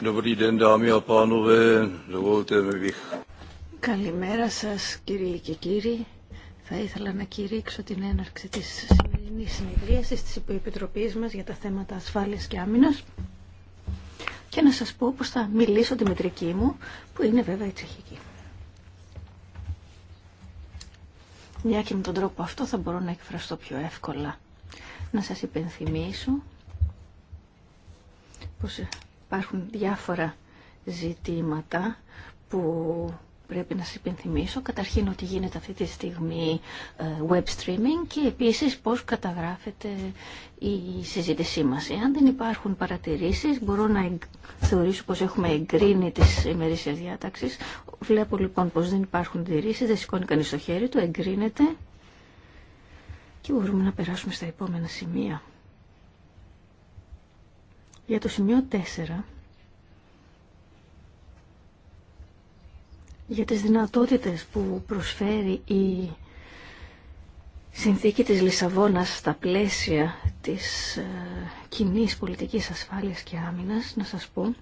Dobrý dámy Καλημέρα σας κύριε και κύριοι. Θα ήθελα να κηρύξω την έναρξη της σημερινής συνεδρίασης της Επιτροπής μας για τα θέματα ασφάλειας και άμυνας και να σας πω πως θα μιλήσω τη μετρική μου που είναι βέβαια η τσεχική. Μια και με τον τρόπο αυτό θα μπορώ να εκφραστώ πιο εύκολα. Να σας υπενθυμίσω πως Υπάρχουν διάφορα ζητήματα που πρέπει να σας υπενθυμίσω. Καταρχήν ότι γίνεται αυτή τη στιγμή ε, web streaming και επίσης πώς καταγράφεται η συζήτησή μας. Εάν δεν υπάρχουν παρατηρήσεις, μπορώ να θεωρήσω πως έχουμε εγκρίνει τις ημερήσιες διάταξης. Βλέπω λοιπόν πως δεν υπάρχουν διαιρήσεις, δεν σηκώνει κανείς το χέρι του, εγκρίνεται και μπορούμε να περάσουμε στα επόμενα σημεία. Για το σημείο 4, για τις δυνατότητες που προσφέρει η συνθήκη της Λισαβόνας στα πλαίσια της ε, κοινή πολιτικής ασφάλειας και άμυνας, να σας πω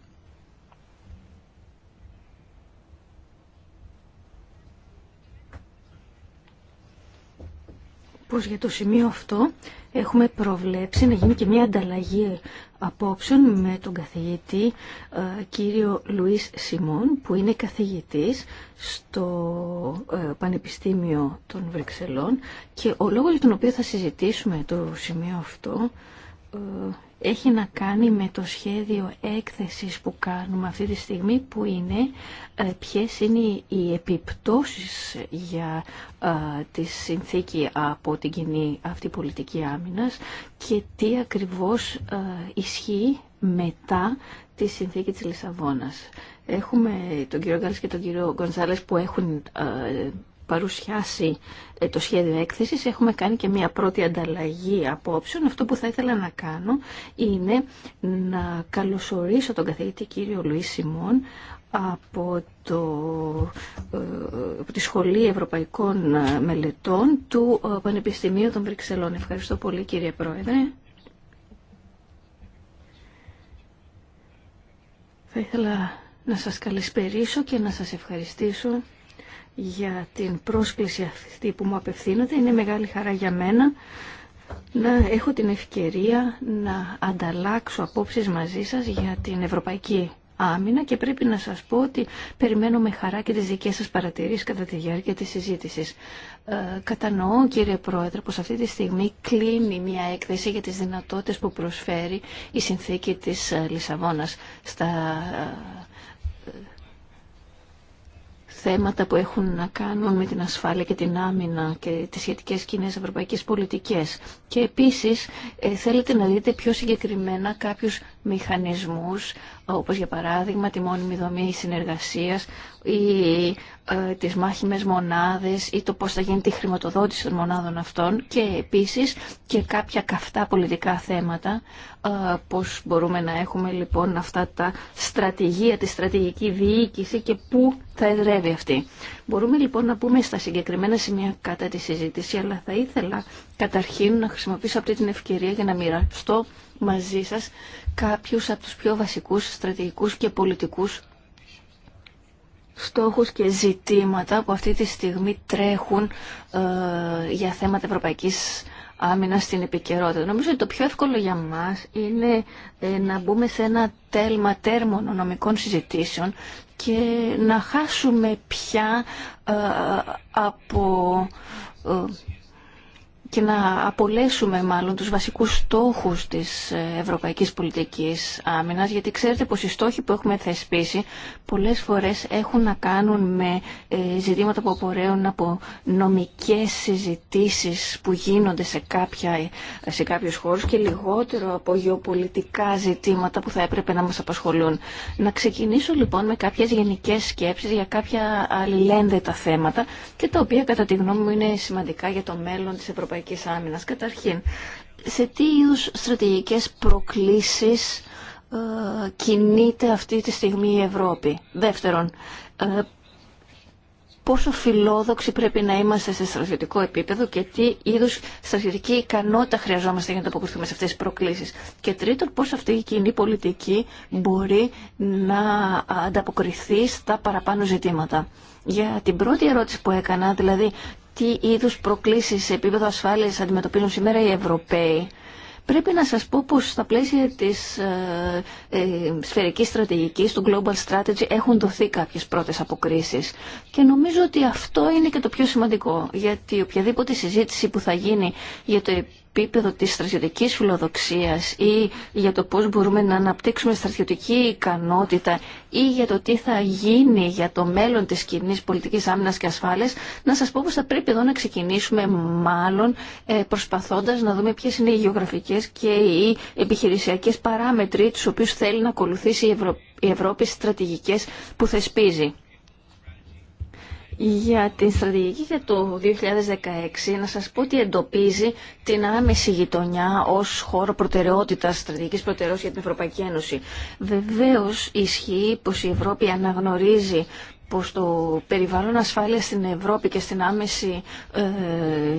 πως για το σημείο αυτό έχουμε προβλέψει να γίνει και μια ανταλλαγή απόψεων με τον καθηγητή ε, κύριο Λουίς Σιμών που είναι καθηγητής στο ε, Πανεπιστήμιο των Βρυξελών και ο λόγος για τον οποίο θα συζητήσουμε το σημείο αυτό ε, έχει να κάνει με το σχέδιο έκθεσης που κάνουμε αυτή τη στιγμή που είναι ε, ποιες είναι οι επιπτώσεις για ε, τη συνθήκη από την κοινή αυτή πολιτική άμυνας και τι ακριβώς ε, ισχύει μετά τη συνθήκη της Λισαβόνας. Έχουμε τον κύριο Γκάλης και τον κύριο Γκονσάλες που έχουν παρουσιάσει ε, το σχέδιο έκθεσης. Έχουμε κάνει και μια πρώτη ανταλλαγή απόψεων. Αυτό που θα ήθελα να κάνω είναι να καλωσορίσω τον καθηγητή κύριο Λουί Σιμών από, το, ε, τη Σχολή Ευρωπαϊκών Μελετών του ε, Πανεπιστημίου των Βρυξελών. Ευχαριστώ πολύ κύριε Πρόεδρε. Θα ήθελα να σας καλησπερίσω και να σας ευχαριστήσω για την πρόσκληση αυτή που μου απευθύνεται. Είναι μεγάλη χαρά για μένα να έχω την ευκαιρία να ανταλλάξω απόψεις μαζί σας για την Ευρωπαϊκή Άμυνα και πρέπει να σας πω ότι περιμένω με χαρά και τις δικές σας παρατηρήσεις κατά τη διάρκεια της συζήτησης. Ε, κατανοώ κύριε Πρόεδρε πως αυτή τη στιγμή κλείνει μια έκθεση για τις δυνατότητες που προσφέρει η συνθήκη της ε, Λισαβόνας στα θέματα που έχουν να κάνουν με την ασφάλεια και την άμυνα και τις σχετικές κοινέ ευρωπαϊκές πολιτικές. Και επίσης ε, θέλετε να δείτε πιο συγκεκριμένα κάποιους μηχανισμούς, όπως για παράδειγμα τη μόνιμη δομή συνεργασίας ή ε, τις μάχημες μονάδες ή το πώς θα γίνει τη χρηματοδότηση των μονάδων αυτών και επίσης και κάποια καυτά πολιτικά θέματα, ε, πώς μπορούμε να έχουμε λοιπόν αυτά τα στρατηγία, τη στρατηγική διοίκηση και πού θα εδρεύει αυτή. Μπορούμε λοιπόν να πούμε στα συγκεκριμένα σημεία κατά τη συζήτηση, αλλά θα ήθελα καταρχήν να χρησιμοποιήσω αυτή την ευκαιρία για να μοιραστώ μαζί σας κάποιους από τους πιο βασικούς στρατηγικούς και πολιτικούς στόχους και ζητήματα που αυτή τη στιγμή τρέχουν ε, για θέματα ευρωπαϊκής άμυνα στην επικαιρότητα. Νομίζω ότι το πιο εύκολο για μας είναι ε, να μπούμε σε ένα τέλμα τέρμων νομικών συζητήσεων και να χάσουμε πια ε, από ε, και να απολέσουμε μάλλον τους βασικούς στόχους της ευρωπαϊκής πολιτικής άμυνας, γιατί ξέρετε πως οι στόχοι που έχουμε θεσπίσει πολλές φορές έχουν να κάνουν με ε, ζητήματα που απορρέουν από νομικές συζητήσεις που γίνονται σε, κάποια, σε κάποιους χώρους και λιγότερο από γεωπολιτικά ζητήματα που θα έπρεπε να μας απασχολούν. Να ξεκινήσω λοιπόν με κάποιες γενικές σκέψεις για κάποια αλληλένδετα θέματα και τα οποία κατά τη γνώμη μου είναι σημαντικά για το μέλλον της Ευρωπαϊκής Εθνικής Καταρχήν, σε τι είδους στρατηγικές προκλήσεις ε, κινείται αυτή τη στιγμή η Ευρώπη. Δεύτερον, ε, πόσο φιλόδοξοι πρέπει να είμαστε σε στρατηγικό επίπεδο και τι είδου στρατηγική ικανότητα χρειαζόμαστε για να ανταποκριθούμε σε αυτές τις προκλήσεις. Και τρίτον, πώς αυτή η κοινή πολιτική μπορεί να ανταποκριθεί στα παραπάνω ζητήματα. Για την πρώτη ερώτηση που έκανα, δηλαδή τι είδους προκλήσεις σε επίπεδο ασφάλειας αντιμετωπίζουν σήμερα οι Ευρωπαίοι. Πρέπει να σας πω πως στα πλαίσια της ε, ε, σφαιρικής στρατηγικής, του Global Strategy, έχουν δοθεί κάποιες πρώτες αποκρίσεις. Και νομίζω ότι αυτό είναι και το πιο σημαντικό, γιατί οποιαδήποτε συζήτηση που θα γίνει για το επίπεδο της στρατιωτικής φιλοδοξίας ή για το πώς μπορούμε να αναπτύξουμε στρατιωτική ικανότητα ή για το τι θα γίνει για το μέλλον της κοινή πολιτικής άμυνας και ασφάλειας, να σας πω πως θα πρέπει εδώ να ξεκινήσουμε μάλλον ε, προσπαθώντας να δούμε ποιες είναι οι γεωγραφικές και οι επιχειρησιακές παράμετροι τους οποίους θέλει να ακολουθήσει η Ευρώπη στρατηγικές που θεσπίζει. Για την στρατηγική για το 2016, να σας πω ότι εντοπίζει την άμεση γειτονιά ως χώρο προτεραιότητας, στρατηγικής προτεραιότητας για την Ευρωπαϊκή Ένωση. Βεβαίως ισχύει πως η Ευρώπη αναγνωρίζει πως το περιβάλλον ασφάλεια στην Ευρώπη και στην άμεση ε,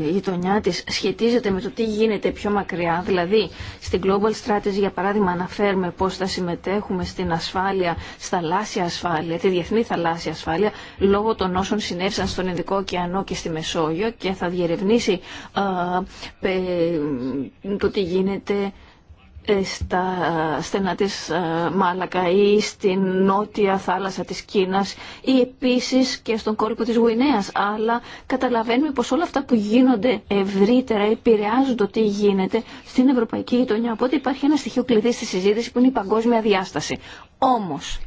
γειτονιά της σχετίζεται με το τι γίνεται πιο μακριά. Δηλαδή, στην Global Strategy, για παράδειγμα, αναφέρουμε πώς θα συμμετέχουμε στην ασφάλεια, στα θαλάσσια ασφάλεια, τη διεθνή θαλάσσια ασφάλεια, λόγω των όσων συνέβησαν στον Ειδικό Ωκεανό και στη Μεσόγειο και θα διερευνήσει ε, το τι γίνεται ε, στα στενά της ε, Μάλακα ή στην νότια θάλασσα της Κίνας ή επίσης και στον κόλπο της Γουινέας. Αλλά καταλαβαίνουμε πως όλα αυτά που γίνονται ευρύτερα επηρεάζουν το τι γίνεται στην ευρωπαϊκή γειτονιά. Οπότε υπάρχει ένα στοιχείο κλειδί στη συζήτηση που είναι η παγκόσμια διάσταση. Όμως,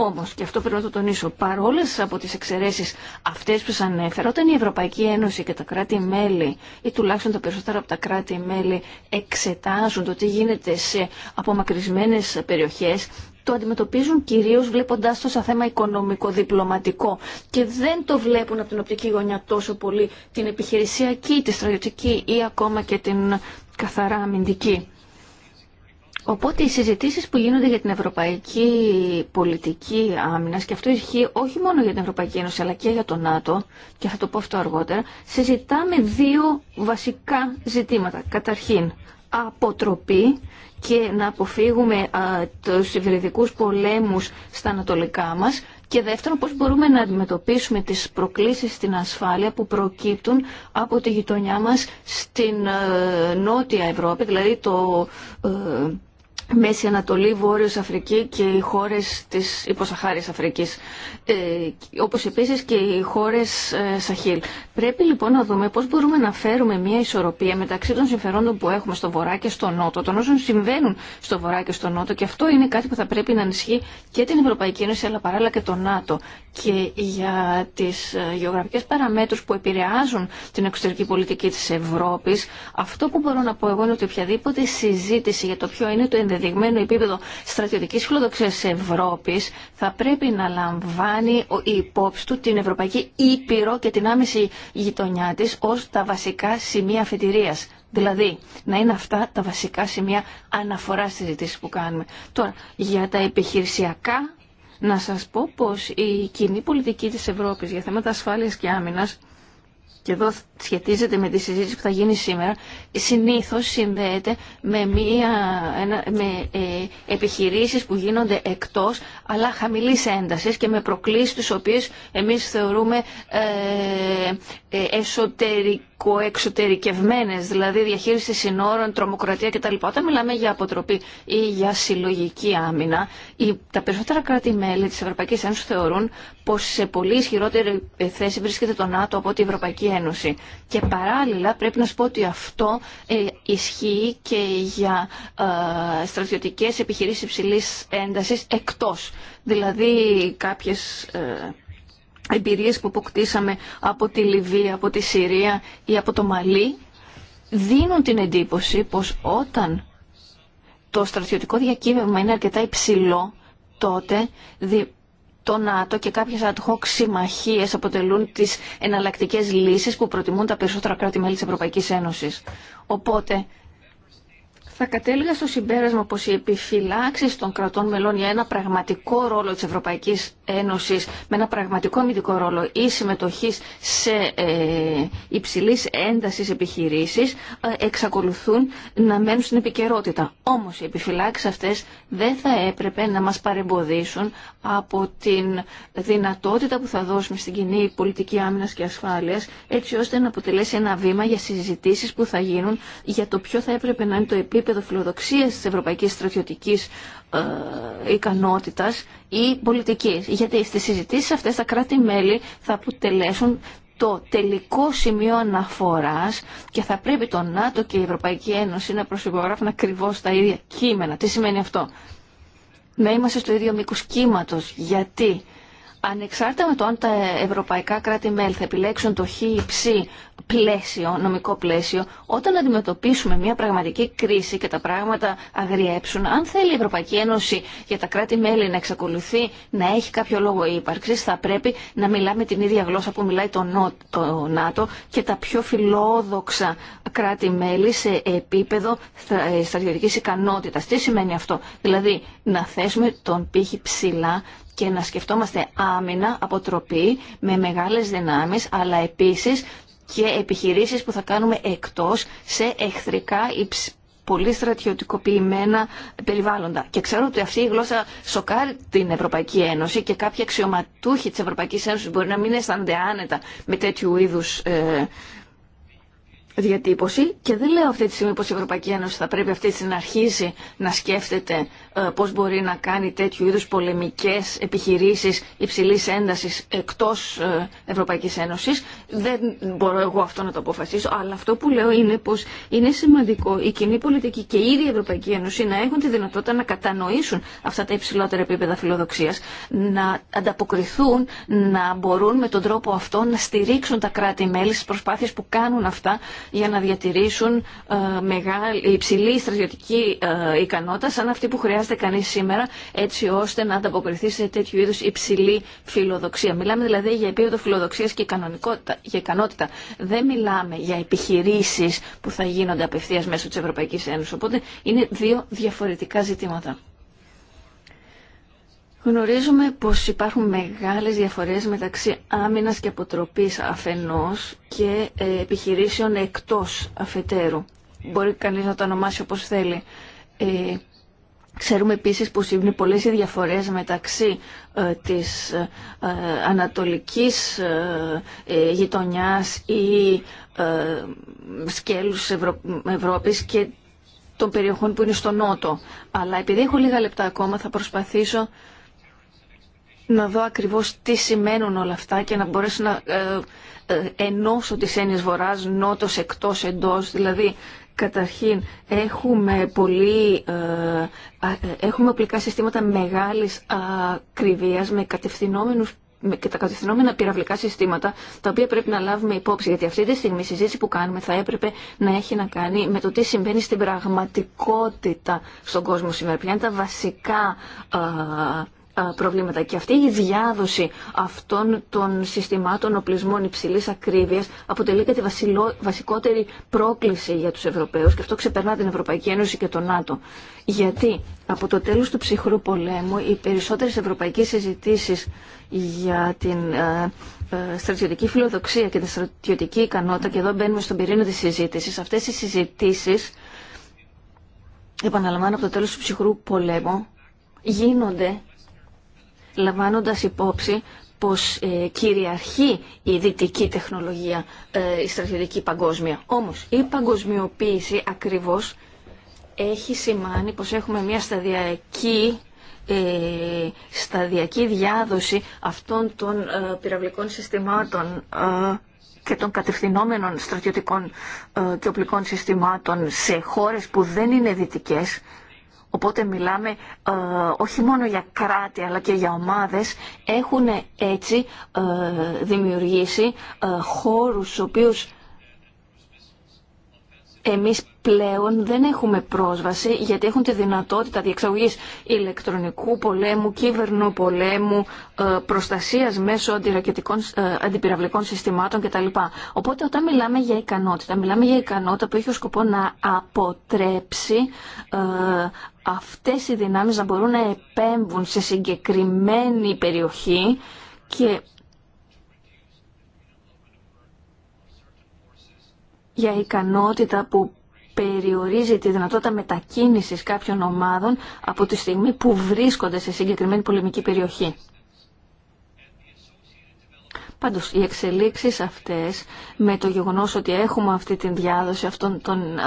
Όμω, και αυτό πρέπει να το τονίσω, παρόλε από τις εξαιρεσει αυτές που σα ανέφερα, όταν η Ευρωπαϊκή Ένωση και τα κράτη-μέλη ή τουλάχιστον τα περισσότερα από τα κράτη-μέλη εξετάζουν το τι γίνεται σε απομακρυσμένες περιοχές, το αντιμετωπίζουν κυρίως βλέποντάς το σαν θέμα οικονομικό-διπλωματικό και δεν το βλέπουν από την οπτική γωνιά τόσο πολύ την επιχειρησιακή, τη στρατιωτική ή ακόμα και την καθαρά αμυντική. Οπότε οι συζητήσεις που γίνονται για την ευρωπαϊκή πολιτική άμυνας και αυτό ισχύει όχι μόνο για την Ευρωπαϊκή Ένωση αλλά και για το ΝΑΤΟ και θα το πω αυτό αργότερα, συζητάμε δύο βασικά ζητήματα. Καταρχήν, αποτροπή και να αποφύγουμε α, τους υβριδικούς πολέμους στα ανατολικά μας και δεύτερον πώς μπορούμε να αντιμετωπίσουμε τις προκλήσεις στην ασφάλεια που προκύπτουν από τη γειτονιά μας στην ε, Νότια Ευρώπη, δηλαδή το ε, Μέση Ανατολή, Βόρειος Αφρική και οι χώρες της υποσαχάρης Αφρικής, ε, όπως επίσης και οι χώρες ε, Σαχίλ. Πρέπει λοιπόν να δούμε πώς μπορούμε να φέρουμε μια ισορροπία μεταξύ των συμφερόντων που έχουμε στο Βορρά και στο Νότο, των όσων συμβαίνουν στο Βορρά και στο Νότο και αυτό είναι κάτι που θα πρέπει να ενισχύει και την Ευρωπαϊκή Ένωση αλλά παράλληλα και το ΝΑΤΟ και για τις ε, γεωγραφικές παραμέτρους που επηρεάζουν την εξωτερική πολιτική της Ευρώπης. Αυτό που μπορώ να πω εγώ είναι ότι οποιαδήποτε συζήτηση για το ποιο είναι το αναδειγμένο επίπεδο στρατιωτικής φιλοδοξία τη Ευρώπης θα πρέπει να λαμβάνει η υπόψη του την Ευρωπαϊκή Ήπειρο και την άμεση γειτονιά της ως τα βασικά σημεία αφετηρία. Δηλαδή, να είναι αυτά τα βασικά σημεία αναφορά της ζητήσεις που κάνουμε. Τώρα, για τα επιχειρησιακά, να σας πω πως η κοινή πολιτική της Ευρώπης για θέματα ασφάλειας και άμυνας και εδώ σχετίζεται με τη συζήτηση που θα γίνει σήμερα, συνήθως συνδέεται με, μία, με ε, επιχειρήσεις που γίνονται εκτός, αλλά χαμηλής έντασης και με προκλήσεις τις οποίες εμείς θεωρούμε ε, ε, εσωτερικές εξωτερικευμένε, δηλαδή διαχείριση συνόρων, τρομοκρατία κτλ. Όταν μιλάμε για αποτροπή ή για συλλογική άμυνα, τα περισσότερα κράτη-μέλη της Ευρωπαϊκής Ένωσης θεωρούν πως σε πολύ ισχυρότερη ε, θέση βρίσκεται το ΝΑΤΟ από την Ευρωπαϊκή Ένωση. Και παράλληλα πρέπει να σου πω ότι αυτό ε, ισχύει και για ε, στρατιωτικέ επιχειρήσει υψηλή ένταση εκτό. Δηλαδή κάποιες εμπειρίες που αποκτήσαμε από τη Λιβύη, από τη Συρία ή από το Μαλί δίνουν την εντύπωση πως όταν το στρατιωτικό διακύβευμα είναι αρκετά υψηλό τότε το ΝΑΤΟ και κάποιες ad αποτελούν τις εναλλακτικές λύσεις που προτιμούν τα περισσότερα κράτη-μέλη της Ευρωπαϊκής Ένωσης. Οπότε θα κατέληγα στο συμπέρασμα πως οι επιφυλάξεις των κρατών μελών για ένα πραγματικό ρόλο της Ευρωπαϊκής Ένωσης με ένα πραγματικό αμυντικό ρόλο ή συμμετοχή σε ε, υψηλής έντασης επιχειρήσεις ε, εξακολουθούν να μένουν στην επικαιρότητα. Όμως οι επιφυλάξεις αυτές δεν θα έπρεπε να μας παρεμποδίσουν από την δυνατότητα που θα δώσουμε στην κοινή πολιτική άμυνας και ασφάλειας έτσι ώστε να αποτελέσει ένα βήμα για συζητήσεις που θα γίνουν για το ποιο θα έπρεπε να είναι το επίπεδο επίπεδο φιλοδοξίες της ευρωπαϊκής στρατιωτικής ε, ικανότητα ή πολιτική. Γιατί στι συζητήσει αυτές τα κράτη-μέλη θα αποτελέσουν το τελικό σημείο αναφοράς και θα πρέπει το ΝΑΤΟ και η Ευρωπαϊκή Ένωση να προσυπογράφουν ακριβώ τα ίδια κείμενα. Τι σημαίνει αυτό. Να είμαστε στο ίδιο μήκο κύματο. Γιατί ανεξάρτητα με το αν τα ευρωπαϊκά κράτη-μέλη θα επιλέξουν το χ ή ψ πλαίσιο, νομικό πλαίσιο, όταν αντιμετωπίσουμε μια πραγματική κρίση και τα πράγματα αγριέψουν, αν θέλει η Ευρωπαϊκή Ένωση για τα κράτη-μέλη να εξακολουθεί να έχει κάποιο λόγο ύπαρξη, θα πρέπει να μιλάμε την ίδια γλώσσα που μιλάει το, το ΝΑΤΟ και τα πιο φιλόδοξα κράτη-μέλη σε επίπεδο στρατιωτική ικανότητα. Τι σημαίνει αυτό, δηλαδή να θέσουμε τον πύχη ψηλά και να σκεφτόμαστε άμυνα, αποτροπή με μεγάλες δυνάμεις, αλλά επίσης και επιχειρήσεις που θα κάνουμε εκτός σε εχθρικά η πολύ στρατιωτικοποιημένα περιβάλλοντα. Και ξέρω ότι αυτή η γλώσσα σοκάρει την Ευρωπαϊκή Ένωση και κάποιοι αξιωματούχοι της Ευρωπαϊκής Ένωσης μπορεί να μην αισθάνονται άνετα με τέτοιου είδους ε, διατύπωση και δεν λέω αυτή τη στιγμή πως η Ευρωπαϊκή Ένωση θα πρέπει αυτή τη στιγμή να αρχίσει να σκέφτεται ε, πώς μπορεί να κάνει τέτοιου είδους πολεμικές επιχειρήσεις υψηλής έντασης εκτός ε, Ευρωπαϊκής Ένωσης. Δεν μπορώ εγώ αυτό να το αποφασίσω, αλλά αυτό που λέω είναι πω είναι σημαντικό η κοινή πολιτική και η ίδια η Ευρωπαϊκή Ένωση να έχουν τη δυνατότητα να κατανοήσουν αυτά τα υψηλότερα επίπεδα φιλοδοξία, να ανταποκριθούν, να μπορούν με τον τρόπο αυτό να στηρίξουν τα κράτη-μέλη στι προσπάθειε που κάνουν αυτά για να διατηρήσουν ε, μεγάλη, υψηλή στρατιωτική ε, ικανότητα σαν αυτή που χρειάζεται κανεί σήμερα έτσι ώστε να ανταποκριθεί σε τέτοιου είδου υψηλή φιλοδοξία. Μιλάμε δηλαδή για επίπεδο φιλοδοξία και κανονικότητα για ικανότητα. Δεν μιλάμε για επιχειρήσεις που θα γίνονται απευθείας μέσω της Ευρωπαϊκή Ένωση. Οπότε είναι δύο διαφορετικά ζητήματα. Γνωρίζουμε πως υπάρχουν μεγάλες διαφορές μεταξύ άμυνας και αποτροπής αφενός και ε, επιχειρήσεων εκτός αφετέρου. Μπορεί κανείς να το ονομάσει όπως θέλει. Ε, Ξέρουμε επίσης πως είναι πολλές διαφορές μεταξύ ε, της ε, ανατολικής ε, γειτονιάς ή σκέλους Ευρω... Ευρώπης και των περιοχών που είναι στο νότο. Αλλά επειδή έχω λίγα λεπτά ακόμα θα προσπαθήσω να δω ακριβώς τι σημαίνουν όλα αυτά και να μπορέσω να ενώσω τις έννοιες βοράς νότος, εκτός, εντός. Δηλαδή Καταρχήν, έχουμε, πολύ, ε, ε, έχουμε οπλικά συστήματα μεγάλης ακριβίας με κατευθυνόμενους και τα κατευθυνόμενα πυραυλικά συστήματα, τα οποία πρέπει να λάβουμε υπόψη. Γιατί αυτή τη στιγμή η συζήτηση που κάνουμε θα έπρεπε να έχει να κάνει με το τι συμβαίνει στην πραγματικότητα στον κόσμο σήμερα. Ποια είναι τα βασικά ε, προβλήματα. Και αυτή η διάδοση αυτών των συστημάτων οπλισμών υψηλής ακρίβειας αποτελεί και τη βασικότερη πρόκληση για τους Ευρωπαίους και αυτό ξεπερνά την Ευρωπαϊκή Ένωση και το ΝΑΤΟ. Γιατί από το τέλος του ψυχρού πολέμου οι περισσότερες ευρωπαϊκές συζητήσεις για την ε, ε στρατιωτική φιλοδοξία και την στρατιωτική ικανότητα και εδώ μπαίνουμε στον πυρήνα της συζήτησης. Αυτές οι συζητήσεις επαναλαμβάνω από το τέλος του ψυχρού πολέμου γίνονται λαμβάνοντας υπόψη πως ε, κυριαρχεί η δυτική τεχνολογία, ε, η στρατιωτική παγκόσμια. Όμως η παγκοσμιοποίηση ακριβώς έχει σημάνει πως έχουμε μια σταδιακή ε, σταδιακή διάδοση αυτών των ε, πυραυλικών συστημάτων και των κατευθυνόμενων στρατιωτικών και οπλικών συστημάτων σε χώρες που δεν είναι δυτικές Οπότε μιλάμε ε, όχι μόνο για κράτη αλλά και για ομάδες έχουν έτσι ε, δημιουργήσει ε, χώρους στους οποίους εμείς πλέον δεν έχουμε πρόσβαση γιατί έχουν τη δυνατότητα διεξαγωγής ηλεκτρονικού πολέμου, κύβερνου πολέμου, προστασίας μέσω αντιπυραυλικών συστημάτων κτλ. Οπότε όταν μιλάμε για ικανότητα, μιλάμε για ικανότητα που έχει ως σκοπό να αποτρέψει αυτές οι δυνάμεις να μπορούν να επέμβουν σε συγκεκριμένη περιοχή και για ικανότητα που περιορίζει τη δυνατότητα μετακίνησης κάποιων ομάδων από τη στιγμή που βρίσκονται σε συγκεκριμένη πολεμική περιοχή. Πάντως, οι εξελίξεις αυτές με το γεγονός ότι έχουμε αυτή την διάδοση αυτών των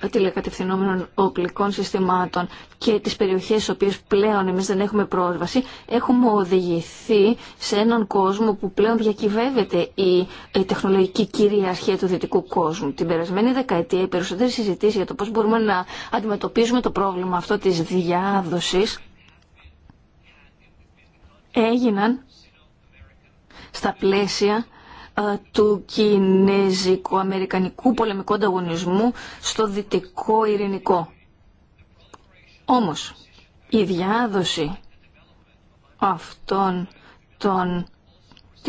ε, τηλεκατευθυνόμενων οπλικών συστημάτων και τις περιοχές στις οποίες πλέον εμείς δεν έχουμε πρόσβαση, έχουμε οδηγηθεί σε έναν κόσμο που πλέον διακυβεύεται η, η τεχνολογική κυριαρχία του δυτικού κόσμου. Την περασμένη δεκαετία οι περισσότερες συζητήσεις για το πώς μπορούμε να αντιμετωπίζουμε το πρόβλημα αυτό της διάδοσης έγιναν στα πλαίσια ε, του κινέζικο-αμερικανικού πολεμικού ανταγωνισμού στο δυτικό ειρηνικό. Όμως, η διάδοση αυτών των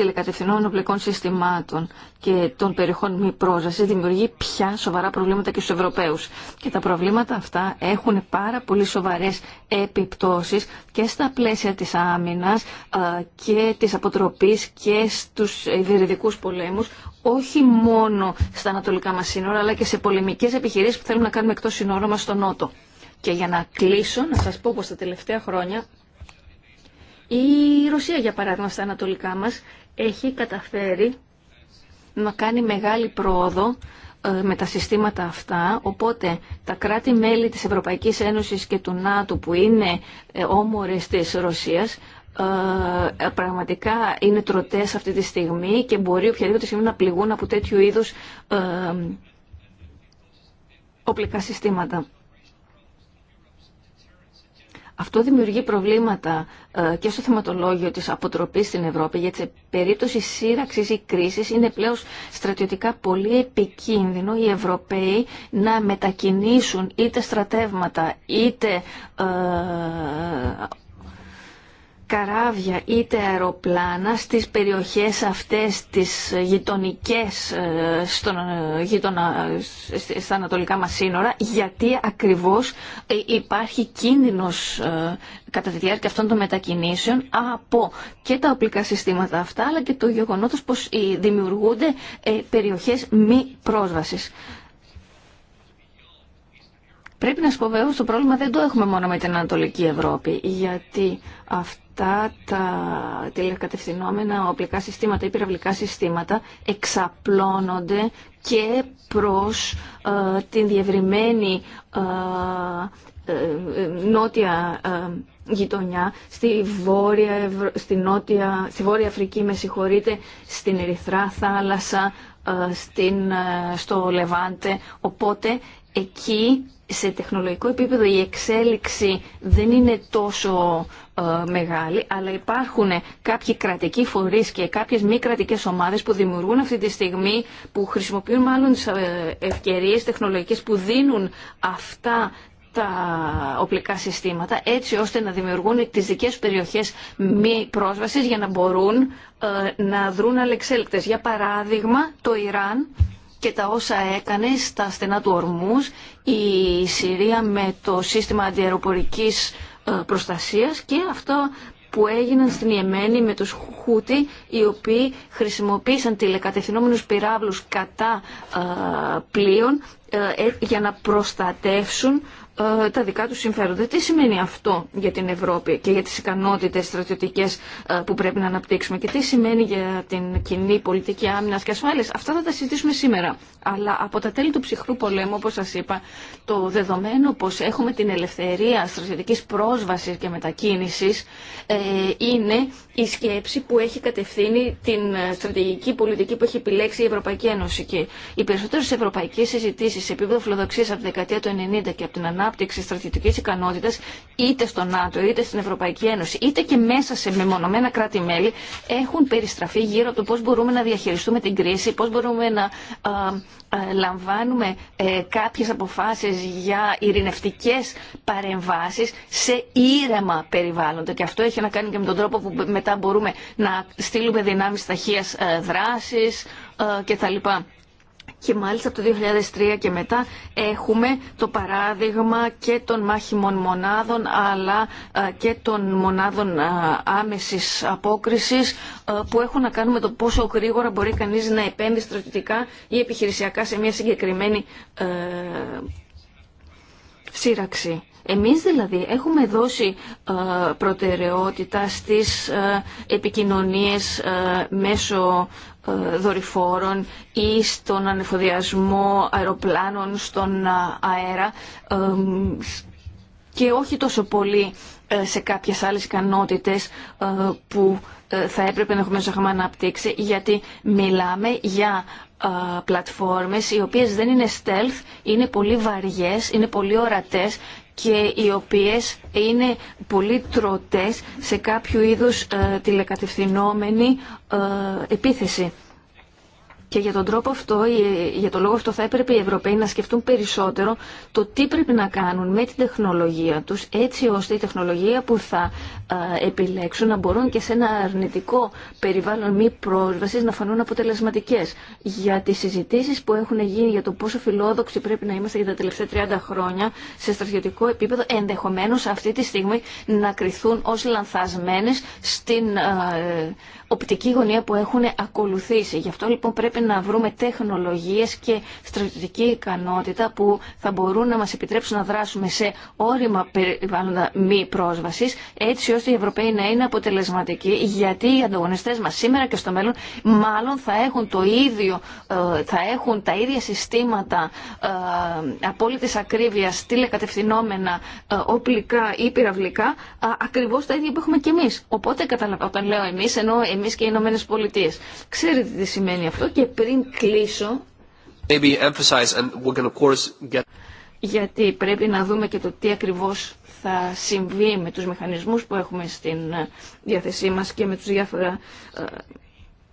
τηλεκατευθυνών οπλικών συστημάτων και των περιοχών μη πρόσβαση δημιουργεί πια σοβαρά προβλήματα και στου Ευρωπαίου. Και τα προβλήματα αυτά έχουν πάρα πολύ σοβαρέ επιπτώσει και στα πλαίσια τη Άμυνα και τη αποτροπή και στου ιδρυδικού πολέμου, όχι μόνο στα ανατολικά μα σύνορα αλλά και σε πολεμικέ επιχειρήσει που θέλουμε να κάνουμε εκτό σύνορα μα στο Νότο. Και για να κλείσω, να σα πω πω τα τελευταία χρόνια η Ρωσία, για παράδειγμα, στα ανατολικά μας έχει καταφέρει να κάνει μεγάλη πρόοδο ε, με τα συστήματα αυτά, οπότε τα κράτη-μέλη της Ευρωπαϊκής Ένωσης και του ΝΑΤΟ που είναι ε, όμορες της Ρωσίας ε, πραγματικά είναι τροτές αυτή τη στιγμή και μπορεί οποιαδήποτε στιγμή να πληγούν από τέτοιου είδους οπλικά συστήματα. Αυτό δημιουργεί προβλήματα ε, και στο θεματολόγιο της αποτροπής στην Ευρώπη, γιατί σε περίπτωση σύραξης ή κρίσης είναι πλέον στρατιωτικά πολύ επικίνδυνο οι Ευρωπαίοι να μετακινήσουν είτε στρατεύματα είτε ε, καράβια είτε αεροπλάνα στις περιοχές αυτές τις γειτονικές ε, στον, ε, γειτονα, στα ανατολικά μας σύνορα γιατί ακριβώς ε, υπάρχει κίνδυνος κατά τη διάρκεια αυτών των μετακινήσεων από και τα οπλικά συστήματα αυτά αλλά και το γεγονότος πως δημιουργούνται περιοχές μη πρόσβασης. Πρέπει να σκοπεύω στο το πρόβλημα δεν το έχουμε μόνο με την Ανατολική Ευρώπη, γιατί αυτό τα τηλεκατευθυνόμενα οπλικά συστήματα ή πυραυλικά συστήματα εξαπλώνονται και προς ε, την διευρυμένη ε, ε, νότια γειτονιά, στη Βόρεια, νότια, στη Βόρεια Αφρική, με στην Ερυθρά θάλασσα, στην, στο Λεβάντε. Οπότε εκεί σε τεχνολογικό επίπεδο η εξέλιξη δεν είναι τόσο ε, μεγάλη, αλλά υπάρχουν κάποιοι κρατικοί φορείς και κάποιες μη κρατικές ομάδες που δημιουργούν αυτή τη στιγμή, που χρησιμοποιούν μάλλον τις ε, ευκαιρίες τεχνολογικές που δίνουν αυτά τα οπλικά συστήματα έτσι ώστε να δημιουργούν τις δικές περιοχές μη πρόσβασης για να μπορούν ε, να δρουν αλεξέλεκτες. Για παράδειγμα, το Ιράν και τα όσα έκανε στα στενά του Ορμούς η Συρία με το σύστημα αντιεροπορικής ε, προστασίας και αυτό που έγιναν στην Ιεμένη με τους Χούτι οι οποίοι χρησιμοποίησαν τηλεκατευθυνόμενους πυράβλους κατά ε, πλοίων ε, για να προστατεύσουν ε, τα δικά του συμφέροντα. Τι σημαίνει αυτό για την Ευρώπη και για τις ικανότητες στρατιωτικές ε, που πρέπει να αναπτύξουμε και τι σημαίνει για την κοινή πολιτική άμυνας και ασφάλειας. Αυτά θα τα συζητήσουμε σήμερα. Αλλά από τα τέλη του ψυχρού πολέμου, όπως σας είπα, το δεδομένο πως έχουμε την ελευθερία στρατιωτικής πρόσβασης και μετακίνησης ε, είναι η σκέψη που έχει κατευθύνει την στρατηγική πολιτική που έχει επιλέξει η Ευρωπαϊκή Ένωση. Και οι περισσότερε ευρωπαϊκέ συζητήσει, σε επίπεδο από τη δεκαετία του 90 και από την ανάπτυξη ανάπτυξη στρατιωτική ικανότητα είτε στο ΝΑΤΟ είτε στην Ευρωπαϊκή Ένωση είτε και μέσα σε μεμονωμένα κράτη-μέλη έχουν περιστραφεί γύρω από το πώς μπορούμε να διαχειριστούμε την κρίση, πώς μπορούμε να λαμβάνουμε ε, κάποιες αποφάσεις για ειρηνευτικές παρεμβάσεις σε ήρεμα περιβάλλοντα και αυτό έχει να κάνει και με τον τρόπο που μετά μπορούμε να στείλουμε δυνάμει ταχεία ε, δράση ε, κτλ και μάλιστα από το 2003 και μετά έχουμε το παράδειγμα και των μάχημων μονάδων αλλά ε, και των μονάδων ε, άμεσης απόκρισης ε, που έχουν να κάνουν με το πόσο γρήγορα μπορεί κανείς να επένδυσει στρατιωτικά ή επιχειρησιακά σε μια συγκεκριμένη σύραξη. Εμείς δηλαδή έχουμε δώσει ε, προτεραιότητα στις ε, επικοινωνίες ε, μέσω δορυφόρων ή στον ανεφοδιασμό αεροπλάνων στον αέρα και όχι τόσο πολύ σε κάποιες άλλες ικανότητες που θα έπρεπε να έχουμε αναπτύξει γιατί μιλάμε για πλατφόρμες οι οποίες δεν είναι stealth, είναι πολύ βαριές, είναι πολύ ορατές και οι οποίες είναι πολύ τρωτές σε κάποιο είδους ε, τηλεκατευθυνόμενη ε, επίθεση. Και για τον τρόπο αυτό, για τον λόγο αυτό θα έπρεπε οι Ευρωπαίοι να σκεφτούν περισσότερο το τι πρέπει να κάνουν με την τεχνολογία τους, έτσι ώστε η τεχνολογία που θα επιλέξουν να μπορούν και σε ένα αρνητικό περιβάλλον μη πρόσβαση να φανούν αποτελεσματικές. Για τις συζητήσεις που έχουν γίνει για το πόσο φιλόδοξοι πρέπει να είμαστε για τα τελευταία 30 χρόνια σε στρατιωτικό επίπεδο, ενδεχομένως αυτή τη στιγμή να κριθούν ως λανθασμένες στην οπτική γωνία που έχουν ακολουθήσει. Γι' αυτό λοιπόν πρέπει να βρούμε τεχνολογίες και στρατιωτική ικανότητα που θα μπορούν να μας επιτρέψουν να δράσουμε σε όρημα περιβάλλοντα μη πρόσβασης έτσι ώστε οι Ευρωπαίοι να είναι αποτελεσματικοί γιατί οι ανταγωνιστές μας σήμερα και στο μέλλον μάλλον θα έχουν, το ίδιο, ε, θα έχουν τα ίδια συστήματα ε, απόλυτης ακρίβειας τηλεκατευθυνόμενα ε, οπλικά ή πυραυλικά ακριβώς τα ίδια που έχουμε κι εμείς. Οπότε όταν λέω εμείς ενώ εμείς και οι Ηνωμένες Πολιτείες. Ξέρετε τι σημαίνει αυτό και πριν κλείσω... Γιατί πρέπει να δούμε και το τι ακριβώς θα συμβεί με τους μηχανισμούς που έχουμε στην ε, διάθεσή μας και με τους διάφορα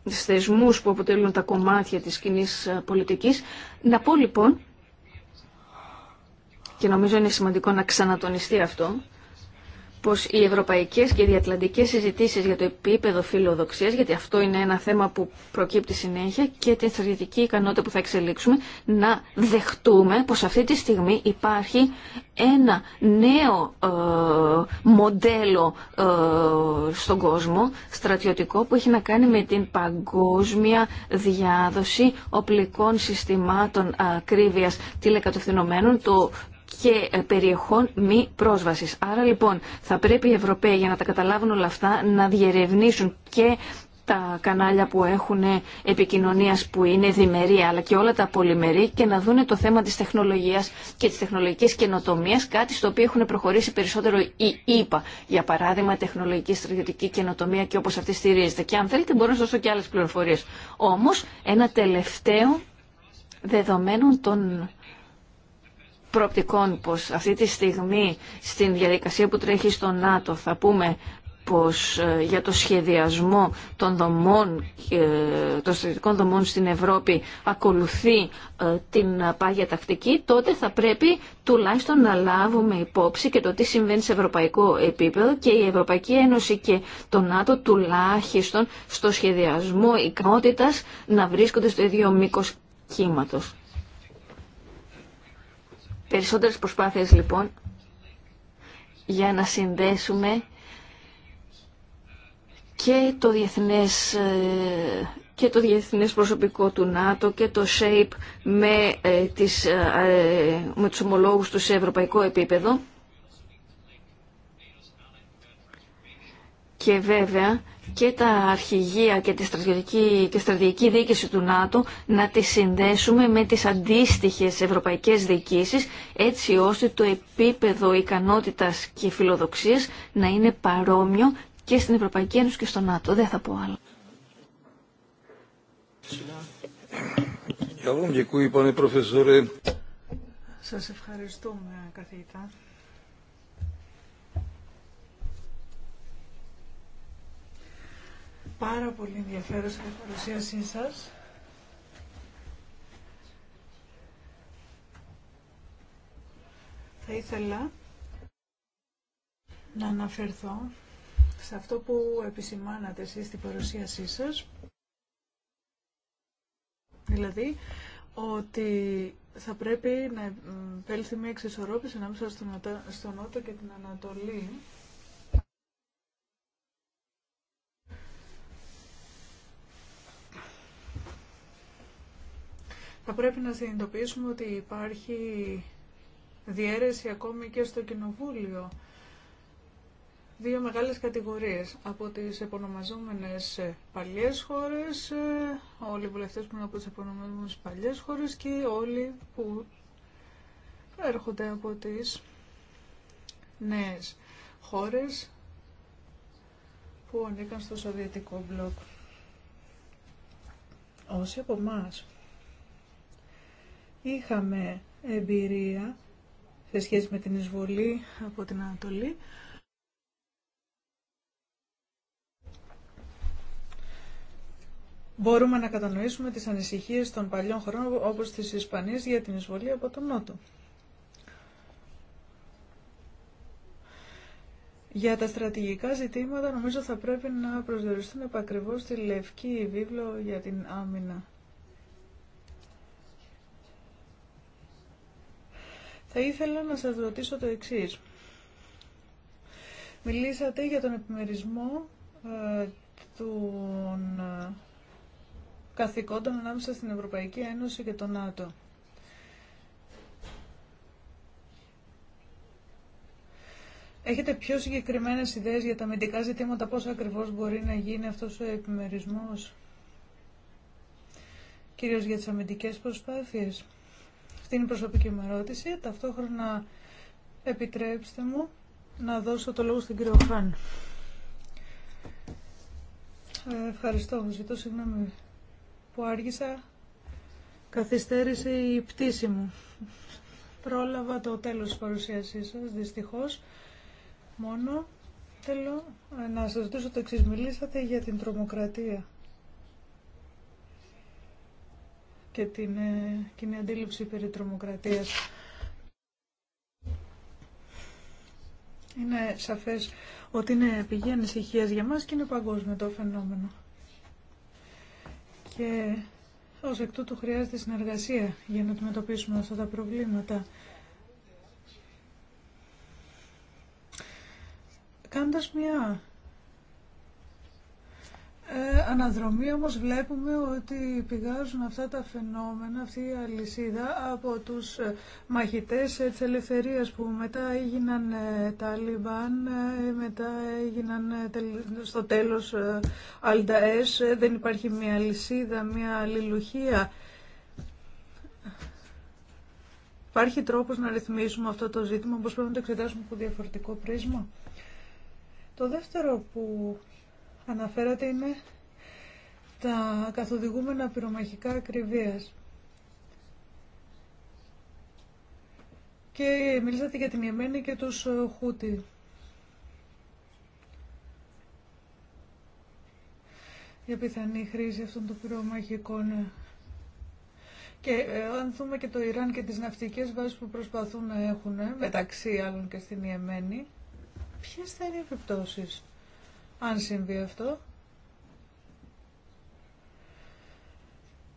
ε, θεσμούς που αποτελούν τα κομμάτια της κοινή ε, πολιτικής. Να πω λοιπόν, και νομίζω είναι σημαντικό να ξανατονιστεί αυτό, πως οι Ευρωπαϊκέ και οι Διατλαντικέ συζητήσει για το επίπεδο φιλοδοξίας, γιατί αυτό είναι ένα θέμα που προκύπτει συνέχεια, και την στρατηγική ικανότητα που θα εξελίξουμε, να δεχτούμε πως αυτή τη στιγμή υπάρχει ένα νέο ε, μοντέλο ε, στον κόσμο, στρατιωτικό, που έχει να κάνει με την παγκόσμια διάδοση οπλικών συστημάτων ακρίβεια τηλεκατευθυνωμένων, το και ε, περιεχών μη πρόσβασης. Άρα λοιπόν θα πρέπει οι Ευρωπαίοι για να τα καταλάβουν όλα αυτά να διερευνήσουν και τα κανάλια που έχουν ε, επικοινωνίας που είναι διμερή αλλά και όλα τα πολυμερή και να δούνε το θέμα της τεχνολογίας και της τεχνολογικής καινοτομίας κάτι στο οποίο έχουν προχωρήσει περισσότερο οι ΙΠΑ για παράδειγμα τεχνολογική στρατιωτική καινοτομία και όπως αυτή στηρίζεται και αν θέλετε μπορώ να σας δώσω και άλλες πληροφορίες όμως ένα τελευταίο δεδομένο των προοπτικών πως αυτή τη στιγμή στην διαδικασία που τρέχει στο ΝΑΤΟ θα πούμε πως ε, για το σχεδιασμό των δομών, ε, των στρατιωτικών δομών στην Ευρώπη ακολουθεί ε, την πάγια τακτική, τότε θα πρέπει τουλάχιστον να λάβουμε υπόψη και το τι συμβαίνει σε ευρωπαϊκό επίπεδο και η Ευρωπαϊκή Ένωση και το ΝΑΤΟ τουλάχιστον στο σχεδιασμό ικανότητας να βρίσκονται στο ίδιο μήκος κύματος. Περισσότερες προσπάθειες λοιπόν για να συνδέσουμε και το διεθνές ε, και το διεθνές προσωπικό του ΝΑΤΟ και το ΣΕΙΠ με, ε, τις, ε, με τους ομολόγους του σε ευρωπαϊκό επίπεδο. Και βέβαια και τα αρχηγεία και τη στρατιωτική και στρατηγική διοίκηση του ΝΑΤΟ να τη συνδέσουμε με τις αντίστοιχες ευρωπαϊκές διοικήσεις έτσι ώστε το επίπεδο ικανότητας και φιλοδοξίας να είναι παρόμοιο και στην Ευρωπαϊκή Ένωση και στο ΝΑΤΟ. Δεν θα πω άλλο. Σας ευχαριστούμε καθηγητά. πάρα πολύ ενδιαφέρουσα η παρουσίασή σας. Θα ήθελα να αναφερθώ σε αυτό που επισημάνατε εσείς στην παρουσίασή σας. Δηλαδή, ότι θα πρέπει να επέλθει μια εξισορρόπηση ανάμεσα στον Νότο και την Ανατολή Θα πρέπει να συνειδητοποιήσουμε ότι υπάρχει διαίρεση ακόμη και στο Κοινοβούλιο. Δύο μεγάλες κατηγορίες. Από τις επωνομαζόμενες παλιές χώρες, όλοι οι βουλευτές που είναι από τις επωνομαζόμενες παλιές χώρες και όλοι που έρχονται από τις νέες χώρες που ανήκαν στο Σοβιετικό μπλοκ. Όσοι από εμάς Είχαμε εμπειρία σε σχέση με την εισβολή από την Ανατολή. Μπορούμε να κατανοήσουμε τις ανησυχίες των παλιών χρόνων όπως της Ισπανίας για την εισβολή από τον Νότο. Για τα στρατηγικά ζητήματα νομίζω θα πρέπει να προσδιοριστούν επακριβώς στη λευκή βίβλο για την άμυνα Θα ήθελα να σας ρωτήσω το εξής. Μιλήσατε για τον επιμερισμό ε, των ε, καθηκόντων ανάμεσα στην Ευρωπαϊκή Ένωση και τον ΝΑΤΟ. Έχετε πιο συγκεκριμένες ιδέες για τα αμυντικά ζητήματα, πώς ακριβώς μπορεί να γίνει αυτός ο επιμερισμός, κυρίως για τις αμυντικές προσπάθειες. Αυτή είναι η προσωπική μου ερώτηση. Ταυτόχρονα επιτρέψτε μου να δώσω το λόγο στην κύριο Χάν. Ε, ευχαριστώ. Ζητώ συγγνώμη που άργησα. Καθυστέρησε η πτήση μου. Πρόλαβα το τέλος της παρουσίασής σας, δυστυχώς. Μόνο θέλω ε, να σας ρωτήσω το εξής. Μιλήσατε για την τρομοκρατία. και την ε, κοινή αντίληψη περί τρομοκρατίας. Είναι σαφές ότι είναι πηγή ανησυχία για μας και είναι παγκόσμιο το φαινόμενο. Και ως εκ τούτου χρειάζεται συνεργασία για να αντιμετωπίσουμε αυτά τα προβλήματα. κάντας μια ε, αναδρομή όμως βλέπουμε ότι πηγάζουν αυτά τα φαινόμενα, αυτή η αλυσίδα από τους ε, μαχητές της ελευθερίας που μετά έγιναν ε, Ταλιμπάν, μετά έγιναν στο τέλος αλτάες. δεν υπάρχει μια αλυσίδα, μια αλληλουχία. Υπάρχει τρόπος να ρυθμίσουμε αυτό το ζήτημα, όπως πρέπει να το εξετάσουμε από διαφορετικό πρίσμα. Το δεύτερο που αναφέρατε είναι τα καθοδηγούμενα πυρομαχικά ακριβίας. Και μιλήσατε για την Ιεμένη και τους ε, Χούτι. Για πιθανή χρήση αυτών των πυρομαχικών. Ε. Και ε, αν δούμε και το Ιράν και τις ναυτικές βάσεις που προσπαθούν να έχουν, μεταξύ άλλων και στην Ιεμένη, ποιες θα είναι οι επιπτώσεις αν συμβεί αυτό.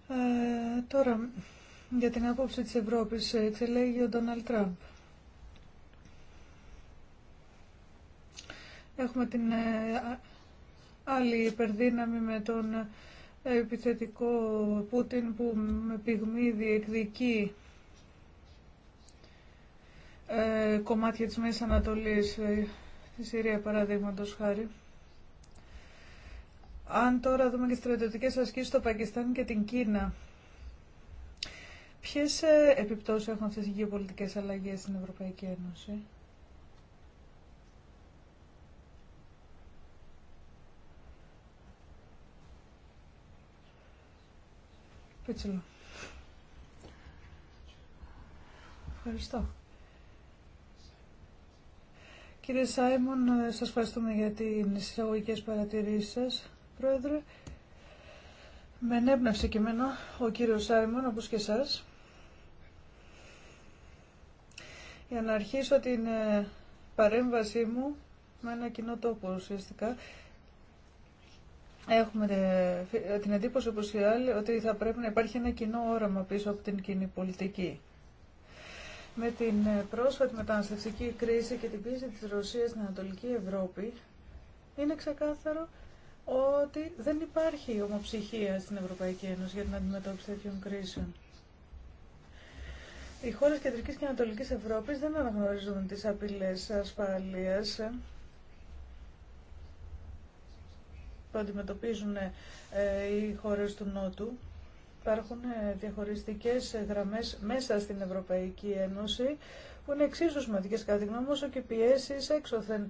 Ε, τώρα, για την άποψη της Ευρώπης, εξελέγει ο Ντόναλτ Τραμπ. Έχουμε την ε, άλλη υπερδύναμη με τον ε, επιθετικό Πούτιν που με πυγμή διεκδικεί ε, κομμάτια της Μέσης Ανατολής, στη Συρία παραδείγματος χάρη. Αν τώρα δούμε και στρατιωτικές ασκήσεις στο Πακιστάν και την Κίνα, ποιες ε, επιπτώσεις έχουν αυτές οι γεωπολιτικές αλλαγές στην Ευρωπαϊκή Ένωση. Ευχαριστώ. Κύριε Σάιμον, ε, σας ευχαριστούμε για τις εισαγωγικές παρατηρήσεις σας. Πρόεδρε. Με ενέπνευσε και εμένα ο κύριος Σάιμον, όπως και εσάς. Για να αρχίσω την ε, παρέμβασή μου με ένα κοινό τόπο ουσιαστικά. Έχουμε ε, ε, την εντύπωση όπως οι άλλοι ότι θα πρέπει να υπάρχει ένα κοινό όραμα πίσω από την κοινή πολιτική. Με την πρόσφατη μεταναστευτική κρίση και την πίεση της Ρωσίας στην Ανατολική Ευρώπη, είναι ξεκάθαρο ότι δεν υπάρχει ομοψυχία στην Ευρωπαϊκή Ένωση για την αντιμετώπιση τέτοιων κρίσεων. Οι χώρε Κεντρική και Ανατολική Ευρώπη δεν αναγνωρίζουν τι απειλέ ασφάλεια που αντιμετωπίζουν ε, οι χώρε του Νότου. Υπάρχουν ε, διαχωριστικές γραμμέ μέσα στην Ευρωπαϊκή Ένωση που είναι εξίσου σημαντικέ κατά τη γνώμη όσο και πιέσει έξωθεν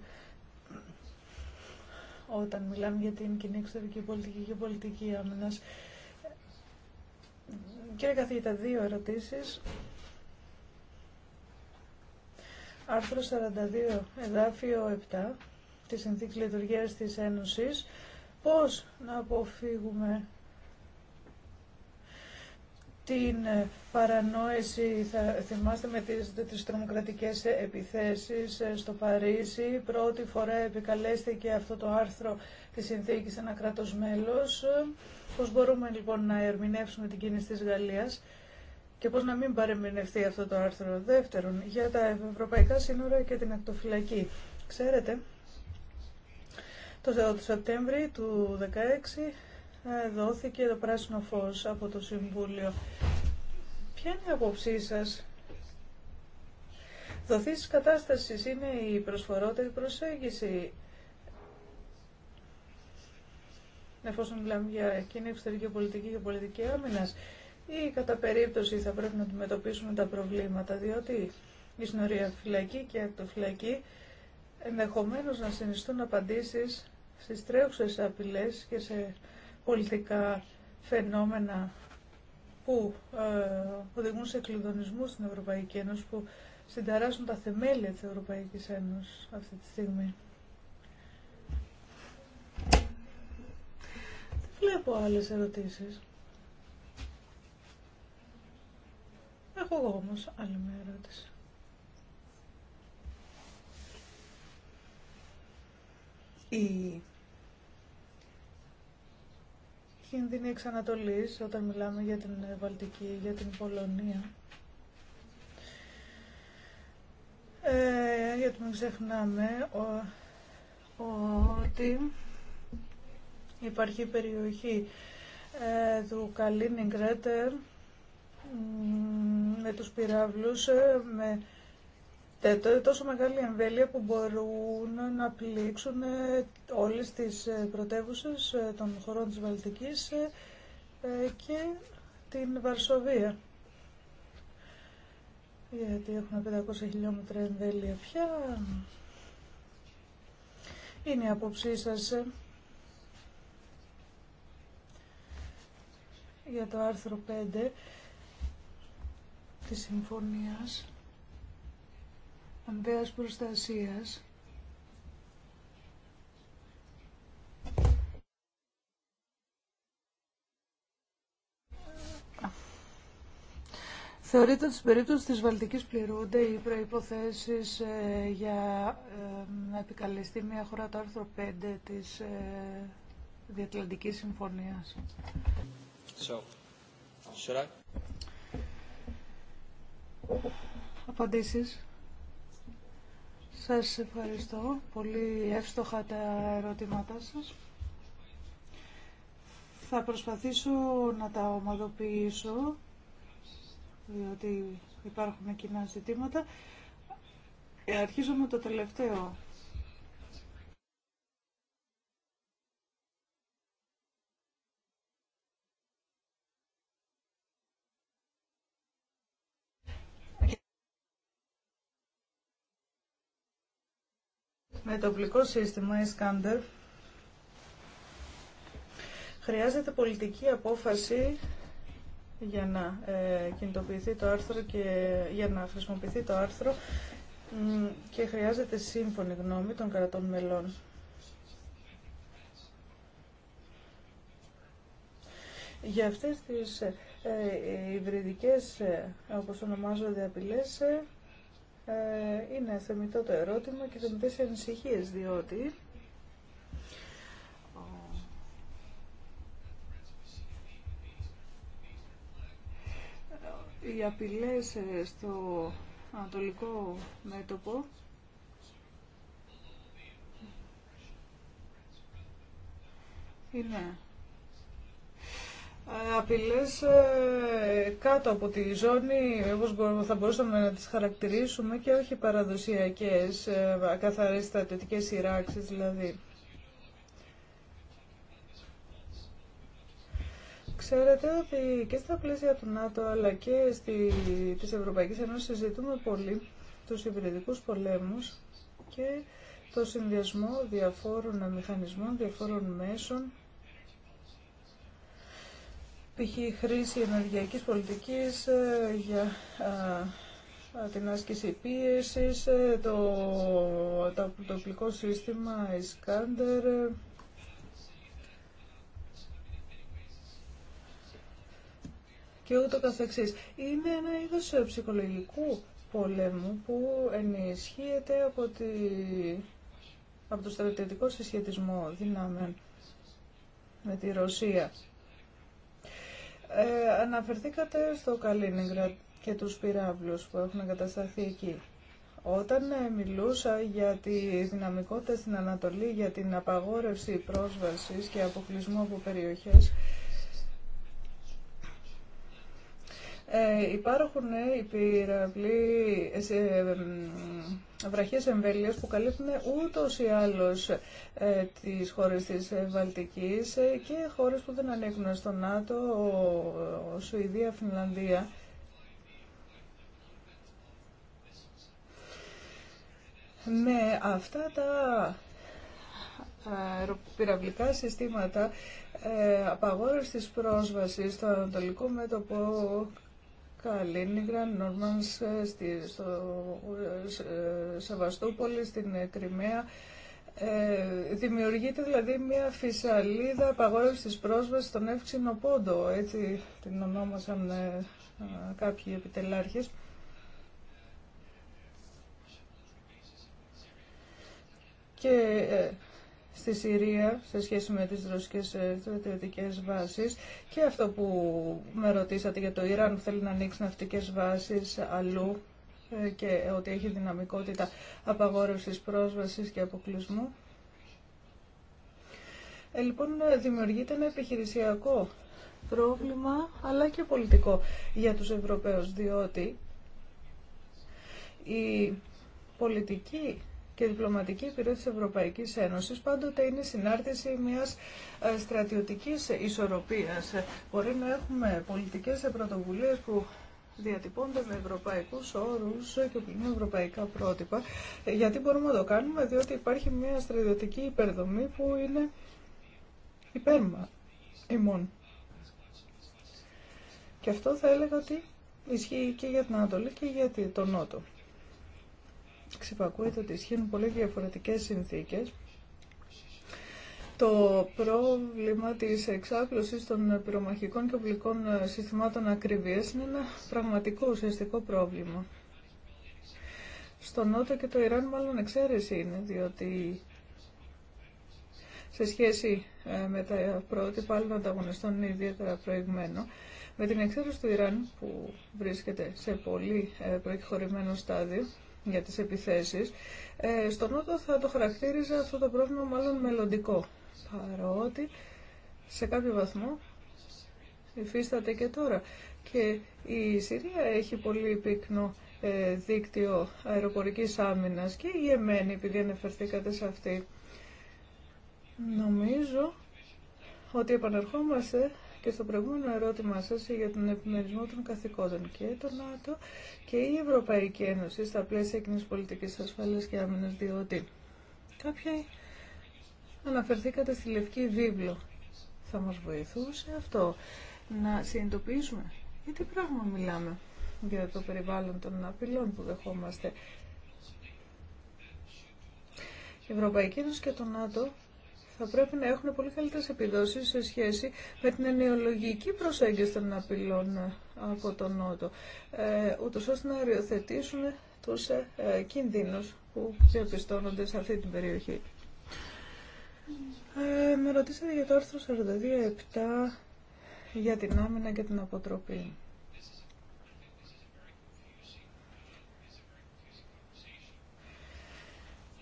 όταν μιλάμε για την κοινή εξωτερική πολιτική και πολιτική άμυνας. Κύριε καθηγητά, δύο ερωτήσεις. Άρθρο 42, εδάφιο 7 τη συνθήκη Λειτουργίας της Ένωσης. Πώς να αποφύγουμε την ε, παρανόηση, θα θυμάστε με τις, τις τρομοκρατικές επιθέσεις ε, στο Παρίσι, πρώτη φορά επικαλέστηκε αυτό το άρθρο της συνθήκης ένα κράτος μέλος. Ε, πώς μπορούμε λοιπόν να ερμηνεύσουμε την κίνηση της Γαλλίας και πώς να μην παρεμηνευτεί αυτό το άρθρο. Δεύτερον, για τα ευρωπαϊκά σύνορα και την ακτοφυλακή. Ξέρετε, το Σεπτέμβρη του 2016 ε, δόθηκε το πράσινο φως από το Συμβούλιο. Ποια είναι η απόψή σας Δοθή τη κατάσταση είναι η προσφορότερη προσέγγιση. Εφόσον μιλάμε για κοινή εξωτερική πολιτική και πολιτική άμυνα, ή κατά περίπτωση θα πρέπει να αντιμετωπίσουμε τα προβλήματα, διότι η συνορία φυλακή και ακτοφυλακή ενδεχομένως να συνιστούν απαντήσεις στις τρέχουσες απειλές και σε πολιτικά φαινόμενα που ε, οδηγούν σε κλειδονισμού στην Ευρωπαϊκή Ένωση, που συνταράσσουν τα θεμέλια της Ευρωπαϊκής Ένωσης αυτή τη στιγμή. Δεν βλέπω άλλες ερωτήσεις. Έχω εγώ όμως άλλη μια ερώτηση. Η κίνδυνοι εξ Ανατολής, όταν μιλάμε για την Βαλτική, για την Πολωνία. Ε, γιατί μην ξεχνάμε ο, ότι υπάρχει περιοχή ε, του Καλίνιγκρετ με τους πυράβλους, ε, με ε, τόσο μεγάλη εμβέλεια που μπορούν να πλήξουν ε, όλες τις ε, πρωτεύουσες των χωρών της Βαλτικής και την Βαρσοβία. Γιατί έχουν 500 χιλιόμετρα εμβέλεια πια. Είναι η άποψή σας για το άρθρο 5 της συμφωνίας αμοιβαίας προστασίας Θεωρείται ότι στην περίπτωση της Βαλτικής πληρούνται οι προϋποθέσεις ε, για ε, να επικαλεστεί μια χώρα το άρθρο 5 της ε, Διατλαντικής Συμφωνίας. So, Απαντήσεις. Σας ευχαριστώ. Πολύ εύστοχα τα ερωτήματά σας. Θα προσπαθήσω να τα ομαδοποιήσω, διότι υπάρχουν κοινά ζητήματα. Ε, αρχίζω με το τελευταίο με το οπλικό σύστημα Iskander χρειάζεται πολιτική απόφαση για να ε, κινητοποιηθεί το άρθρο και για να χρησιμοποιηθεί το άρθρο και χρειάζεται σύμφωνη γνώμη των κρατών μελών. Για αυτές τις ε, ε υβριδικές, ε, όπως ονομάζονται, απειλές, ε, είναι θεμητό το ερώτημα και θεμητές οι ανησυχίες, διότι οι απειλές ε, στο ανατολικό μέτωπο είναι απειλές ε, κάτω από τη ζώνη, όπως θα μπορούσαμε να τις χαρακτηρίσουμε, και όχι παραδοσιακές, ε, καθαρές στρατιωτικές σειράξεις δηλαδή. Ξέρετε ότι και στα πλαίσια του ΝΑΤΟ αλλά και στη, της Ευρωπαϊκής Ένωσης συζητούμε πολύ τους υπηρετικούς πολέμους και το συνδυασμό διαφόρων μηχανισμών, διαφόρων μέσων π.χ. χρήση ενεργειακής πολιτικής ε, για την άσκηση πίεσης, ε, το, το τοπικό σύστημα Ισκάντερ, ε. και ούτω καθεξής. Είναι ένα είδος ψυχολογικού πολέμου που ενισχύεται από, τη... από το στρατιωτικό συσχετισμό δυνάμεων με τη Ρωσία. Ε, αναφερθήκατε στο Καλίνιγκρα και τους πυράβλους που έχουν κατασταθεί εκεί. Όταν ε, μιλούσα για τη δυναμικότητα στην Ανατολή, για την απαγόρευση πρόσβασης και αποκλεισμού από περιοχές, Ε, υπάρχουν οι ναι, πυραυλοί ε, ε, βραχές που καλύπτουν ούτως ή άλλως ε, τις χώρες της ε, Βαλτικής ε, και χώρες που δεν ανήκουν στο ΝΑΤΟ, Σουηδία, Φινλανδία. Με αυτά τα ε, πυραυλικά συστήματα ε, απαγόρευσης πρόσβασης στο ανατολικό μέτωπο Καλίνιγραν, Νόρμανς, ε, στο ε, Σεβαστούπολη, στην ε, Κρυμαία. Ε, δημιουργείται δηλαδή μια φυσαλίδα απαγόρευση της πρόσβασης στον εύξηνο πόντο, έτσι την ονόμασαν ε, κάποιοι επιτελάρχες. Και στη Συρία σε σχέση με τις ρωσικές ε, στρατιωτικές βάσεις και αυτό που με ρωτήσατε για το Ιράν που θέλει να ανοίξει ναυτικές βάσεις αλλού ε, και ότι έχει δυναμικότητα απαγόρευσης πρόσβασης και αποκλεισμού. Ε, λοιπόν, δημιουργείται ένα επιχειρησιακό πρόβλημα, αλλά και πολιτικό για τους Ευρωπαίους, διότι η πολιτική και διπλωματική επιρροή της Ευρωπαϊκής Ένωσης πάντοτε είναι συνάρτηση μιας ε, στρατιωτικής ισορροπίας. Ε, μπορεί να έχουμε πολιτικές πρωτοβουλίε που διατυπώνται με ευρωπαϊκού όρου ε, και με ευρωπαϊκά πρότυπα. Γιατί μπορούμε να το κάνουμε, διότι υπάρχει μια στρατιωτική υπερδομή που είναι υπέρμα ημών. Και αυτό θα έλεγα ότι ισχύει και για την Ανατολή και για τον Νότο ξυπακούεται ότι ισχύουν πολύ διαφορετικές συνθήκες. Το πρόβλημα της εξάπλωσης των πυρομαχικών και οπλικών συστημάτων ακριβίας είναι ένα πραγματικό ουσιαστικό πρόβλημα. Στο Νότο και το Ιράν μάλλον εξαίρεση είναι, διότι σε σχέση ε, με τα πάλι των ανταγωνιστών είναι ιδιαίτερα προηγμένο. Με την εξαίρεση του Ιράν που βρίσκεται σε πολύ ε, προεκχωρημένο στάδιο, για τις επιθέσεις. Ε, στον Νότο θα το χαρακτήριζε αυτό το πρόβλημα μάλλον μελλοντικό, παρότι σε κάποιο βαθμό υφίσταται και τώρα. Και η Συρία έχει πολύ πυκνό ε, δίκτυο αεροπορικής άμυνας και η Εμένη, επειδή αναφερθήκατε σε αυτή. Νομίζω ότι επανερχόμαστε και στο προηγούμενο ερώτημά σας για τον επιμερισμό των καθηκόντων και το ΝΑΤΟ και η Ευρωπαϊκή Ένωση στα πλαίσια κοινή πολιτικής ασφάλειας και άμυνα, διότι κάποιοι αναφερθήκατε στη Λευκή Βίβλο. Θα μας βοηθούσε αυτό να συνειδητοποιήσουμε για τι πράγμα μιλάμε για το περιβάλλον των απειλών που δεχόμαστε. Η Ευρωπαϊκή Ένωση και το ΝΑΤΟ θα πρέπει να έχουν πολύ καλύτερε επιδόσεις σε σχέση με την ενεολογική προσέγγιση των απειλών από τον Νότο, ε, ούτως ώστε να αριοθετήσουν τους ε, κινδύνους που διαπιστώνονται σε αυτή την περιοχή. Ε, με ρωτήσατε για το άρθρο 42.7 για την άμυνα και την αποτροπή.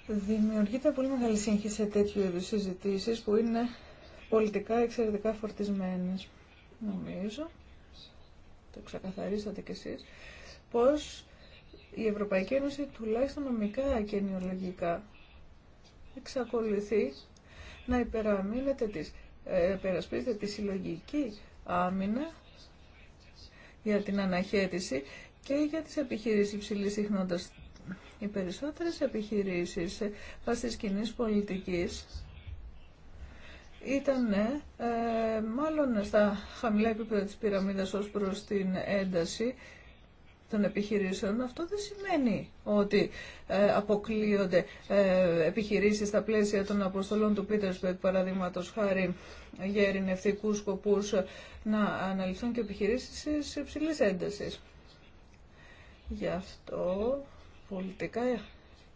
Δημιουργείται πολύ μεγάλη σύγχυση σε τέτοιου είδου συζητήσει που είναι πολιτικά εξαιρετικά φορτισμένε. Νομίζω, το ξεκαθαρίσατε κι εσείς, πως η Ευρωπαϊκή Ένωση τουλάχιστον νομικά και νεολογικά εξακολουθεί να υπεραμείνεται της, ε, τη συλλογική άμυνα για την αναχέτηση και για τις επιχειρήσεις υψηλής συχνότητας οι περισσότερες επιχειρήσεις βάσει κοινή πολιτικής ήταν ε, μάλλον στα χαμηλά επίπεδα της πυραμίδας ως προς την ένταση των επιχειρήσεων. Αυτό δεν σημαίνει ότι ε, αποκλείονται ε, επιχειρήσεις στα πλαίσια των αποστολών του Πίτερσπεκ, παραδείγματος χάρη για ειρηνευτικού σκοπούς, ε, να αναλυθούν και επιχειρήσεις σε υψηλή ένταση. Γι' αυτό πολιτικά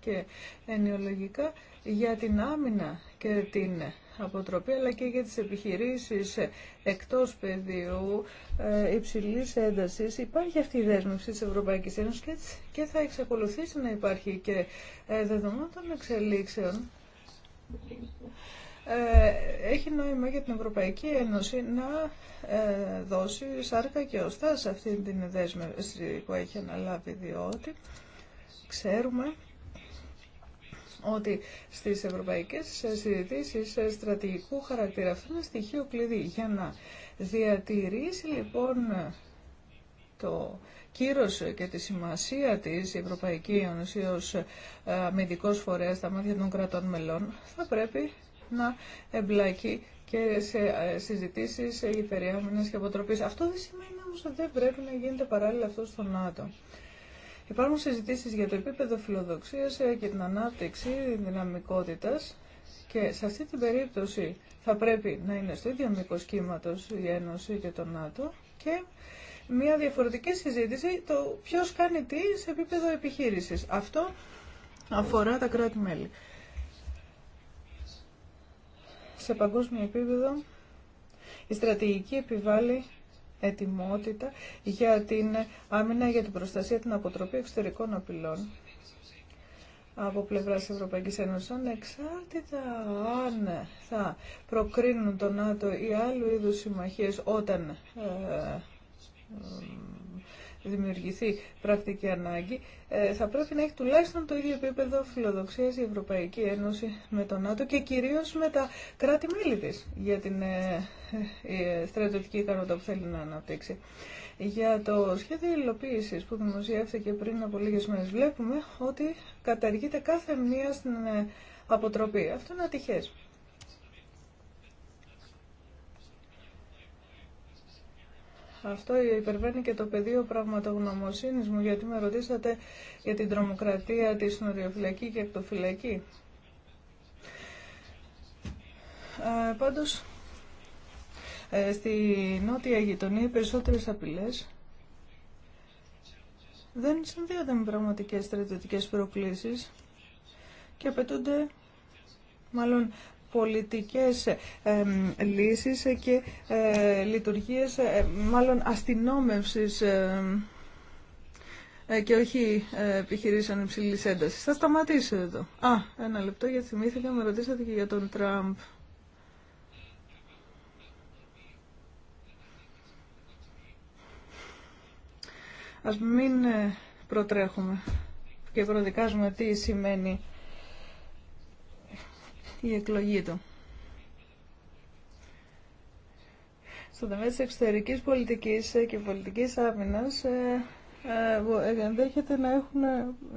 και ενοιολογικά για την άμυνα και την αποτροπή αλλά και για τις επιχειρήσεις εκτός πεδίου ε, υψηλής έντασης. Υπάρχει αυτή η δέσμευση της Ευρωπαϊκής Ένωσης και, θα εξακολουθήσει να υπάρχει και ε, δεδομένων των εξελίξεων. Ε, έχει νόημα για την Ευρωπαϊκή Ένωση να δώσει σάρκα και οστά σε αυτή την δέσμευση που έχει αναλάβει διότι Ξέρουμε ότι στις ευρωπαϊκές συζητήσεις στρατηγικού χαρακτήρα αυτό είναι στοιχείο κλειδί για να διατηρήσει λοιπόν το κύρος και τη σημασία της η Ευρωπαϊκή Ένωση ω ε, αμυντικός φορέας στα μάτια των κρατών μελών θα πρέπει να εμπλακεί και σε ε, συζητήσεις υπεριάμυνας και αποτροπής. Αυτό δεν σημαίνει όμως ότι δεν πρέπει να γίνεται παράλληλα αυτό στο ΝΑΤΟ. Υπάρχουν συζητήσεις για το επίπεδο φιλοδοξίας ε, και την ανάπτυξη δυναμικότητας και σε αυτή την περίπτωση θα πρέπει να είναι στο ίδιο μήκο κύματο η Ένωση και το ΝΑΤΟ και μια διαφορετική συζήτηση το ποιος κάνει τι σε επίπεδο επιχείρησης. Αυτό αφορά τα κράτη-μέλη. Σε παγκόσμιο επίπεδο η στρατηγική επιβάλλει ετοιμότητα για την άμυνα για την προστασία την αποτροπή εξωτερικών απειλών από πλευρά της Ευρωπαϊκής Ένωσης, αν θα προκρίνουν τον ΝΑΤΟ ή άλλου είδους συμμαχίες όταν ε, δημιουργηθεί πρακτική ανάγκη, ε, θα πρέπει να έχει τουλάχιστον το ίδιο επίπεδο φιλοδοξίας η Ευρωπαϊκή Ένωση με τον ΝΑΤΟ και κυρίως με τα κράτη-μέλη της για την ε, ε, στρατιωτική ικανότητα που θέλει να αναπτύξει. Για το σχέδιο υλοποίηση που δημοσιεύθηκε πριν από λίγες μέρες βλέπουμε ότι καταργείται κάθε μία στην αποτροπή. Αυτό είναι ατυχές. Αυτό υπερβαίνει και το πεδίο πραγματογνωμοσύνης μου, γιατί με ρωτήσατε για την τρομοκρατία, τη συνοριοφυλακή και εκτοφυλακή. Ε, πάντως, ε, στη νότια γειτονία οι περισσότερες απειλές δεν συνδέονται με πραγματικές στρατιωτικές προκλήσεις και απαιτούνται μάλλον πολιτικές λύσεις και ε, λειτουργίες ε, μάλλον αστυνόμευσης ε, και όχι επιχειρήσεων υψηλή ένταση. Θα σταματήσω εδώ. Α, ένα λεπτό γιατί θυμήθηκα, με ρωτήσατε και για τον Τραμπ. Ας μην προτρέχουμε και προδικάζουμε τι σημαίνει η εκλογή του. Στον τομέα τη εξωτερική πολιτική και πολιτική άμυνα ε, ε, ε, ενδέχεται να έχουν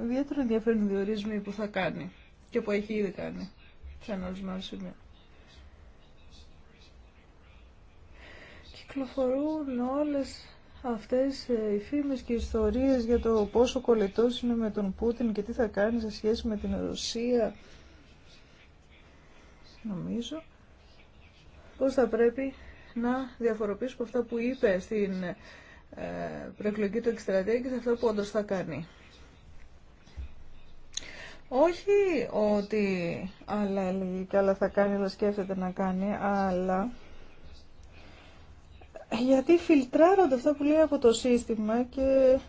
ιδιαίτερο ενδιαφέρον διορισμοί που θα κάνει και που έχει ήδη κάνει σε ένα ορισμένο σημείο. Κυκλοφορούν όλε αυτέ οι φήμε και ιστορίε για το πόσο κολλητό είναι με τον Πούτιν και τι θα κάνει σε σχέση με την Ρωσία νομίζω πως θα πρέπει να διαφοροποιήσουμε αυτά που είπε στην ε, προεκλογική του εκστρατεία και σε αυτά που όντως θα κάνει. Όχι ότι άλλα έλεγε και άλλα θα κάνει, αλλά σκέφτεται να κάνει, αλλά γιατί φιλτράρονται αυτά που λέει από το σύστημα και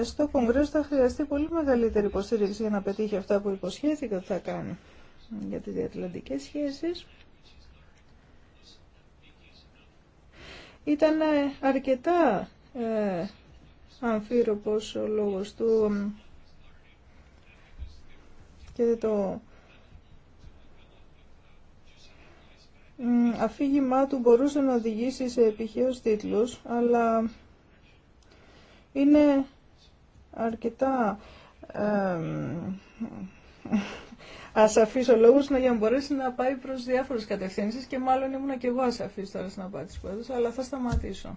ε, στο Κογκρέσο θα χρειαστεί πολύ μεγαλύτερη υποστήριξη για να πετύχει αυτά που υποσχέθηκε ότι θα κάνει για τις διατλαντικές σχέσεις ήταν ε, αρκετά ε, αμφίροπος ο λόγος του ε, και το αφήγημά του μπορούσε να οδηγήσει σε επιχείρους τίτλους, αλλά είναι αρκετά ε, αφήσω ο να για να μπορέσει να πάει προς διάφορες κατευθύνσει, και μάλλον ήμουν και εγώ αφήσω τώρα στην απάντηση που έδωσα, αλλά θα σταματήσω.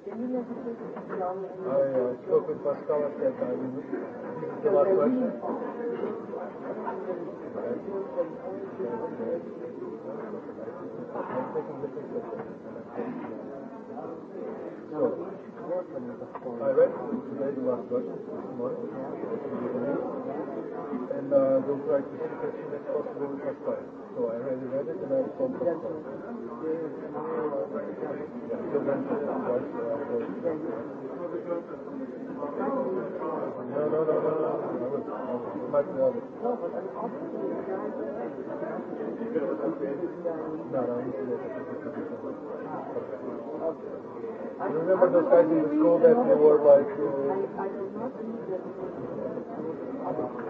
I spoke with Pascal at The last question. So, I read today the last question this morning, and to see So I already and I I remember those guys in the school that they were like.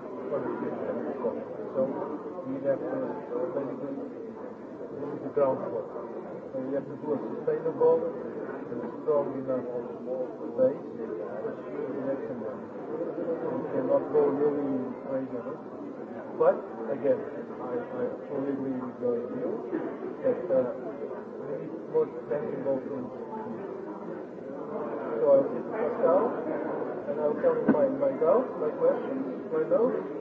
So we have to basically the groundwork. So we have to do a sustainable and strong enough base to achieve the next one. We cannot go really crazy on it. But again, I, I fully agree with your view that uh, we need more tangible things. So I'll sit myself and I'll tell my, my doubts, my questions, my notes,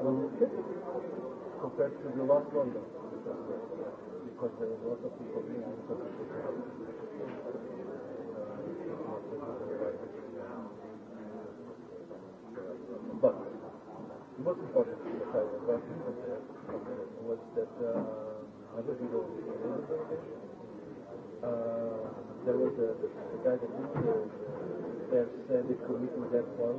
a compared to the last one because there was a lot of people being on the But the most important thing that I was learning from there was that uh, I was in the uh, there was a, a guy that used to have said it could meet with that one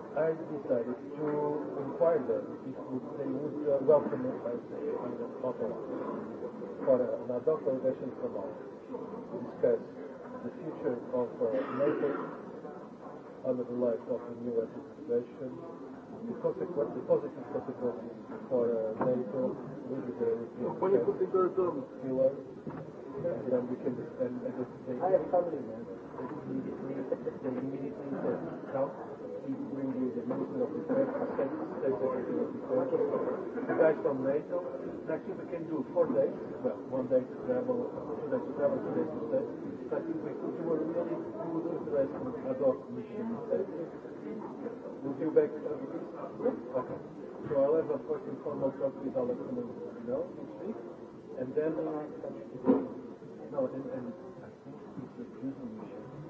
I decided to inquire them if they would welcome if I say in the Ottawa for another conversation from us to discuss the future of NATO under the light of the new administration, the, consequence, the positive consequences for NATO with the European pillar, and then we can and, and I have family, They immediately said, the from actually we can do four days, well, one day to travel, two days to travel, two days to stay. I think we could do a really good, ad hoc mission. back? Okay. So I'll have a first and foremost talk with Alexander week, and then, no, and, and I think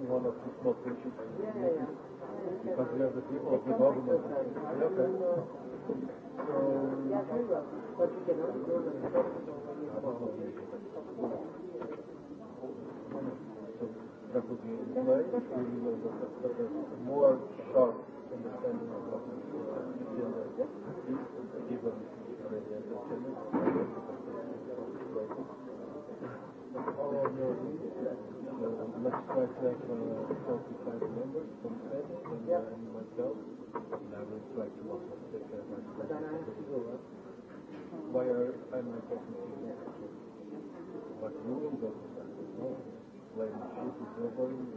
you want more because we have the people of the government. So, that would be We have a more sharp understanding of what is given given let's try to have uh, 45 members from FED and, yeah. uh, myself. And I will try to also take care But I have to go, huh? Why are I my technical But you will go to that, you can go to a few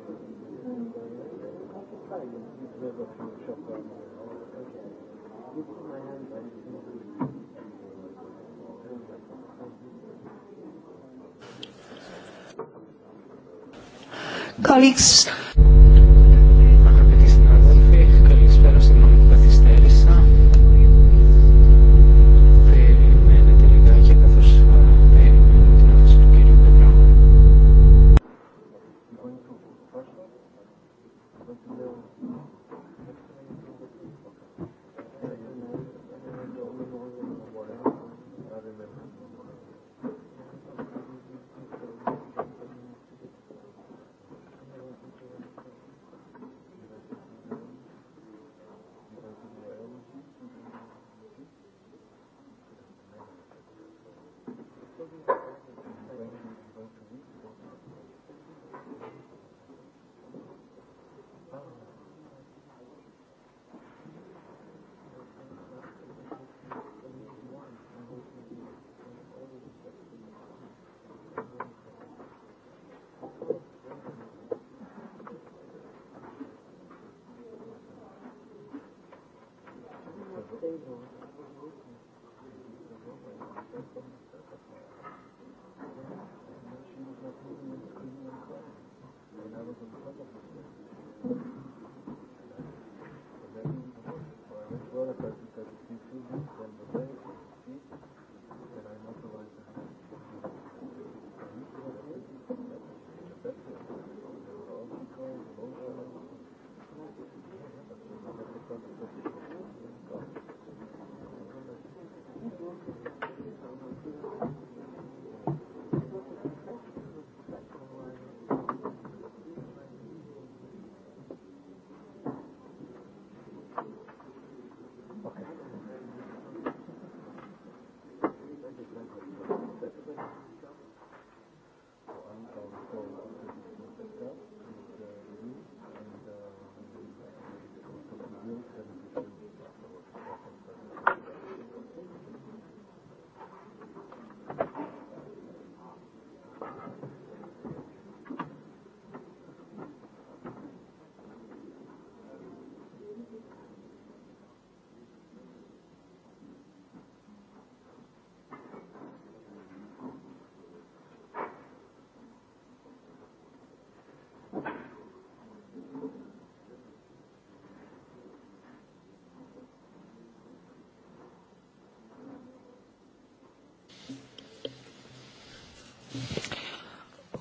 Okay. You put my hand colleagues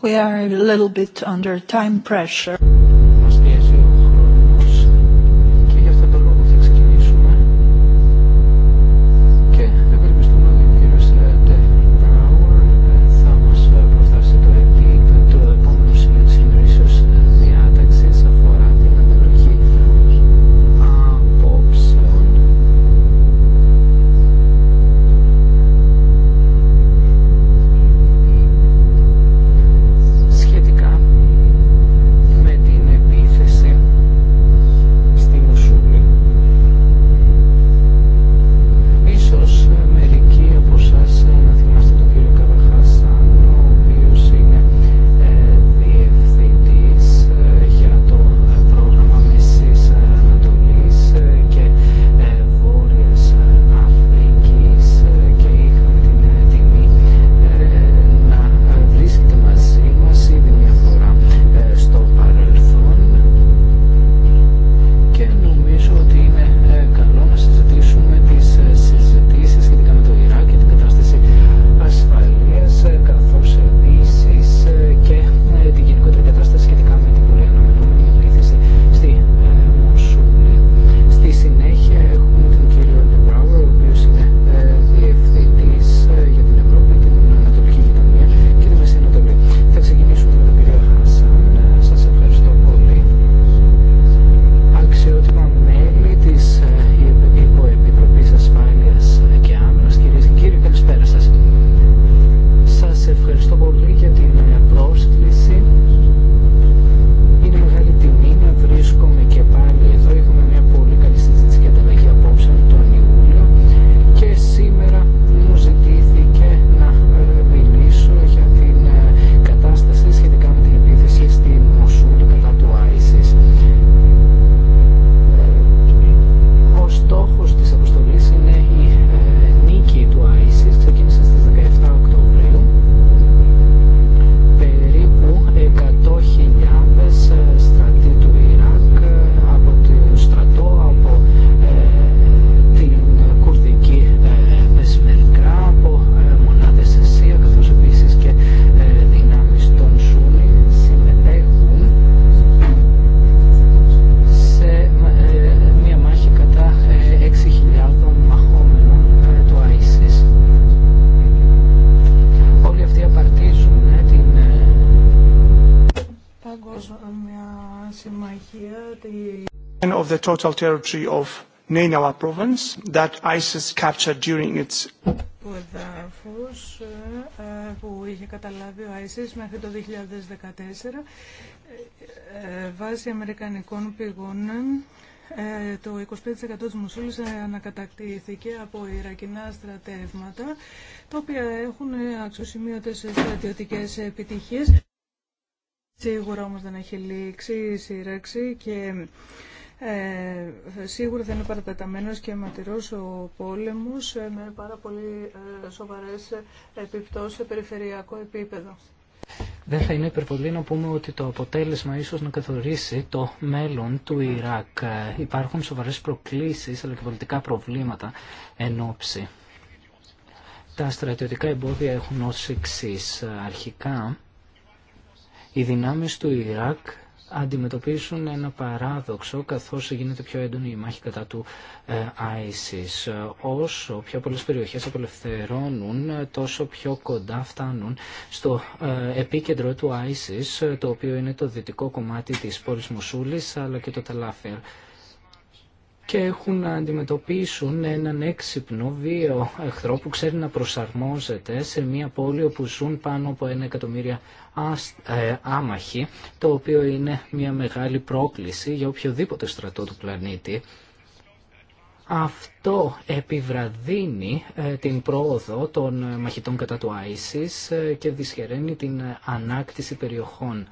We are a little bit under time pressure. total territory of Nainawa province that ISIS captured during its ε, ε, που είχε καταλάβει ο ISIS μέχρι το 2014 ε, βάσει αμερικανικών πηγών το 25% της Μουσούλης ανακατακτήθηκε από Ιρακινά στρατεύματα τα οποία έχουν αξιοσημείωτες στρατιωτικές επιτυχίες. Σίγουρα όμως δεν έχει λήξει η σύραξη και ε, σίγουρα θα είναι παραταταμένος και αιματηρός ο πόλεμος ε, με πάρα πολύ ε, σοβαρές επιπτώσεις σε περιφερειακό επίπεδο. Δεν θα είναι υπερβολή να πούμε ότι το αποτέλεσμα ίσως να καθορίσει το μέλλον του Ιράκ. Υπάρχουν σοβαρές προκλήσεις αλλά και πολιτικά προβλήματα εν Τα στρατιωτικά εμπόδια έχουν ως εξής. Αρχικά, οι δυνάμεις του Ιράκ αντιμετωπίσουν ένα παράδοξο καθώς γίνεται πιο έντονη η μάχη κατά του ε, ISIS. Όσο πιο πολλές περιοχές απελευθερώνουν, τόσο πιο κοντά φτάνουν στο ε, επίκεντρο του ISIS, το οποίο είναι το δυτικό κομμάτι της πόλης Μουσούλης αλλά και το Ταλάφερ και έχουν να αντιμετωπίσουν έναν έξυπνο βίο εχθρό που ξέρει να προσαρμόζεται σε μια πόλη όπου ζουν πάνω από ένα εκατομμύρια ε, άμαχοι, το οποίο είναι μια μεγάλη πρόκληση για οποιοδήποτε στρατό του πλανήτη. Αυτό επιβραδύνει ε, την πρόοδο των μαχητών κατά του ISIS ε, και δυσχεραίνει την ανάκτηση περιοχών.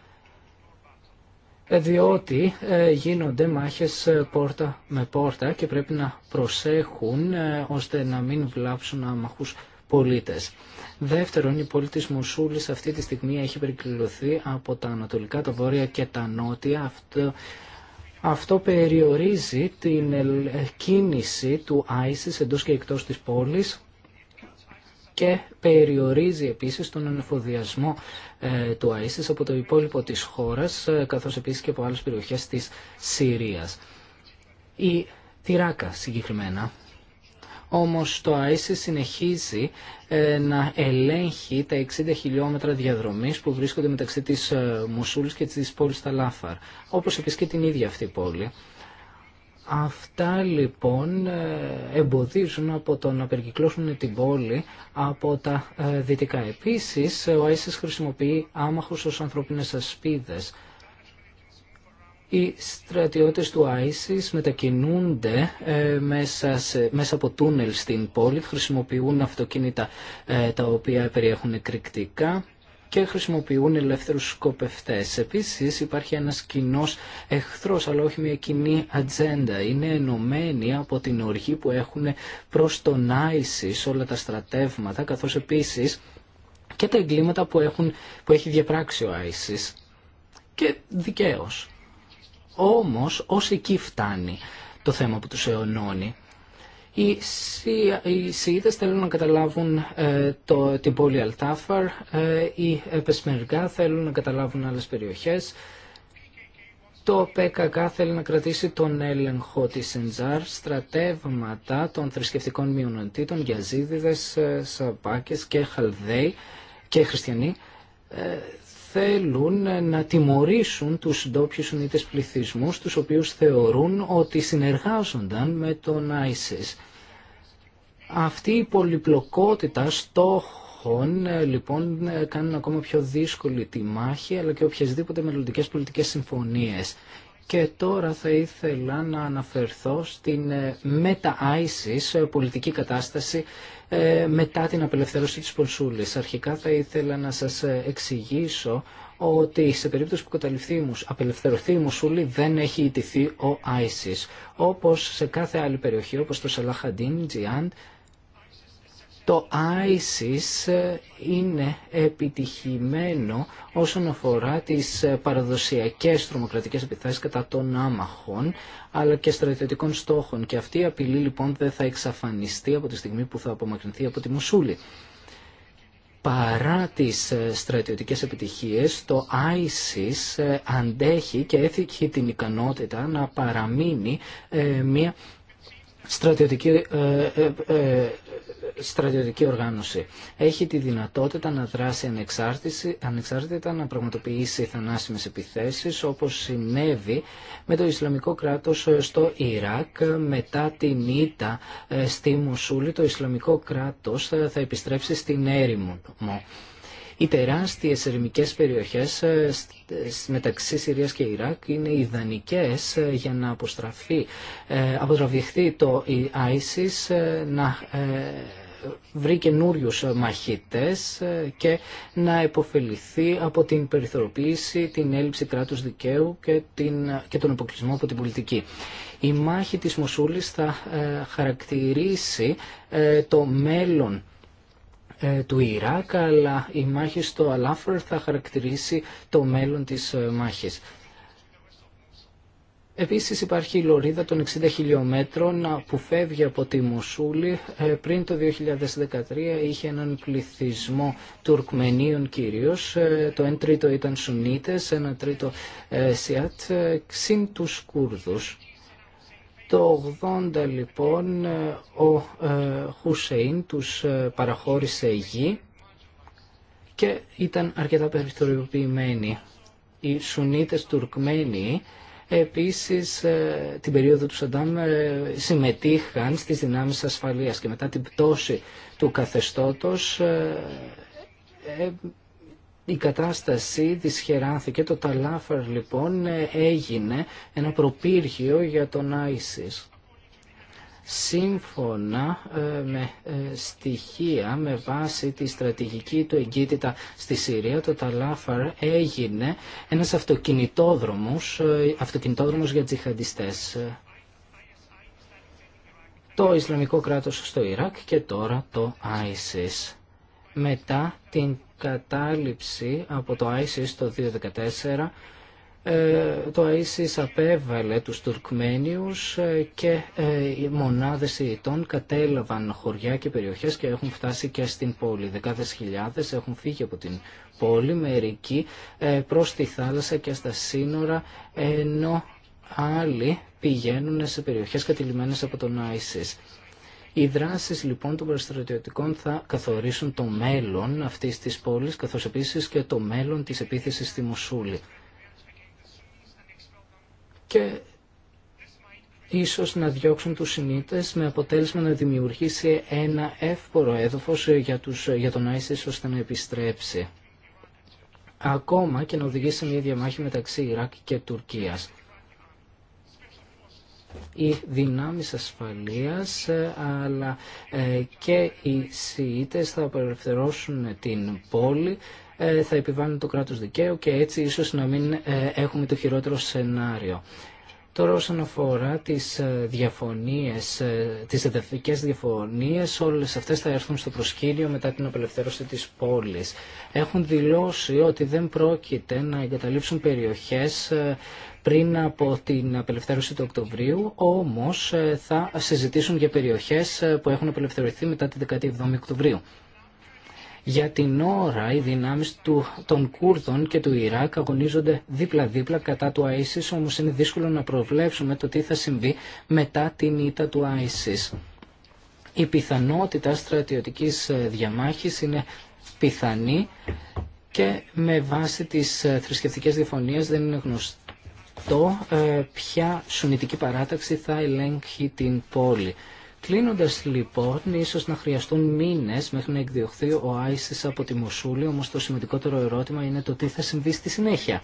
Ε, διότι ε, γίνονται μάχες ε, πόρτα με πόρτα και πρέπει να προσέχουν ώστε να μην βλάψουν αμαχούς πολίτες. Δεύτερον, η πόλη της Μουσούλης αυτή τη στιγμή έχει περικληρωθεί από τα ανατολικά, τα βόρεια και τα νότια. Αυτό, αυτό περιορίζει την κίνηση του ISIS εντός και εκτός της πόλης και περιορίζει επίσης τον ανεφοδιασμό ε, του ΑΕΣΙΣ από το υπόλοιπο της χώρας ε, καθώς επίσης και από άλλες περιοχές της Συρίας. Η Τυράκα συγκεκριμένα όμως το ISIS συνεχίζει ε, να ελέγχει τα 60 χιλιόμετρα διαδρομής που βρίσκονται μεταξύ της Μουσούλης και της πόλης Ταλάφαρ, όπως επίσης και την ίδια αυτή πόλη. Αυτά λοιπόν ε, εμποδίζουν από το να περικυκλώσουν την πόλη από τα ε, δυτικά. Επίσης, ε, ο ISIS χρησιμοποιεί άμαχους ως ανθρώπινες ασπίδες. Οι στρατιώτες του Άισις μετακινούνται μέσα, σε, μέσα από τούνελ στην πόλη, χρησιμοποιούν αυτοκίνητα τα οποία περιέχουν εκρηκτικά και χρησιμοποιούν ελεύθερους σκοπευτές. Επίσης υπάρχει ένας κοινό εχθρός αλλά όχι μια κοινή ατζέντα. Είναι ενωμένοι από την οργή που έχουν προς τον ISIS όλα τα στρατεύματα καθώς επίσης και τα εγκλήματα που, έχουν, που έχει διαπράξει ο ISIS και δικαίως. Όμως ως εκεί φτάνει το θέμα που τους αιωνώνει. Οι, οι θέλουν να καταλάβουν ε, το, την πόλη Αλτάφαρ, ε, οι ε, Πεσμεργά θέλουν να καταλάβουν άλλες περιοχές, το ΠΚΚ θέλει να κρατήσει τον έλεγχο της Σεντζάρ, στρατεύματα των θρησκευτικών μειονοτήτων, γιαζίδιδες, σαπάκες και χαλδαίοι και χριστιανοί θέλουν να τιμωρήσουν τους ντόπιου Σουνίτες πληθυσμούς, τους οποίους θεωρούν ότι συνεργάζονταν με τον ISIS. Αυτή η πολυπλοκότητα στόχων ε, λοιπόν ε, κάνουν ακόμα πιο δύσκολη τη μάχη αλλά και οποιασδήποτε μελλοντικές πολιτικές συμφωνίες. Και τώρα θα ήθελα να αναφερθώ στην ε, μετα-ISIS ε, πολιτική κατάσταση ε, μετά την απελευθέρωση της Πολσούλης. Αρχικά θα ήθελα να σας εξηγήσω ότι σε περίπτωση που καταληφθεί, απελευθερωθεί η Μουσούλη δεν έχει ιτηθεί ο ISIS. Όπως σε κάθε άλλη περιοχή, όπως το Σαλαχαντίν, Τζιάντ, το ISIS ε, είναι επιτυχημένο όσον αφορά τις ε, παραδοσιακές τρομοκρατικές επιθέσεις κατά των άμαχων αλλά και στρατιωτικών στόχων και αυτή η απειλή λοιπόν δεν θα εξαφανιστεί από τη στιγμή που θα απομακρυνθεί από τη Μουσούλη. Παρά τις ε, στρατιωτικές επιτυχίες, το ISIS αντέχει και έχει την ικανότητα να παραμείνει μια στρατιωτική στρατιωτική οργάνωση. Έχει τη δυνατότητα να δράσει ανεξάρτητα, να πραγματοποιήσει θανάσιμες επιθέσεις όπως συνέβη με το Ισλαμικό κράτος ε, στο Ιράκ ε, μετά την ήττα ε, στη Μουσούλη το Ισλαμικό κράτος θα επιστρέψει στην έρημο οι τεράστιε ερμικές περιοχές ε, μεταξύ Συρίας και Ιράκ είναι ιδανικές ε, για να αποστραφεί, ε, αποτραβηχθεί το ISIS, να βρει καινούριου μαχητέ και να υποφεληθεί από την περιθωροποίηση, την έλλειψη κράτους δικαίου και, την, και τον αποκλεισμό από την πολιτική. Η μάχη της Μοσούλης θα χαρακτηρίσει το μέλλον ε, του Ιράκ, αλλά η μάχη στο Αλάφερ θα χαρακτηρίσει το μέλλον της ε, μάχης. Επίσης υπάρχει η λωρίδα των 60 χιλιόμετρων που φεύγει από τη Μοσούλη. Ε, πριν το 2013 είχε έναν πληθυσμό Τουρκμενίων κυρίως. Το 1 τρίτο ήταν Σουνίτες, 1 τρίτο Σιάτ, ξύν τους Κούρδους. Το 80 λοιπόν ο ε, Χουσέιν τους ε, παραχώρησε γη και ήταν αρκετά περιθωριοποιημένοι. Οι Σουνίτες Τουρκμένοι επίσης ε, την περίοδο του Σαντάμ συμμετείχαν στις δυνάμεις ασφαλείας και μετά την πτώση του καθεστώτος η κατάσταση δυσχεράθηκε, το Ταλάφαρ λοιπόν έγινε ένα προπύργιο για τον Άισις. Σύμφωνα ε, με ε, στοιχεία, με βάση τη στρατηγική του εγκύτητα στη Συρία, το Ταλάφαρ έγινε ένας αυτοκινητόδρομος, ε, αυτοκινητόδρομος για τζιχαντιστές. Το Ισλαμικό κράτος στο Ιράκ και τώρα το ISIS. Μετά την κατάληψη από το ISIS το 2014 ε, το ISIS απέβαλε τους Τουρκμένιους ε, και ε, οι μονάδες ιητών κατέλαβαν χωριά και περιοχές και έχουν φτάσει και στην πόλη. Δεκάδες χιλιάδες έχουν φύγει από την πόλη, μερικοί προς τη θάλασσα και στα σύνορα, ενώ άλλοι πηγαίνουν σε περιοχές κατηλημένες από τον ISIS. Οι δράσει λοιπόν των προστρατιωτικών θα καθορίσουν το μέλλον αυτής της πόλης, καθώς επίσης και το μέλλον της επίθεση στη Μοσούλη. Και ίσως να διώξουν τους συνήτες με αποτέλεσμα να δημιουργήσει ένα εύπορο έδαφος για, τους, για τον ISIS ώστε να επιστρέψει. Ακόμα και να οδηγήσει μια διαμάχη μεταξύ Ιράκ και Τουρκίας οι δυνάμεις ασφαλείας ε, αλλά ε, και οι ΣΥΙΤΕΣ θα απελευθερώσουν την πόλη ε, θα επιβάλλουν το κράτος δικαίου και έτσι ίσως να μην έχουμε το χειρότερο σενάριο. Τώρα όσον αφορά τις διαφωνίες, τις εδαφικές διαφωνίες, όλες αυτές θα έρθουν στο προσκήνιο μετά την απελευθέρωση της πόλης. Έχουν δηλώσει ότι δεν πρόκειται να εγκαταλείψουν περιοχές πριν από την απελευθέρωση του Οκτωβρίου, όμως ε, θα συζητήσουν για περιοχές ε, που έχουν απελευθερωθεί μετά την 17η Οκτωβρίου. Για την ώρα οι δυνάμεις των Κούρδων και του Ιράκ αγωνίζονται δίπλα-δίπλα κατά του ISIS, όμως είναι δύσκολο να προβλέψουμε το τι θα συμβεί μετά την ήττα του ISIS. Η πιθανότητα στρατιωτικής ε, διαμάχης είναι πιθανή και με βάση τις θρησκευτικές διαφωνίες δεν είναι γνωστή το ε, ποια σουνητική παράταξη θα ελέγχει την πόλη. Κλείνοντας λοιπόν, ίσως να χρειαστούν μήνες μέχρι να εκδιωχθεί ο Άισις από τη Μοσούλη, όμως το σημαντικότερο ερώτημα είναι το τι θα συμβεί στη συνέχεια.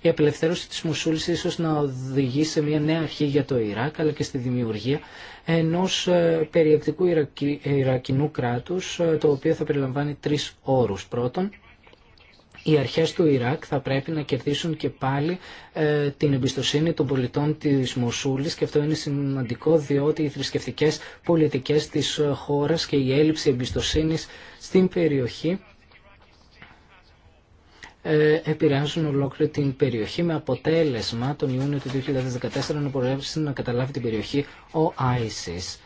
Η απελευθέρωση της Μοσούλης ίσως να οδηγεί σε μια νέα αρχή για το Ιράκ, αλλά και στη δημιουργία ενός ε, περιεκτικού ε, Ιρακινού κράτους, το οποίο θα περιλαμβάνει τρεις όρους. Πρώτον, οι αρχές του Ιράκ θα πρέπει να κερδίσουν και πάλι ε, την εμπιστοσύνη των πολιτών της Μοσούλης και αυτό είναι σημαντικό διότι οι θρησκευτικές πολιτικές της χώρας και η έλλειψη εμπιστοσύνης στην περιοχή ε, επηρεάζουν ολόκληρη την περιοχή με αποτέλεσμα τον Ιούνιο του 2014 να μπορέσει να καταλάβει την περιοχή ο ISIS.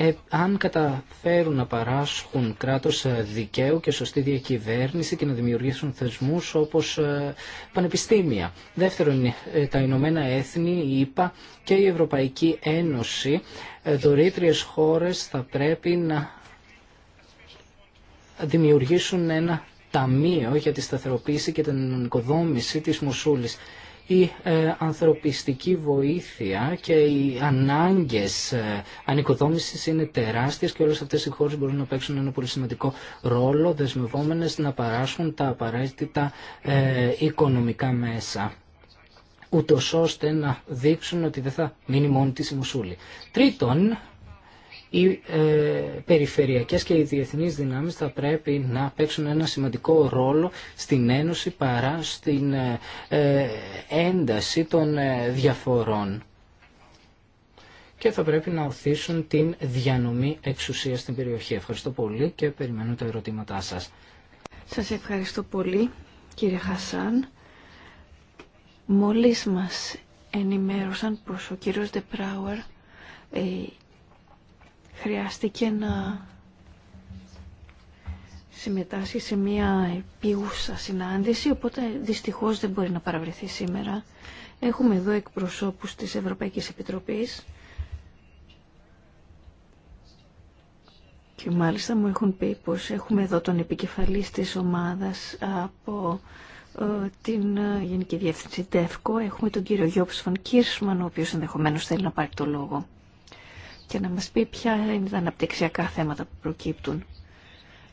Ε, αν καταφέρουν να παράσχουν κράτος ε, δικαίου και σωστή διακυβέρνηση και να δημιουργήσουν θεσμούς όπως ε, πανεπιστήμια. Δεύτερον, τα Ηνωμένα Έθνη, η ΕΠΑ και η Ευρωπαϊκή Ένωση, δωρήτριες χώρες θα πρέπει να δημιουργήσουν ένα ταμείο για τη σταθεροποίηση και την οικοδόμηση της Μοσούλης η ε, ανθρωπιστική βοήθεια και οι ανάγκες ε, ανοικοδόμησης είναι τεράστιες και όλες αυτές οι χώρες μπορούν να παίξουν ένα πολύ σημαντικό ρόλο δεσμευόμενες να παράσχουν τα απαραίτητα ε, οικονομικά μέσα ούτω ώστε να δείξουν ότι δεν θα μείνει μόνη της η Μουσούλη. Τρίτον, οι ε, περιφερειακές και οι διεθνείς δυνάμεις θα πρέπει να παίξουν ένα σημαντικό ρόλο στην ένωση παρά στην ε, ε, ένταση των διαφορών και θα πρέπει να οθήσουν την διανομή εξουσία στην περιοχή. Ευχαριστώ πολύ και περιμένω τα ερωτήματά σας. Σας ευχαριστώ πολύ κύριε Χασάν. Μόλις μας ενημέρωσαν πως ο κύριος Ντεπράουερ χρειάστηκε να συμμετάσχει σε μια επίγουσα συνάντηση, οπότε δυστυχώς δεν μπορεί να παραβρεθεί σήμερα. Έχουμε εδώ εκπροσώπους της Ευρωπαϊκής Επιτροπής και μάλιστα μου έχουν πει πως έχουμε εδώ τον επικεφαλής της ομάδας από ε, την ε, Γενική Διεύθυνση ΤΕΦΚΟ. Έχουμε τον κύριο Γιώπης Φαν Κίρσμαν, ο οποίος ενδεχομένως θέλει να πάρει το λόγο και να μας πει ποια είναι τα αναπτυξιακά θέματα που προκύπτουν.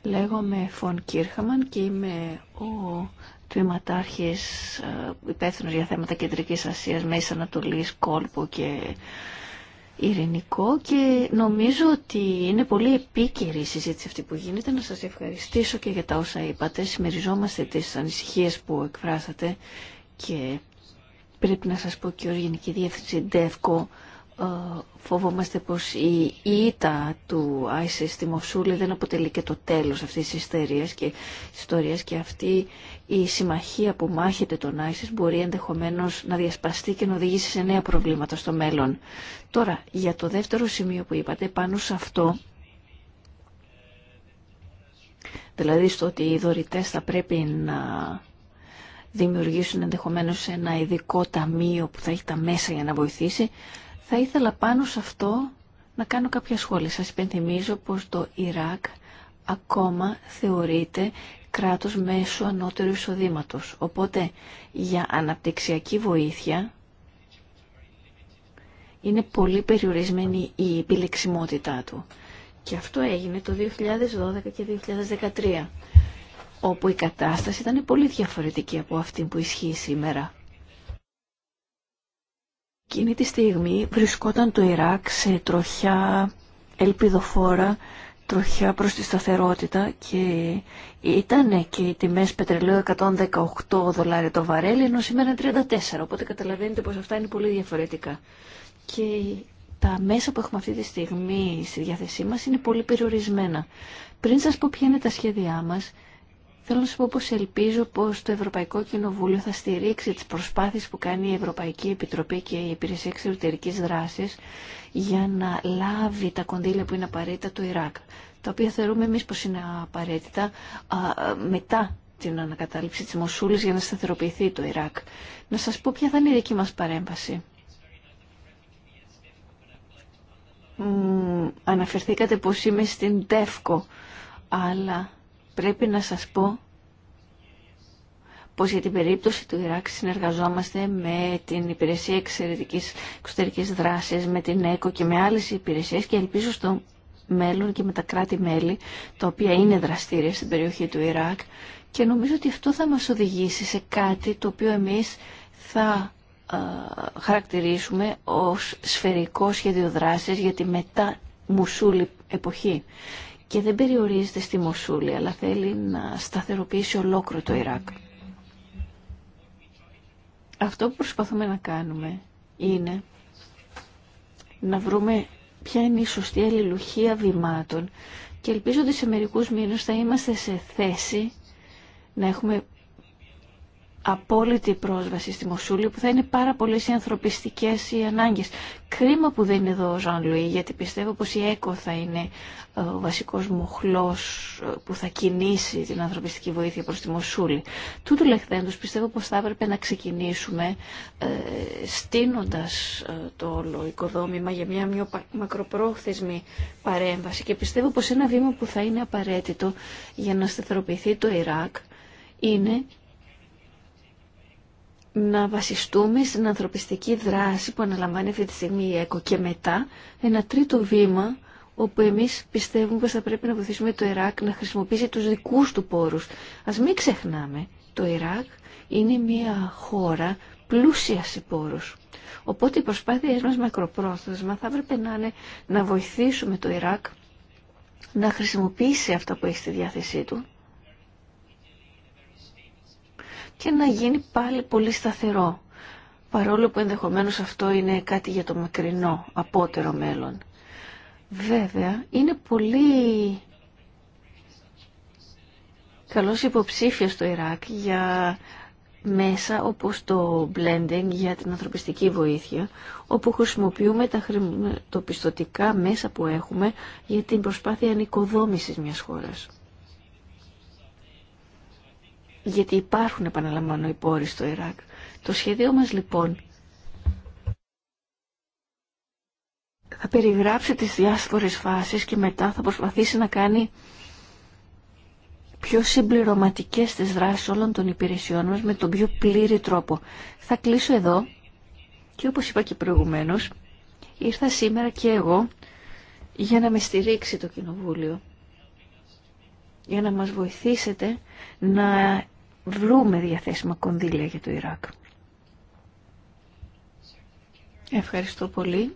Λέγομαι Φων Κίρχαμαν και είμαι ο τμήματάρχης ε, υπεύθυνο για θέματα Κεντρικής Ασίας, Μέσης Ανατολής, Κόλπο και Ειρηνικό και νομίζω ότι είναι πολύ επίκαιρη η συζήτηση αυτή που γίνεται. Να σας ευχαριστήσω και για τα όσα είπατε. Συμμεριζόμαστε τις ανησυχίες που εκφράσατε και πρέπει να σας πω και ως Γενική Διεύθυνση ΔΕΦΚΟ ε, φοβόμαστε πως η ήττα του ISIS στη Μοσούλη δεν αποτελεί και το τέλος αυτής της ιστορίας και, ιστορίας και αυτή η συμμαχία που μάχεται τον ISIS μπορεί ενδεχομένως να διασπαστεί και να οδηγήσει σε νέα προβλήματα στο μέλλον. Τώρα, για το δεύτερο σημείο που είπατε, πάνω σε αυτό, δηλαδή στο ότι οι δωρητές θα πρέπει να δημιουργήσουν ενδεχομένως ένα ειδικό ταμείο που θα έχει τα μέσα για να βοηθήσει, θα ήθελα πάνω σε αυτό να κάνω κάποια σχόλια. Σας υπενθυμίζω πως το Ιράκ ακόμα θεωρείται κράτος μέσω ανώτερου εισοδήματο. Οπότε για αναπτυξιακή βοήθεια είναι πολύ περιορισμένη η επιλεξιμότητά του. Και αυτό έγινε το 2012 και 2013, όπου η κατάσταση ήταν πολύ διαφορετική από αυτή που ισχύει σήμερα. Εκείνη τη στιγμή βρισκόταν το Ιράκ σε τροχιά ελπιδοφόρα, τροχιά προς τη σταθερότητα και ήταν και οι τιμές πετρελαίου 118 δολάρια το βαρέλι, ενώ σήμερα είναι 34, οπότε καταλαβαίνετε πως αυτά είναι πολύ διαφορετικά. Και τα μέσα που έχουμε αυτή τη στιγμή στη διάθεσή μας είναι πολύ περιορισμένα. Πριν σας πω ποια είναι τα σχέδιά μας, Θέλω να σου πω πως ελπίζω πως το Ευρωπαϊκό Κοινοβούλιο θα στηρίξει τις προσπάθειες που κάνει η Ευρωπαϊκή Επιτροπή και η Υπηρεσία Εξωτερικής Δράσης για να λάβει τα κονδύλια που είναι απαραίτητα του Ιράκ, τα οποία θεωρούμε εμείς πως είναι απαραίτητα μετά την ανακατάληψη της Μοσούλης για να σταθεροποιηθεί το Ιράκ. Να σας πω ποια θα είναι η δική μας παρέμβαση. Μ, αναφερθήκατε πως είμαι στην ΤΕΦΚΟ, αλλά πρέπει να σας πω πως για την περίπτωση του Ιράκ συνεργαζόμαστε με την Υπηρεσία Εξαιρετικής Εξωτερικής Δράσης, με την ΕΚΟ και με άλλες υπηρεσίες και ελπίζω στο μέλλον και με τα κράτη-μέλη, τα οποία είναι δραστήρια στην περιοχή του Ιράκ και νομίζω ότι αυτό θα μας οδηγήσει σε κάτι το οποίο εμείς θα χαρακτηρίσουμε ως σφαιρικό σχέδιο δράσης για τη μετά Μουσούλη εποχή και δεν περιορίζεται στη Μοσούλη, αλλά θέλει να σταθεροποιήσει ολόκληρο το Ιράκ. Αυτό που προσπαθούμε να κάνουμε είναι να βρούμε ποια είναι η σωστή αλληλουχία βημάτων και ελπίζω ότι σε μερικούς μήνες θα είμαστε σε θέση να έχουμε απόλυτη πρόσβαση στη Μοσούλη που θα είναι πάρα πολλές οι ανθρωπιστικές οι ανάγκες. Κρίμα που δεν είναι εδώ ο Ζαν Λουί γιατί πιστεύω πως η ΕΚΟ θα είναι ε, ο βασικός μοχλός ε, που θα κινήσει την ανθρωπιστική βοήθεια προς τη Μοσούλη. Τούτου λεχθέντος πιστεύω πως θα έπρεπε να ξεκινήσουμε ε, στείνοντας ε, το όλο οικοδόμημα για μια μια μακροπρόθεσμη παρέμβαση και πιστεύω πως ένα βήμα που θα είναι απαραίτητο για να σταθεροποιηθεί το Ιράκ είναι να βασιστούμε στην ανθρωπιστική δράση που αναλαμβάνει αυτή τη στιγμή η ΕΚΟ και μετά ένα τρίτο βήμα όπου εμείς πιστεύουμε πως θα πρέπει να βοηθήσουμε το Ιράκ να χρησιμοποιήσει τους δικούς του πόρους. Ας μην ξεχνάμε, το Ιράκ είναι μια χώρα πλούσια σε πόρους. Οπότε οι προσπάθειές μας μακροπρόθεσμα θα έπρεπε να είναι να βοηθήσουμε το Ιράκ να χρησιμοποιήσει αυτά που έχει στη διάθεσή του και να γίνει πάλι πολύ σταθερό. Παρόλο που ενδεχομένως αυτό είναι κάτι για το μακρινό, απότερο μέλλον. Βέβαια, είναι πολύ καλός υποψήφιος το Ιράκ για μέσα όπως το blending για την ανθρωπιστική βοήθεια, όπου χρησιμοποιούμε τα χρηματοπιστωτικά μέσα που έχουμε για την προσπάθεια ανοικοδόμησης μιας χώρας γιατί υπάρχουν, επαναλαμβάνω, οι πόροι στο Ιράκ. Το σχέδιό μας λοιπόν θα περιγράψει τις διάφορες φάσεις και μετά θα προσπαθήσει να κάνει πιο συμπληρωματικές τις δράσεις όλων των υπηρεσιών μας με τον πιο πλήρη τρόπο. Θα κλείσω εδώ και όπως είπα και προηγουμένως ήρθα σήμερα και εγώ για να με στηρίξει το Κοινοβούλιο για να μας βοηθήσετε να βρούμε διαθέσιμα κονδύλια για το Ιράκ. Ευχαριστώ πολύ.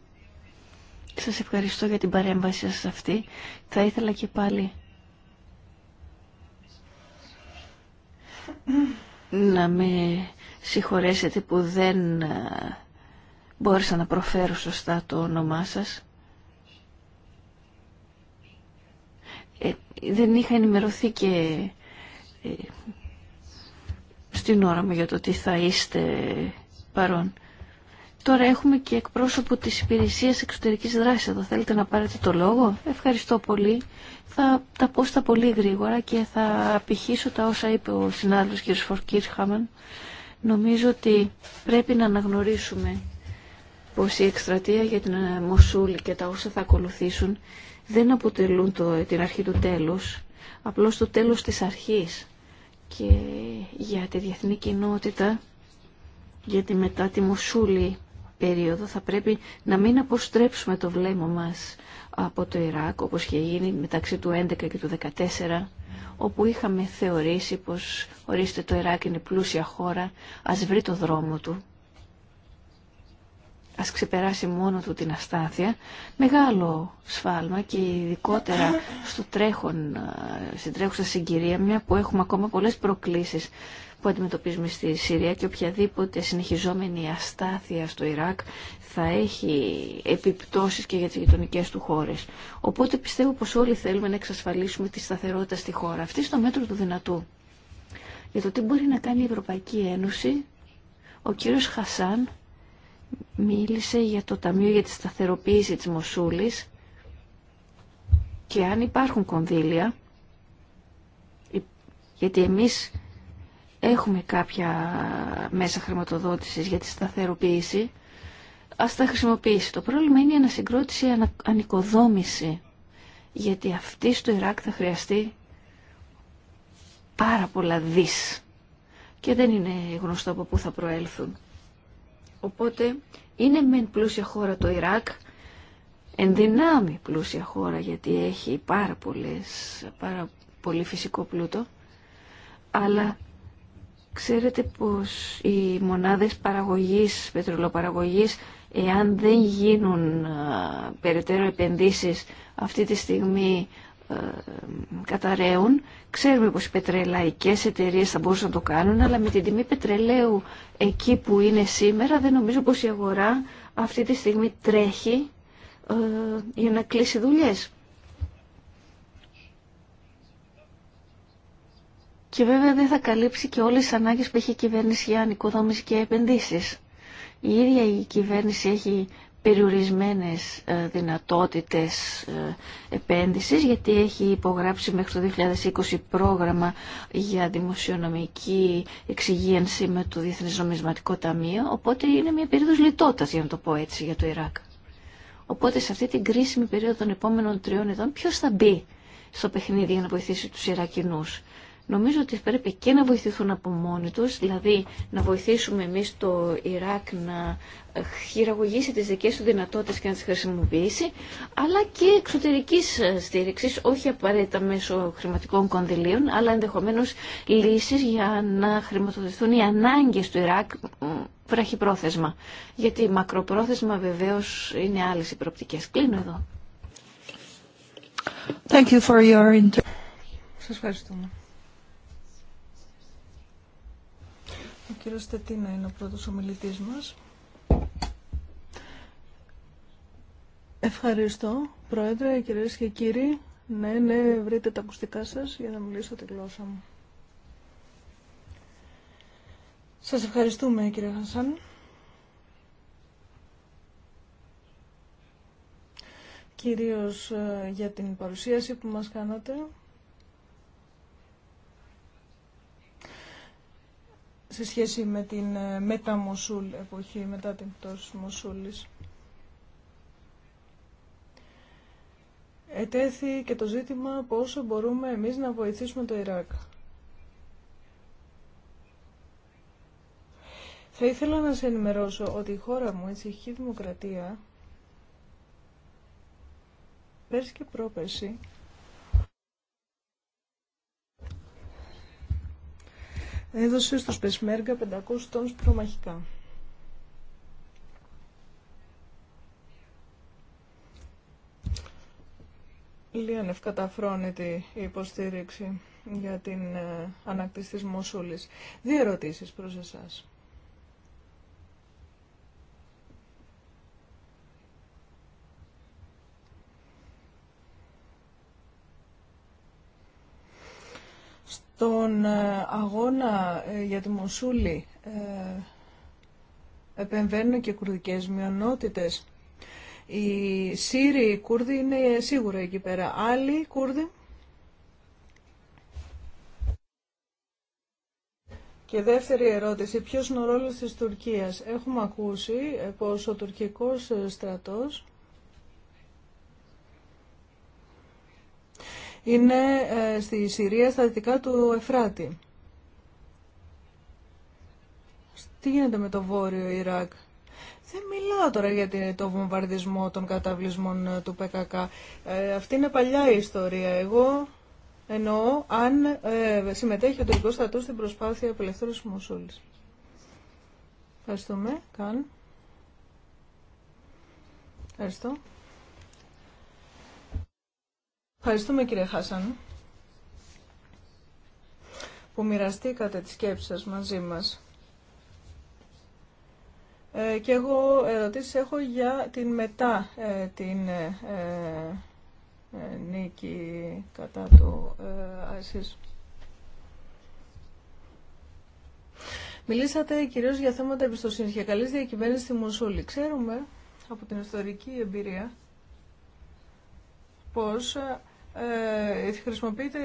Σας ευχαριστώ για την παρέμβαση σας αυτή. Θα ήθελα και πάλι να με συγχωρέσετε που δεν ε, μπόρεσα να προφέρω σωστά το όνομά σας. Ε, δεν είχα ενημερωθεί και ε, στην ώρα μου για το τι θα είστε παρόν. Τώρα έχουμε και εκπρόσωπο της υπηρεσίας εξωτερικής δράσης εδώ. Θέλετε να πάρετε το λόγο. Ευχαριστώ πολύ. Θα τα πω στα πολύ γρήγορα και θα απηχήσω τα όσα είπε ο συνάδελφος κ. Φορκίρ Νομίζω ότι πρέπει να αναγνωρίσουμε πως η εκστρατεία για την Μοσούλη και τα όσα θα ακολουθήσουν δεν αποτελούν το, την αρχή του τέλους, απλώς το τέλος της αρχής και για τη διεθνή κοινότητα γιατί μετά τη Μοσούλη περίοδο θα πρέπει να μην αποστρέψουμε το βλέμμα μας από το Ιράκ όπως είχε γίνει μεταξύ του 11 και του 14 όπου είχαμε θεωρήσει πως ορίστε το Ιράκ είναι πλούσια χώρα ας βρει το δρόμο του ας ξεπεράσει μόνο του την αστάθεια, μεγάλο σφάλμα και ειδικότερα στο τρέχον, στην τρέχουσα συγκυρία, μια που έχουμε ακόμα πολλές προκλήσεις που αντιμετωπίζουμε στη Συρία και οποιαδήποτε συνεχιζόμενη αστάθεια στο Ιράκ θα έχει επιπτώσεις και για τις γειτονικέ του χώρες. Οπότε πιστεύω πως όλοι θέλουμε να εξασφαλίσουμε τη σταθερότητα στη χώρα. Αυτή στο μέτρο του δυνατού. Για το τι μπορεί να κάνει η Ευρωπαϊκή Ένωση, ο κύριος Χασάν μίλησε για το Ταμείο για τη Σταθεροποίηση της Μοσούλης και αν υπάρχουν κονδύλια, γιατί εμείς έχουμε κάποια μέσα χρηματοδότησης για τη σταθεροποίηση, ας τα χρησιμοποιήσει. Το πρόβλημα είναι η ανασυγκρότηση, η ανοικοδόμηση, γιατί αυτή στο Ιράκ θα χρειαστεί πάρα πολλά δις και δεν είναι γνωστό από πού θα προέλθουν. Οπότε είναι μεν πλούσια χώρα το Ιράκ, ενδυνάμει πλούσια χώρα γιατί έχει πάρα, πολύ φυσικό πλούτο, αλλά ξέρετε πως οι μονάδες παραγωγής, πετρελοπαραγωγής, εάν δεν γίνουν ε, περαιτέρω επενδύσεις αυτή τη στιγμή ε, καταραίουν. Ξέρουμε πως οι πετρελαϊκές εταιρείες θα μπορούσαν να το κάνουν, αλλά με την τιμή πετρελαίου εκεί που είναι σήμερα δεν νομίζω πως η αγορά αυτή τη στιγμή τρέχει ε, για να κλείσει δουλειές. Και βέβαια δεν θα καλύψει και όλες τις ανάγκες που έχει η κυβέρνηση για ανοικοδόμηση και επενδύσεις. Η ίδια η κυβέρνηση έχει περιορισμένες ε, δυνατότητες ε, επένδυσης γιατί έχει υπογράψει μέχρι το 2020 πρόγραμμα για δημοσιονομική εξυγίανση με το Διεθνές Νομισματικό Ταμείο οπότε είναι μια περίοδος λιτότητας για να το πω έτσι για το Ιράκ. Οπότε σε αυτή την κρίσιμη περίοδο των επόμενων τριών ετών ποιος θα μπει στο παιχνίδι για να βοηθήσει τους Ιρακινούς. Νομίζω ότι πρέπει και να βοηθηθούν από μόνοι τους, δηλαδή να βοηθήσουμε εμείς το Ιράκ να ε, χειραγωγήσει τις δικές του δυνατότητες και να τις χρησιμοποιήσει, αλλά και εξωτερικής ε, στήριξης, όχι απαραίτητα μέσω χρηματικών κονδυλίων, αλλά ενδεχομένως λύσεις για να χρηματοδοτηθούν οι ανάγκες του Ιράκ βραχυπρόθεσμα. Γιατί μακροπρόθεσμα βεβαίως είναι άλλες οι προοπτικές. Κλείνω εδώ. Thank you for your... Σας ευχαριστούμε. κύριος Στετίνα είναι ο πρώτος ομιλητής μας. Ευχαριστώ, Πρόεδρε, κυρίες και κύριοι. Ναι, ναι, βρείτε τα ακουστικά σας για να μιλήσω τη γλώσσα μου. Σας ευχαριστούμε, κύριε Χασάν. Κυρίως ε, για την παρουσίαση που μας κάνατε. σε σχέση με την ε, μεταμοσούλ εποχή, μετά την πτώση Μοσούλης. Ετέθη και το ζήτημα πόσο μπορούμε εμείς να βοηθήσουμε το Ιράκ. Θα ήθελα να σε ενημερώσω ότι η χώρα μου, η Τσεχική Δημοκρατία, πέρσι και πρόπεση. έδωσε στους Πεσμέργα 500 τόνους προμαχικά. Λίγαν ευκαταφρόνητη η υποστήριξη για την ε, ανακτήση της Μοσούλης. Δύο ερωτήσεις προς εσάς. Στον ε, αγώνα ε, για τη Μοσούλη ε, επεμβαίνουν και κουρδικές μειονότητες. Οι Σύριοι οι Κούρδοι είναι σίγουρα εκεί πέρα. Άλλοι Κούρδοι. Και δεύτερη ερώτηση, ποιος είναι ο ρόλος της Τουρκίας. Έχουμε ακούσει πως ο τουρκικός στρατός είναι ε, στη Συρία, στα δυτικά του Εφράτη. Τι γίνεται με το βόρειο Ιράκ. Δεν μιλάω τώρα για το βομβαρδισμό των καταβλισμών ε, του ΠΚΚ. Ε, αυτή είναι παλιά ιστορία. Εγώ εννοώ αν συμμετέχει ο τελικό στρατό στην προσπάθεια απελευθέρωση Μοσούλη. Ευχαριστούμε. Καν. Ευχαριστώ. Ευχαριστούμε κύριε Χάσαν που μοιραστήκατε τις σκέψεις σας μαζί μας. Ε, και εγώ ερωτήσεις έχω για την μετά ε, την ε, ε νίκη κατά του ΑΣΥΣ. Ε, Μιλήσατε κυρίως για θέματα εμπιστοσύνης και καλής διακυβέρνησης στη Μουσούλη. Ξέρουμε από την ιστορική εμπειρία πως ε, ε, χρησιμοποιείται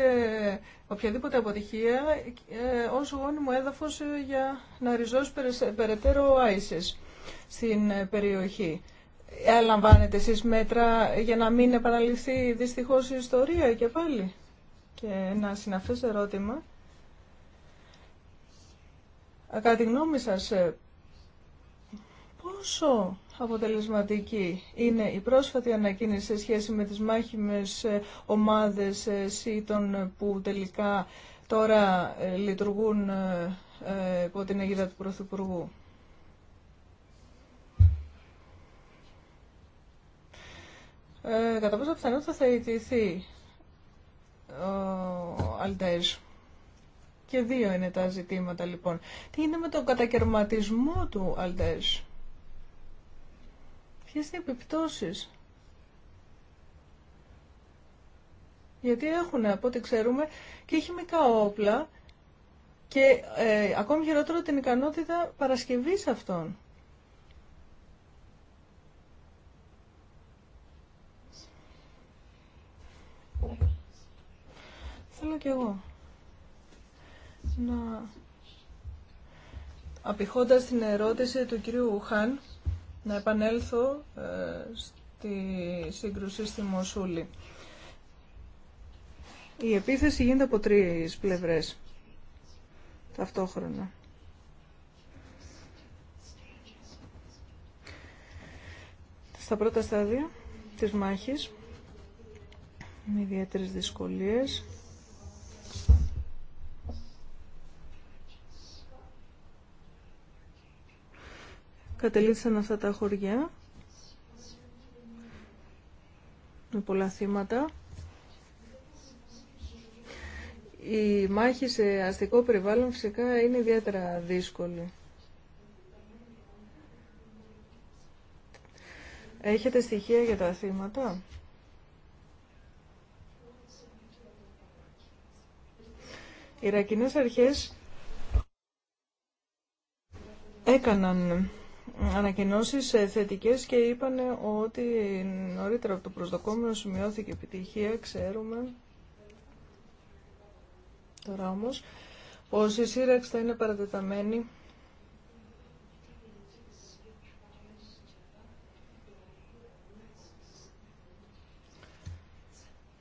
ε, οποιαδήποτε αποτυχία ε, ως γόνιμο έδαφος ε, για να ριζώσει περαιτέρω ο ISIS στην περιοχή. Ελαμβάνετε εσείς μέτρα για να μην επαναληφθεί δυστυχώς η ιστορία και πάλι. Και ένα συναφές ερώτημα. Κατά τη γνώμη σας, πόσο αποτελεσματική. Είναι η πρόσφατη ανακοίνηση σε σχέση με τις μάχημες ε, ομάδες ε, ΣΥΤΟΝ ε, που τελικά τώρα λειτουργούν υπό την αιγύδα του Πρωθυπουργού. Ε, κατά πόσο πιθανό θα ιτηθεί ο Αλτέζ. Και δύο είναι τα ζητήματα λοιπόν. Τι είναι με τον κατακαιρματισμό του Αλτέζ. Ποιες είναι οι επιπτώσεις. Γιατί έχουν, από ό,τι ξέρουμε, και χημικά όπλα και ε, ακόμη χειρότερο την ικανότητα παρασκευής αυτών. Θέλω κι εγώ να απηχώντας την ερώτηση του κυρίου Χάν να επανέλθω ε, στη σύγκρουση στη Μοσούλη. Η επίθεση γίνεται από τρεις πλευρές ταυτόχρονα. Στα πρώτα στάδια της μάχης με ιδιαίτερες δυσκολίες κατελήθησαν αυτά τα χωριά με πολλά θύματα. Η μάχη σε αστικό περιβάλλον φυσικά είναι ιδιαίτερα δύσκολη. Έχετε στοιχεία για τα θύματα? Οι Ρακινές αρχές έκαναν Ανακοινώσει ε, θετικές και είπαν ότι νωρίτερα από το προσδοκόμενο σημειώθηκε επιτυχία, ξέρουμε. Τώρα όμω πως η σύραξη θα είναι παρατεταμένη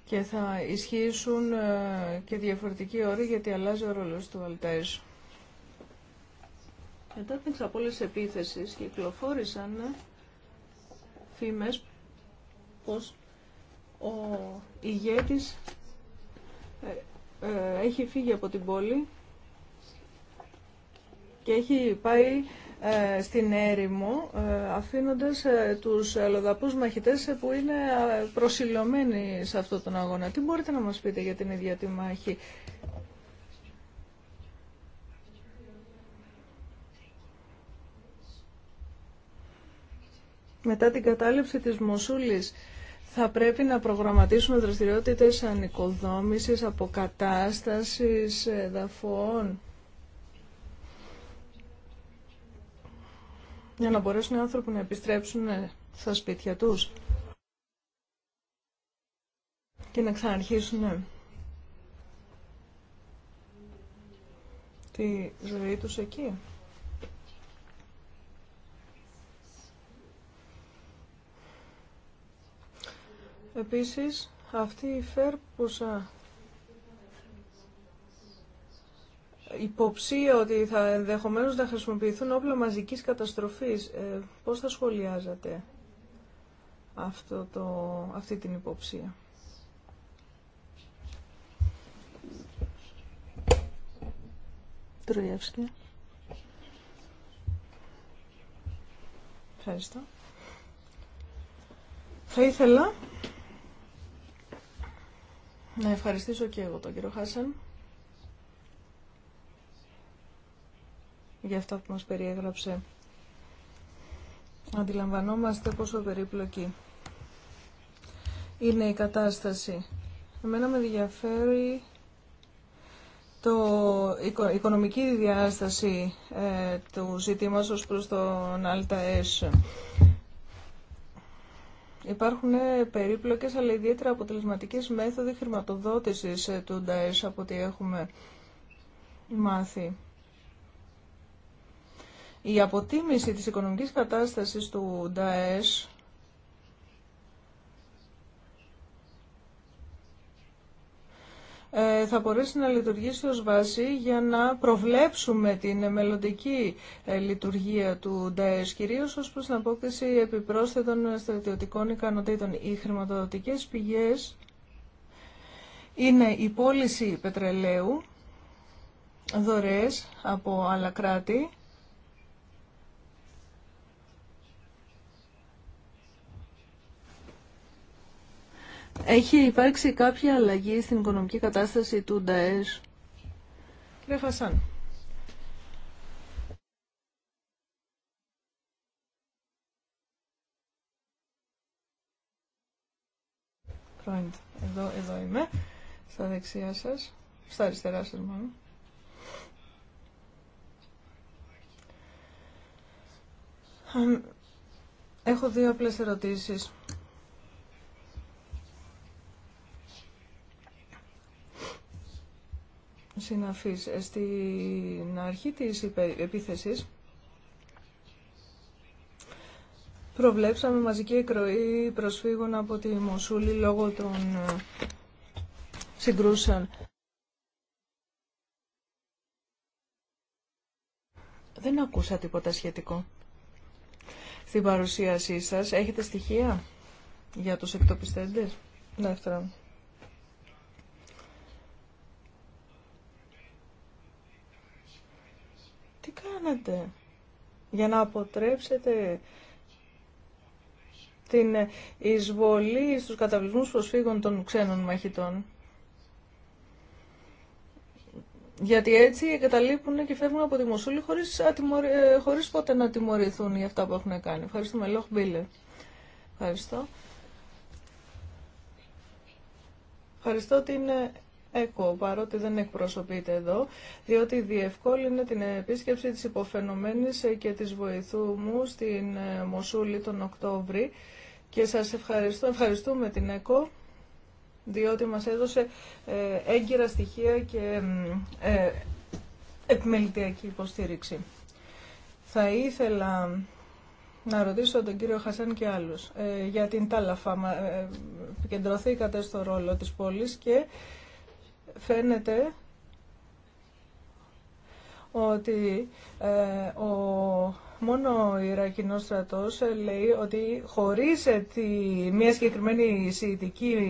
και θα ισχύσουν ε, και διαφορετικοί όροι γιατί αλλάζει ο ρόλος του Αλτέζου. Μετά την εξαπόλυση της επίθεσης κυκλοφόρησαν φήμες πως ο ηγέτης ε, ε, έχει φύγει από την πόλη και έχει πάει ε, στην έρημο αφήνοντας τους λογαπού μαχητές που είναι προσιλωμένοι σε αυτόν τον αγώνα. Τι μπορείτε να μας πείτε για την ίδια τη μάχη Μετά την κατάληψη της Μοσούλης θα πρέπει να προγραμματίσουμε δραστηριότητες ανοικοδόμησης, αποκατάστασης εδαφών. Για να μπορέσουν οι άνθρωποι να επιστρέψουν στα σπίτια τους και να ξαναρχίσουν τη ζωή τους εκεί. Επίσης, αυτή η φέρπουσα υποψία ότι θα ενδεχομένω να χρησιμοποιηθούν όπλα μαζικής καταστροφής. Ε, πώς θα σχολιάζατε αυτό το, αυτή την υποψία. Ευχαριστώ. Θα ήθελα να ευχαριστήσω και εγώ τον κύριο Χάσεν για αυτά που μας περιέγραψε. Αντιλαμβανόμαστε πόσο περίπλοκη είναι η κατάσταση. Εμένα με ενδιαφέρει το οικονομική διάσταση ε, του ζητήματος προς τον ΑΛΤΑΕΣ. Υπάρχουν περίπλοκες αλλά ιδιαίτερα αποτελεσματικές μέθοδοι χρηματοδότησης ε, του ΝΤΑΕΣ από ό,τι έχουμε μάθει. Η αποτίμηση της οικονομικής κατάστασης του ΝΤΑΕΣ Ε, θα μπορέσει να λειτουργήσει ως βάση για να προβλέψουμε την μελλοντική ε, λειτουργία του ΝΤΑΕΣ, κυρίως ως προς την απόκτηση επιπρόσθετων στρατιωτικών ικανοτήτων. Οι χρηματοδοτικές πηγές είναι η πώληση πετρελαίου, δωρεές από άλλα κράτη, Έχει υπάρξει κάποια αλλαγή στην οικονομική κατάσταση του ΝΤΑΕΣ. Κύριε Φασάν. Εδώ, εδώ είμαι. Στα δεξιά σας. Στα αριστερά σας μάλλον. Έχω δύο απλές ερωτήσεις. συναφής. Ε, στην αρχή της επίθεσης προβλέψαμε μαζική εκροή προσφύγων από τη Μοσούλη λόγω των ε, συγκρούσεων. Δεν ακούσα τίποτα σχετικό. Στην παρουσίασή σας έχετε στοιχεία για τους εκτοπιστέντες. Δεύτερον. Τι κάνατε για να αποτρέψετε την εισβολή στους καταβλισμούς προσφύγων των ξένων μαχητών. Γιατί έτσι εγκαταλείπουν και φεύγουν από τη Μοσούλη χωρίς, ε, χωρίς ποτέ να τιμωρηθούν για αυτά που έχουν κάνει. Ευχαριστούμε. Λόχ Μπίλε. Ευχαριστώ. Ευχαριστώ την ε, ΕΚΟ, παρότι δεν εκπροσωπείται εδώ, διότι διευκόλυνε την επίσκεψη της υποφαινομένης και της βοηθού μου στην ε, Μοσούλη τον Οκτώβρη και σας ευχαριστώ, ευχαριστούμε την ΕΚΟ διότι μας έδωσε ε, έγκυρα στοιχεία και ε, επιμελητιακή υποστήριξη. Θα ήθελα να ρωτήσω τον κύριο Χασάν και άλλους ε, για την Τάλαφα. Κεντρωθήκατε στο ρόλο της πόλης και φαίνεται ότι ε, ο μόνο ο Ιρακινός στρατός λέει ότι χωρίς ε, τη, μια συγκεκριμένη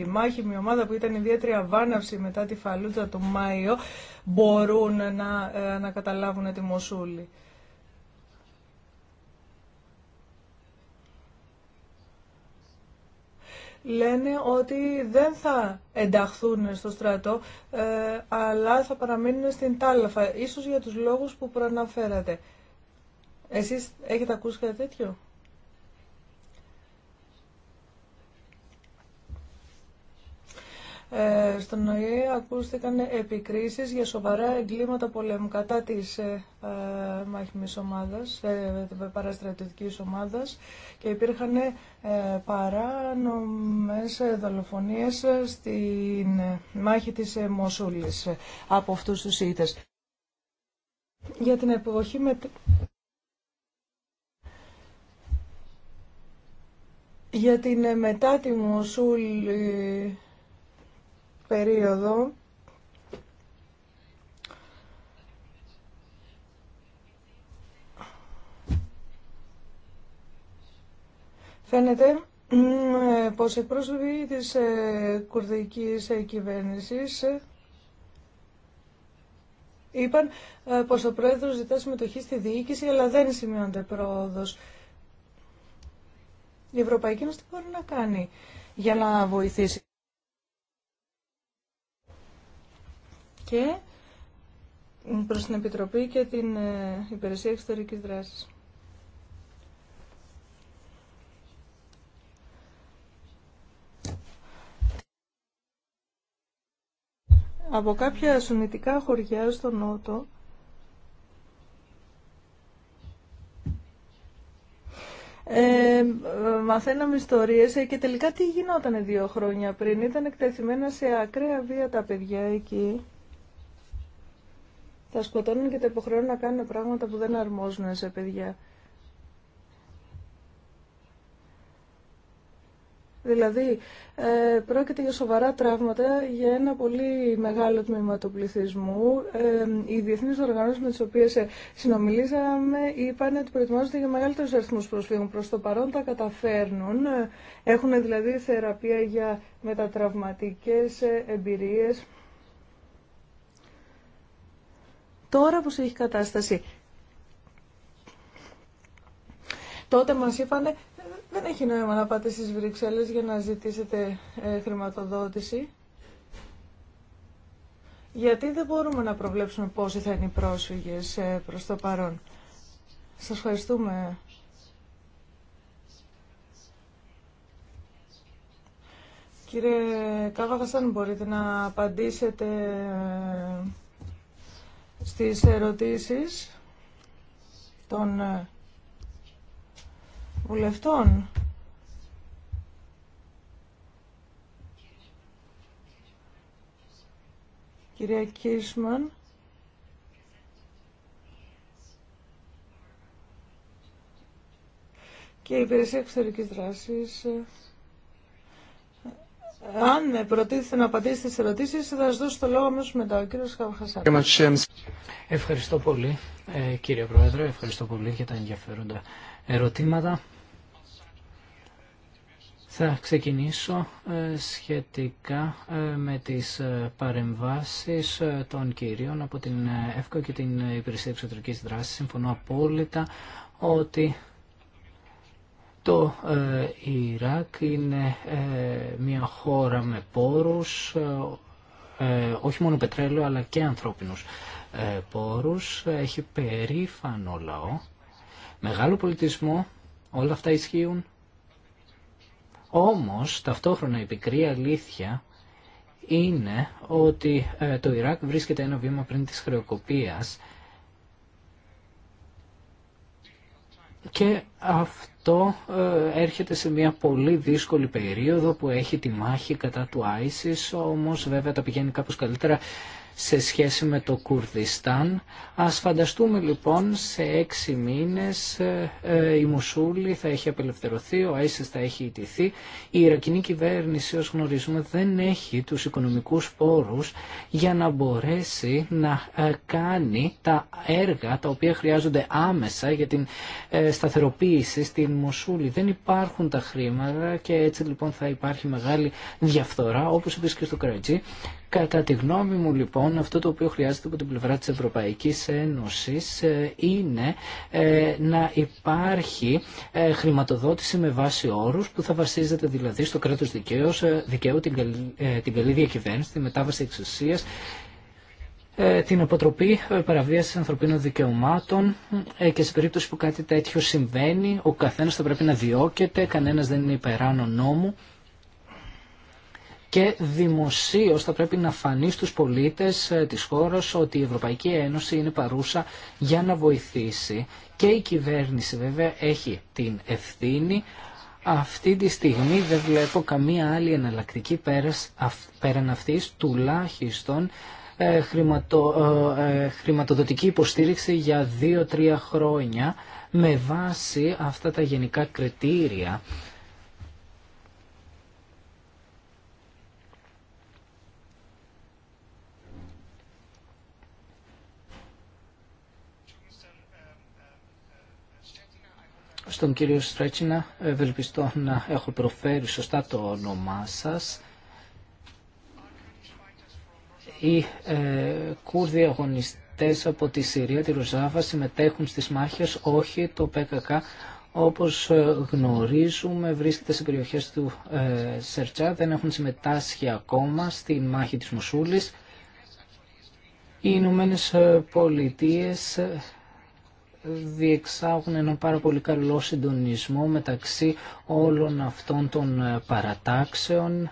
μάχη, μια ομάδα που ήταν ιδιαίτερη αβάναυση μετά τη Φαλούτσα του Μάιο μπορούν να ε, καταλάβουν τη Μοσούλη. λένε ότι δεν θα ενταχθούν στο στρατό, ε, αλλά θα παραμείνουν στην τάλαφα, ίσως για τους λόγους που προαναφέρατε. Εσείς έχετε ακούσει κάτι τέτοιο? Ε, στον ακούστηκαν επικρίσεις για σοβαρά εγκλήματα πολέμου κατά της ε, ε μάχημης ομάδας, ε, ε, παραστρατιωτικής ομάδας και υπήρχαν ε, παράνομες δολοφονίες στην μάχη της ε, ε από αυτούς τους ήτες. Για την εποχή με... Για την μετά τη Μοσούλη περίοδο Φαίνεται πως εκπρόσωποι της ε, κουρδικής ε, κυβέρνησης ε, είπαν πως ο πρόεδρος ζητά συμμετοχή στη διοίκηση, αλλά δεν σημειώνεται πρόοδος. Η Ευρωπαϊκή Ένωση τι μπορεί να κάνει για να βοηθήσει. και προς την Επιτροπή και την ε, Υπηρεσία Εξωτερικής Δράσης. Από κάποια σουνητικά χωριά στο νότο Ε, μαθαίναμε ιστορίες ε, και τελικά τι γινόταν δύο χρόνια πριν. Ήταν εκτεθειμένα σε ακραία βία τα παιδιά εκεί τα σκοτώνουν και τα υποχρεώνουν να κάνουν πράγματα που δεν αρμόζουν σε παιδιά. Δηλαδή, ε, πρόκειται για σοβαρά τραύματα για ένα πολύ μεγάλο τμήμα του πληθυσμού. Ε, οι διεθνεί οργανώσει με τι οποίε ε, συνομιλήσαμε είπαν ότι προετοιμάζονται για μεγαλύτερους αριθμού προσφύγων. Προς το παρόν τα καταφέρνουν. Έχουν δηλαδή θεραπεία για μετατραυματικέ ε, εμπειρίε. Τώρα που έχει κατάσταση. Τότε μας είπανε δεν έχει νόημα να πάτε στις Βρυξέλλες για να ζητήσετε ε, χρηματοδότηση. Γιατί δεν μπορούμε να προβλέψουμε πόσοι θα είναι οι πρόσφυγες ε, προς το παρόν. Σας ευχαριστούμε. Κύριε αν μπορείτε να απαντήσετε... Ε, στις ερωτήσεις των ε, βουλευτών. Κυρία Κίσμαν. Και η Υπηρεσία Εξωτερικής Δράσης ε, αν προτίθεται να απαντήσει τι ερωτήσεις, θα σα δώσω το λόγο αμέσω μετά. Ο κύριο Καβαχασάκη. Ευχαριστώ πολύ, ε, κύριε Πρόεδρε. Ευχαριστώ πολύ για τα ενδιαφέροντα ερωτήματα. Θα ξεκινήσω ε, σχετικά ε, με τις παρεμβάσεις των κυρίων από την ΕΦΚΟ και την Υπηρεσία Εξωτερικής Δράσης. Συμφωνώ απόλυτα ότι το ε, Ιράκ είναι ε, μια χώρα με πόρους, ε, όχι μόνο πετρέλαιο αλλά και ανθρώπινους πόρους. Έχει περήφανο λαό, μεγάλο πολιτισμό, όλα αυτά ισχύουν. Όμως ταυτόχρονα η πικρή αλήθεια είναι ότι το Ιράκ βρίσκεται ένα βήμα πριν της χρεοκοπίας και αυτό ε, έρχεται σε μια πολύ δύσκολη περίοδο που έχει τη μάχη κατά του ISIS, όμως βέβαια τα πηγαίνει κάπως καλύτερα σε σχέση με το Κουρδιστάν. Ας φανταστούμε λοιπόν σε έξι μήνες ε, ε, η Μουσούλη θα έχει απελευθερωθεί, ο Άισις θα έχει ιτηθεί. Η Ιρακινή κυβέρνηση ως γνωρίζουμε δεν έχει τους οικονομικούς πόρους για να μπορέσει να ε, κάνει τα έργα τα οποία χρειάζονται άμεσα για την σταθεροποίηση στην Μουσούλη. Δεν υπάρχουν τα χρήματα και έτσι λοιπόν θα υπάρχει μεγάλη διαφθορά όπως είπες και στο Κρατζή Κατά τη γνώμη μου λοιπόν αυτό το οποίο χρειάζεται από την πλευρά της Ευρωπαϊκής Ένωσης ε, είναι ε, να υπάρχει ε, χρηματοδότηση με βάση όρους που θα βασίζεται δηλαδή στο κράτος δικαίου, δικαίου την, καλή, την διακυβέρνηση, τη μετάβαση εξουσίας την αποτροπή παραβίαση ανθρωπίνων δικαιωμάτων και σε περίπτωση που κάτι τέτοιο συμβαίνει, ο καθένας θα πρέπει να διώκεται, κανένας δεν είναι υπεράνω νόμου και δημοσίως θα πρέπει να φανεί στους πολίτες ε, της χώρας ότι η Ευρωπαϊκή Ένωση είναι παρούσα για να βοηθήσει. Και η κυβέρνηση βέβαια έχει την ευθύνη. Αυτή τη στιγμή δεν βλέπω καμία άλλη εναλλακτική πέραν αυτής, τουλάχιστον ε, χρηματο, ε, χρηματοδοτική υποστήριξη για 2-3 χρόνια με βάση αυτά τα γενικά κριτήρια στον κύριο Στρέτσινα. Ευελπιστώ να έχω προφέρει σωστά το όνομά σας. Οι ε, Κούρδοι αγωνιστές από τη Συρία, τη Ροζάβα, συμμετέχουν στις μάχες, όχι το ΠΚΚ. Όπως ε, γνωρίζουμε βρίσκεται σε περιοχές του ε, δεν έχουν συμμετάσχει ακόμα στη μάχη της Μουσούλης. Οι Ηνωμένε Πολιτείε ε, διεξάγουν ένα πάρα πολύ καλό συντονισμό μεταξύ όλων αυτών των ε, παρατάξεων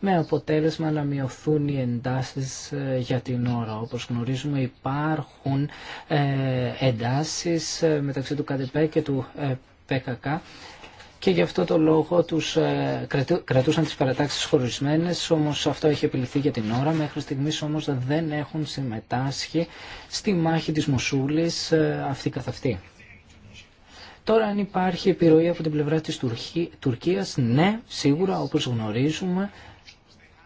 με αποτέλεσμα να μειωθούν οι εντάσεις ε, για την ώρα. Όπως γνωρίζουμε υπάρχουν ε, εντάσεις μεταξύ του ΚΑΔΕΠΕ και του ΠΚΚ και γι' αυτό το λόγο τους ε, κρατούσαν τις παρατάξεις χωρισμένες, όμως αυτό έχει επιληθεί για την ώρα. Μέχρι στιγμής όμως δεν έχουν συμμετάσχει στη μάχη της Μοσούλης ε, αυτή καθ' αυτή. Τώρα αν υπάρχει επιρροή από την πλευρά της Τουρκίας, ναι, σίγουρα όπως γνωρίζουμε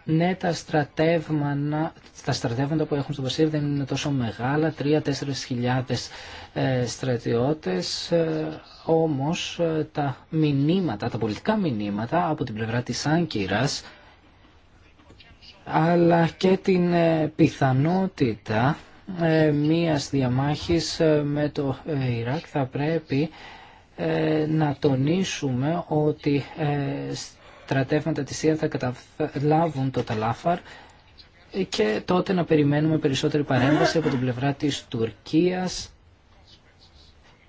ναι, τα στρατεύματα, τα στρατεύματα που έχουν στο Βασίλειο δεν είναι τόσο μεγάλα, 3-4 χιλιάδες ε, στρατιώτες, ε, όμως ε, τα μηνύματα, τα πολιτικά μηνύματα από την πλευρά της Άγκυρας, αλλά και την πιθανότητα μίας διαμάχης με το Ιράκ θα πρέπει να τονίσουμε ότι στρατεύματα της ΙΑ θα καταλάβουν το Ταλάφαρ και τότε να περιμένουμε περισσότερη παρέμβαση από την πλευρά της Τουρκίας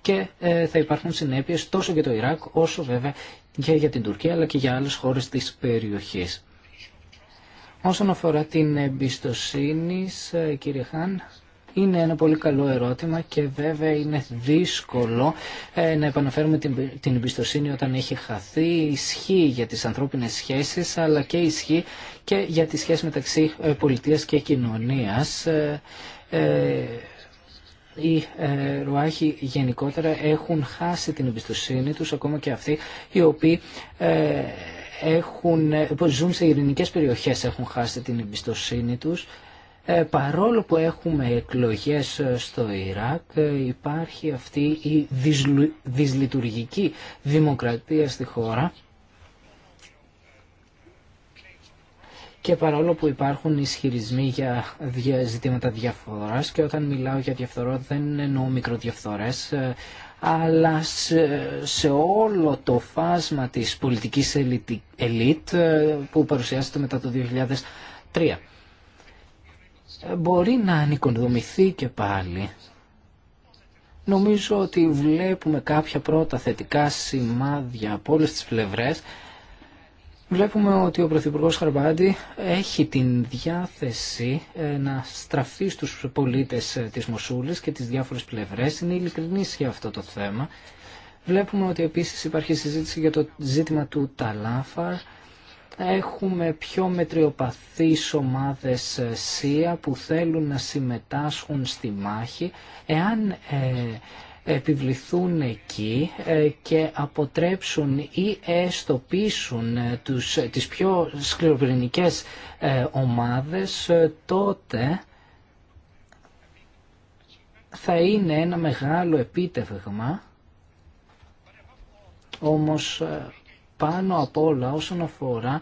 και ε, θα υπάρχουν συνέπειες τόσο για το Ιράκ όσο βέβαια και για την Τουρκία αλλά και για άλλες χώρες της περιοχής. Όσον αφορά την εμπιστοσύνη, ε, κύριε Χάν, είναι ένα πολύ καλό ερώτημα και βέβαια είναι δύσκολο ε, να επαναφέρουμε την εμπιστοσύνη όταν έχει χαθεί. Ισχύει για τις ανθρώπινες σχέσεις αλλά και ισχύει και για τη σχέση μεταξύ ε, πολιτείας και κοινωνίας. Ε, οι Ρουάχοι γενικότερα έχουν χάσει την εμπιστοσύνη τους, ακόμα και αυτοί οι οποίοι έχουν, ζουν σε ειρηνικές περιοχές έχουν χάσει την εμπιστοσύνη τους ε, παρόλο που έχουμε εκλογές ε, στο Ιράκ ε, υπάρχει αυτή η δυσλειτουργική δημοκρατία στη χώρα και παρόλο που υπάρχουν ισχυρισμοί για ζητήματα διαφθοράς και όταν μιλάω για διαφθορά δεν εννοώ μικροδιαφθορές αλλά σε, όλο το φάσμα της πολιτικής ελίτ που παρουσιάζεται μετά το 2003 μπορεί να ανοικοδομηθεί και πάλι. Νομίζω ότι βλέπουμε κάποια πρώτα θετικά σημάδια από όλες τις πλευρές. Βλέπουμε ότι ο Πρωθυπουργός Χαρμπάντη έχει την διάθεση ε, να στραφεί στους πολίτες ε, της Μοσούλης και τις διάφορες πλευρές. Είναι ειλικρινής για αυτό το θέμα. Βλέπουμε ότι επίσης υπάρχει συζήτηση για το ζήτημα του Ταλάφαρ έχουμε πιο μετριοπαθείς ομάδες ε, ΣΥΑ που θέλουν να συμμετάσχουν στη μάχη εάν ε, επιβληθούν εκεί ε, και αποτρέψουν ή εστοπίσουν τους, τις πιο σκληροπυρηνικές ομάδες τότε θα είναι ένα μεγάλο επίτευγμα όμως πάνω απ' όλα όσον αφορά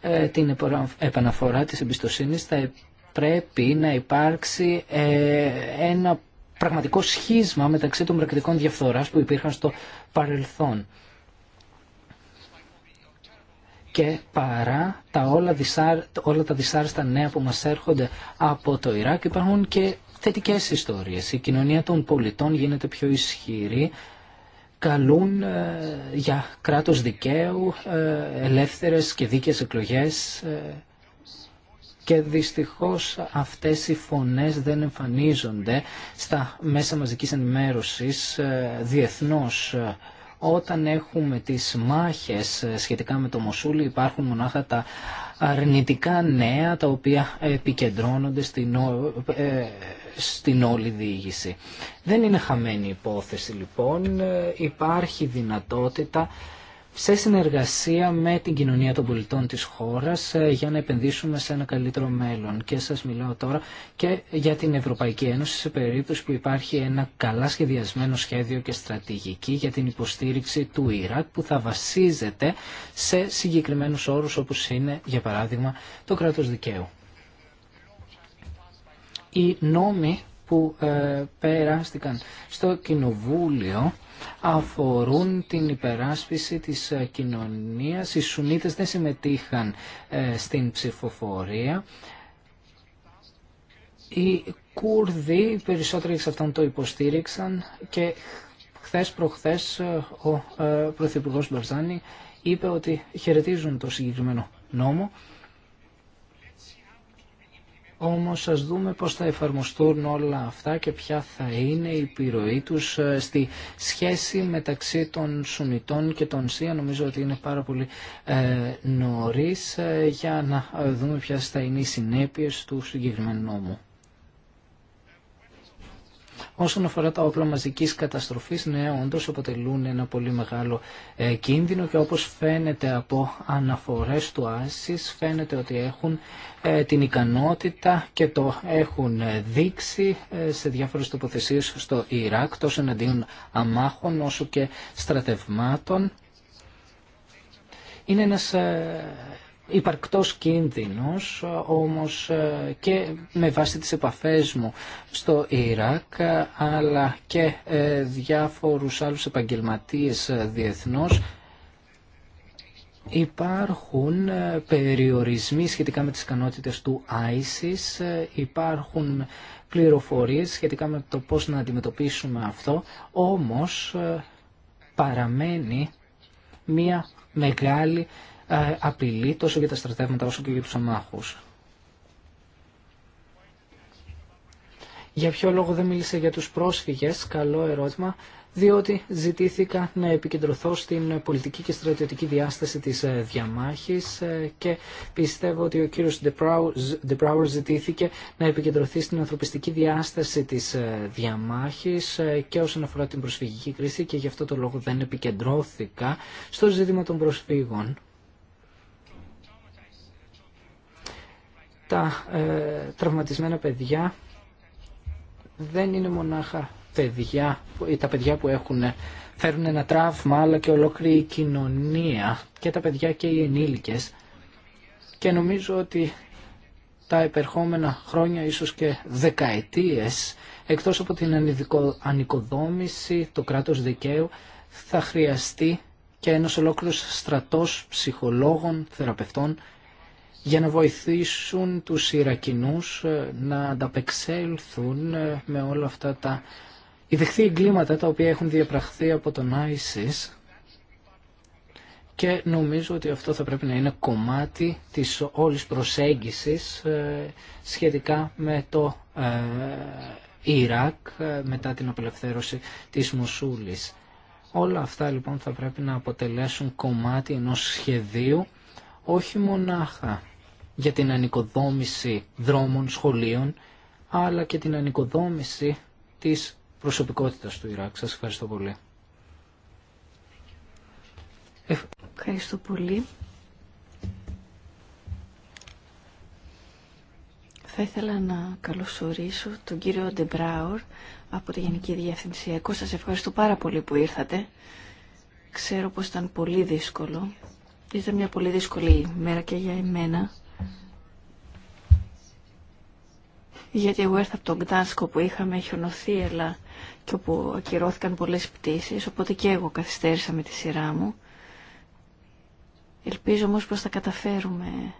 ε, την επαναφορά της εμπιστοσύνης θα πρέπει να υπάρξει ε, ένα πραγματικό σχίσμα μεταξύ των πρακτικών διαφθοράς που υπήρχαν στο παρελθόν. Και παρά τα όλα, όλα τα δυσάρεστα νέα που μας έρχονται από το Ιράκ υπάρχουν και θετικές ιστορίες. Η κοινωνία των πολιτών γίνεται πιο ισχυρή καλούν ε, για κράτος δικαίου, ε, ελεύθερες και δίκαιες εκλογές ε, και δυστυχώς αυτές οι φωνές δεν εμφανίζονται στα μέσα μαζικής ενημέρωσης διεθνώς. Όταν έχουμε τις μάχες σχετικά με το Μοσούλη υπάρχουν μονάχα τα αρνητικά νέα τα οποία επικεντρώνονται στην, ε, στην όλη διήγηση. Δεν είναι χαμένη υπόθεση λοιπόν, ε, υπάρχει δυνατότητα σε συνεργασία με την κοινωνία των πολιτών της χώρας ε, για να επενδύσουμε σε ένα καλύτερο μέλλον. Και σας μιλάω τώρα και για την Ευρωπαϊκή Ένωση σε περίπτωση που υπάρχει ένα καλά σχεδιασμένο σχέδιο και στρατηγική για την υποστήριξη του Ιράκ που θα βασίζεται σε συγκεκριμένους όρους όπως είναι για παράδειγμα το κράτος δικαίου. Οι νόμοι που ε, περάστηκαν στο Κοινοβούλιο αφορούν την υπεράσπιση της ε, κοινωνίας. Οι Σουνίτες δεν συμμετείχαν ε, στην ψηφοφορία. Οι Κούρδοι, περισσότεροι εξ αυτών το υποστήριξαν και χθες προχθές ε, ο Πρωθυπουργός Μπαρζάνη είπε ότι χαιρετίζουν το συγκεκριμένο νόμο όμως ας δούμε πώς θα εφαρμοστούν όλα αυτά και ποια θα είναι η επιρροή τους ε, στη σχέση μεταξύ των Σουνιτών και των ΣΥΑ. Νομίζω ότι είναι πάρα πολύ ε, νωρίς ε, για να δούμε ποιες θα είναι οι συνέπειες του συγκεκριμένου νόμου. Όσον αφορά τα όπλα μαζική καταστροφής, ναι, όντω αποτελούν ένα πολύ μεγάλο ε, κίνδυνο και όπως φαίνεται από αναφορές του Άσις φαίνεται ότι έχουν ε, την ικανότητα και το έχουν ε, δείξει σε διάφορες τοποθεσίε στο Ιράκ, τόσο εναντίον αμάχων όσο και στρατευμάτων. Είναι ένας υπαρκτός κίνδυνος, όμως ε, και με βάση τις επαφές μου στο Ιράκ, ε, αλλά και ε, διάφορους άλλους επαγγελματίες διεθνώς, Υπάρχουν περιορισμοί σχετικά με τις ικανότητες του ISIS, υπάρχουν πληροφορίες σχετικά με το πώς να αντιμετωπίσουμε αυτό, όμως παραμένει μια μεγάλη ε, απειλή τόσο για τα στρατεύματα όσο και για τους αμάχους. Για ποιο λόγο δεν μίλησε για τους πρόσφυγες, καλό ερώτημα, διότι ζητήθηκα να επικεντρωθώ στην πολιτική και στρατιωτική διάσταση της ε, διαμάχης ε, και πιστεύω ότι ο κύριος Ντεπράουρ ζητήθηκε να επικεντρωθεί στην ανθρωπιστική διάσταση της διαμάχης και όσον αφορά την προσφυγική κρίση και γι' αυτό το λόγο δεν επικεντρώθηκα στο ζήτημα των προσφύγων. τα ε, τραυματισμένα παιδιά δεν είναι μονάχα παιδιά, τα παιδιά που έχουν, φέρουν ένα τραύμα, αλλά και ολόκληρη η κοινωνία και τα παιδιά και οι ενήλικες. Και νομίζω ότι τα επερχόμενα χρόνια, ίσως και δεκαετίες, εκτός από την ανοικοδόμηση, το κράτος δικαίου, θα χρειαστεί και ένας ολόκληρος στρατός ψυχολόγων, θεραπευτών για να βοηθήσουν τους Ιρακινούς ε, να ανταπεξέλθουν ε, με όλα αυτά τα ιδεχθή εγκλήματα τα οποία έχουν διαπραχθεί από τον ISIS και νομίζω ότι αυτό θα πρέπει να είναι κομμάτι της όλης προσέγγισης ε, σχετικά με το Ιράκ μετά την απελευθέρωση της Μοσούλης. Όλα αυτά λοιπόν θα πρέπει να αποτελέσουν κομμάτι ενός σχεδίου όχι μονάχα για την ανοικοδόμηση δρόμων, σχολείων, αλλά και την ανοικοδόμηση της προσωπικότητας του Ιράκ. Σας ευχαριστώ πολύ. Ε, ευχαριστώ πολύ. Θα ήθελα να καλωσορίσω τον κύριο Ντεμπράουρ από τη Γενική Διεύθυνση ΕΚΟ. Σας ευχαριστώ πάρα πολύ που ήρθατε. Ξέρω πως ήταν πολύ δύσκολο. Ήταν μια πολύ δύσκολη μέρα και για εμένα. γιατί εγώ ήρθα από τον Κτάσκο που είχαμε χιονωθεί, αλλά και όπου ακυρώθηκαν πολλές πτήσεις, οπότε και εγώ καθυστέρησα με τη σειρά μου. Ελπίζω όμως πως θα καταφέρουμε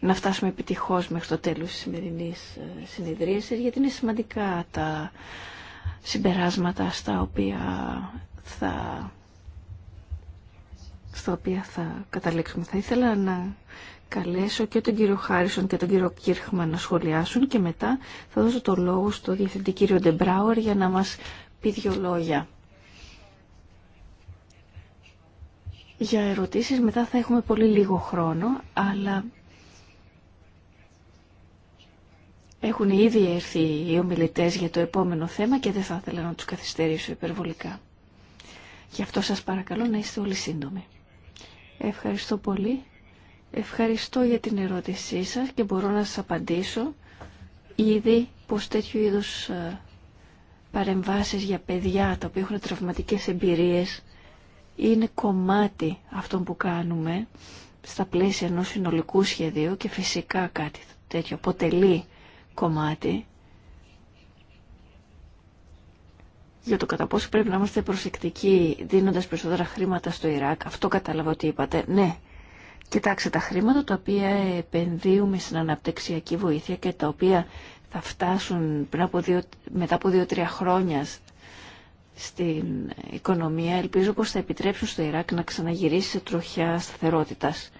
να φτάσουμε επιτυχώς μέχρι το τέλος της σημερινής ε, συνειδρίασης, γιατί είναι σημαντικά τα συμπεράσματα στα οποία θα στα οποία θα καταλήξουμε. Θα ήθελα να καλέσω και τον κύριο Χάρισον και τον κύριο Κίρχμα να σχολιάσουν και μετά θα δώσω το λόγο στο διευθυντή κύριο Ντεμπράουερ για να μας πει δύο λόγια. Για ερωτήσεις μετά θα έχουμε πολύ λίγο χρόνο, αλλά έχουν ήδη έρθει οι ομιλητές για το επόμενο θέμα και δεν θα ήθελα να τους καθυστερήσω υπερβολικά. Γι' αυτό σας παρακαλώ να είστε όλοι σύντομοι. Ευχαριστώ πολύ. Ευχαριστώ για την ερώτησή σας και μπορώ να σας απαντήσω ήδη πως τέτοιου είδους ε, παρεμβάσεις για παιδιά τα οποία έχουν τραυματικές εμπειρίες είναι κομμάτι αυτών που κάνουμε στα πλαίσια ενός συνολικού σχεδίου και φυσικά κάτι τέτοιο αποτελεί κομμάτι για το κατά πόσο πρέπει να είμαστε προσεκτικοί δίνοντας περισσότερα χρήματα στο Ιράκ. Αυτό κατάλαβα ότι είπατε. Ναι, Κοιτάξτε, τα χρήματα τα οποία επενδύουμε στην αναπτυξιακή βοήθεια και τα οποία θα φτάσουν δύο, μετά από δύο-τρία χρόνια στην οικονομία, ελπίζω πως θα επιτρέψουν στο Ιράκ να ξαναγυρίσει σε τροχιά σταθερότητας.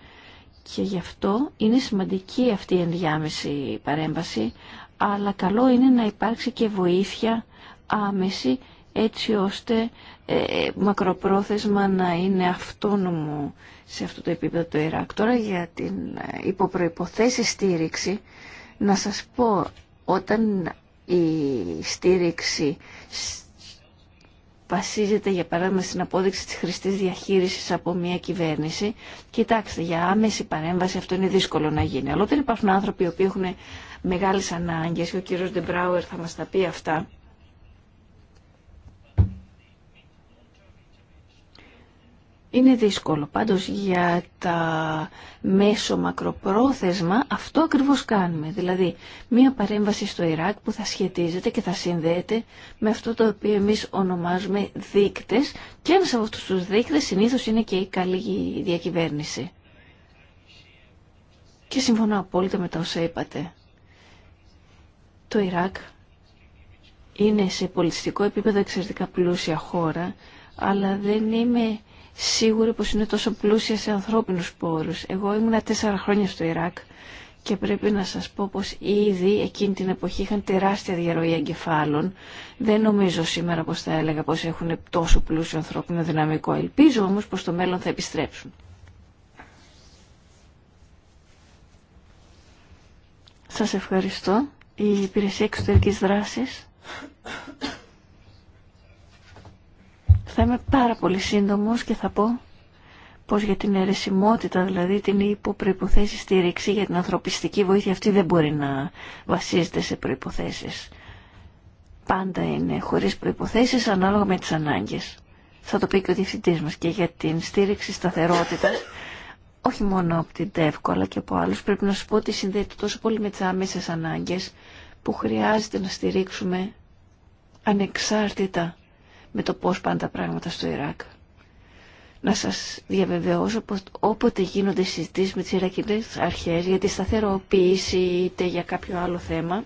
Και γι' αυτό είναι σημαντική αυτή η ενδιάμεση παρέμβαση, αλλά καλό είναι να υπάρξει και βοήθεια άμεση έτσι ώστε ε, μακροπρόθεσμα να είναι αυτόνομο σε αυτό το επίπεδο το Ιράκ. Τώρα για την ε, υποπροϋποθέση στήριξη, να σας πω, όταν η στήριξη βασίζεται για παράδειγμα στην απόδειξη της χρηστής διαχείρισης από μια κυβέρνηση, κοιτάξτε, για άμεση παρέμβαση αυτό είναι δύσκολο να γίνει. Αλλά όταν υπάρχουν άνθρωποι που έχουν μεγάλες ανάγκες, και ο κύριος Ντεμπράουερ θα μας τα πει αυτά, Είναι δύσκολο. Πάντως για τα μέσο μακροπρόθεσμα αυτό ακριβώς κάνουμε. Δηλαδή μία παρέμβαση στο Ιράκ που θα σχετίζεται και θα συνδέεται με αυτό το οποίο εμείς ονομάζουμε δείκτες και ένας από αυτούς τους δείκτες συνήθως είναι και η καλή διακυβέρνηση. Και συμφωνώ απόλυτα με τα όσα είπατε. Το Ιράκ είναι σε πολιτιστικό επίπεδο εξαιρετικά πλούσια χώρα αλλά δεν είμαι σίγουροι πως είναι τόσο πλούσια σε ανθρώπινους πόρους. Εγώ ήμουνα τέσσερα χρόνια στο Ιράκ και πρέπει να σας πω πως ήδη εκείνη την εποχή είχαν τεράστια διαρροή εγκεφάλων. Δεν νομίζω σήμερα πως θα έλεγα πως έχουν τόσο πλούσιο ανθρώπινο δυναμικό. Ελπίζω όμως πως το μέλλον θα επιστρέψουν. Σας ευχαριστώ. Η Υπηρεσία Εξωτερικής Δράσης. Θα είμαι πάρα πολύ σύντομος και θα πω πως για την αιρεσιμότητα, δηλαδή την υποπροϋποθέση στήριξη για την ανθρωπιστική βοήθεια αυτή δεν μπορεί να βασίζεται σε προϋποθέσεις. Πάντα είναι χωρίς προϋποθέσεις ανάλογα με τις ανάγκες. Θα το πει και ο διευθυντή μας και για την στήριξη σταθερότητας όχι μόνο από την ΤΕΦΚΟ αλλά και από άλλους πρέπει να σου πω ότι συνδέεται τόσο πολύ με τις άμεσες ανάγκες που χρειάζεται να στηρίξουμε ανεξάρτητα με το πώς πάνε τα πράγματα στο Ιράκ. Να σας διαβεβαιώσω πως όποτε γίνονται συζητήσεις με τις Ιρακινές αρχές για τη σταθεροποίηση είτε για κάποιο άλλο θέμα,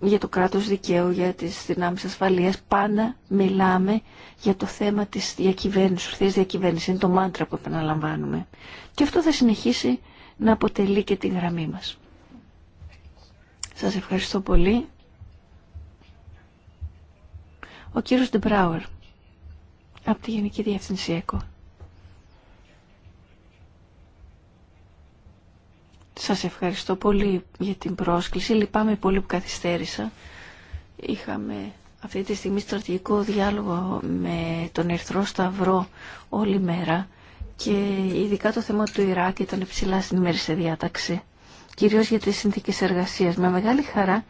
για το κράτος δικαίου, για τις δυνάμεις ασφαλείας, πάντα μιλάμε για το θέμα της διακυβέρνησης, ορθής διακυβέρνησης. Είναι το μάντρα που επαναλαμβάνουμε. Και αυτό θα συνεχίσει να αποτελεί και τη γραμμή μας. Σας ευχαριστώ πολύ. Ο κύριος Ντεμπράουερ από τη Γενική Διεύθυνση ΕΚΟ. Σας ευχαριστώ πολύ για την πρόσκληση. Λυπάμαι πολύ που καθυστέρησα. Είχαμε αυτή τη στιγμή στρατηγικό διάλογο με τον Ερθρό Σταυρό όλη μέρα και ειδικά το θέμα του Ιράκ ήταν ψηλά στην ημέρη σε διάταξη, κυρίως για τις συνθήκες εργασίας. Με μεγάλη χαρά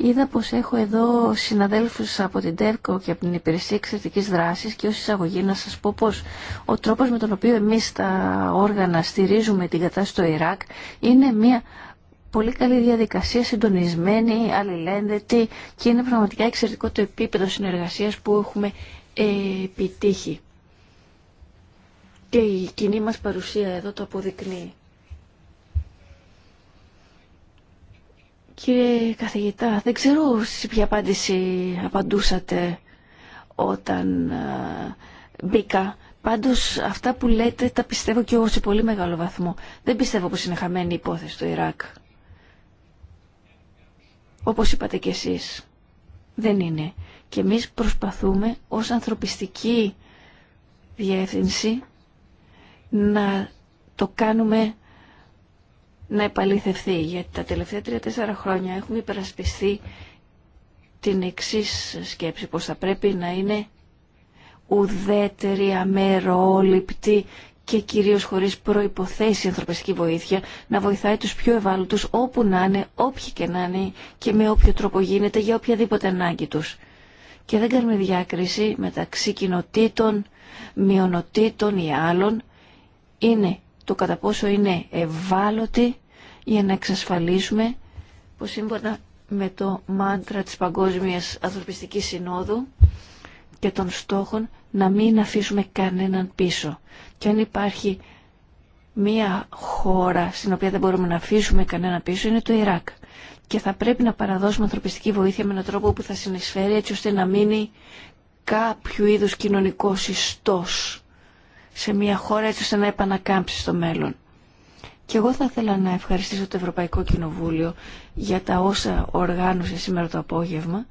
Είδα πως έχω εδώ συναδέλφους από την ΤΕΡΚΟ και από την Υπηρεσία Εξαιρετική Δράσης και ω εισαγωγή να σας πω πως ο τρόπος με τον οποίο εμείς τα όργανα στηρίζουμε την κατάσταση στο Ιράκ είναι μια πολύ καλή διαδικασία, συντονισμένη, αλληλένδετη και είναι πραγματικά εξαιρετικό το επίπεδο συνεργασίας που έχουμε επιτύχει. Και η κοινή μας παρουσία εδώ το αποδεικνύει. Κύριε καθηγητά, δεν ξέρω σε ποια απάντηση απαντούσατε όταν μπήκα. Πάντως αυτά που λέτε τα πιστεύω και εγώ σε πολύ μεγάλο βαθμό. Δεν πιστεύω πως είναι χαμένη η υπόθεση στο Ιράκ. Όπως είπατε και εσείς. Δεν είναι. Και εμείς προσπαθούμε ως ανθρωπιστική διεύθυνση να το κάνουμε να επαληθευθεί, γιατί τα τελευταία τρία-τέσσερα χρόνια έχουμε υπερασπιστεί την εξή σκέψη, πως θα πρέπει να είναι ουδέτερη, αμερόληπτη και κυρίως χωρίς προϋποθέσεις η ανθρωπιστική βοήθεια, να βοηθάει τους πιο ευάλωτους όπου να είναι, όποιοι και να είναι και με όποιο τρόπο γίνεται για οποιαδήποτε ανάγκη τους. Και δεν κάνουμε διάκριση μεταξύ κοινοτήτων, μειονοτήτων ή άλλων. Είναι το κατά πόσο είναι ευάλωτη για να εξασφαλίσουμε πως σύμφωνα με το μάντρα της Παγκόσμιας Ανθρωπιστικής Συνόδου και των στόχων να μην αφήσουμε κανέναν πίσω. Και αν υπάρχει μία χώρα στην οποία δεν μπορούμε να αφήσουμε κανέναν πίσω είναι το Ιράκ. Και θα πρέπει να παραδώσουμε ανθρωπιστική βοήθεια με έναν τρόπο που θα συνεισφέρει έτσι ώστε να μείνει κάποιο είδους κοινωνικός ιστός σε μια χώρα έτσι ώστε να επανακάμψει στο μέλλον. Και εγώ θα ήθελα να ευχαριστήσω το Ευρωπαϊκό Κοινοβούλιο για τα όσα οργάνωσε σήμερα το απόγευμα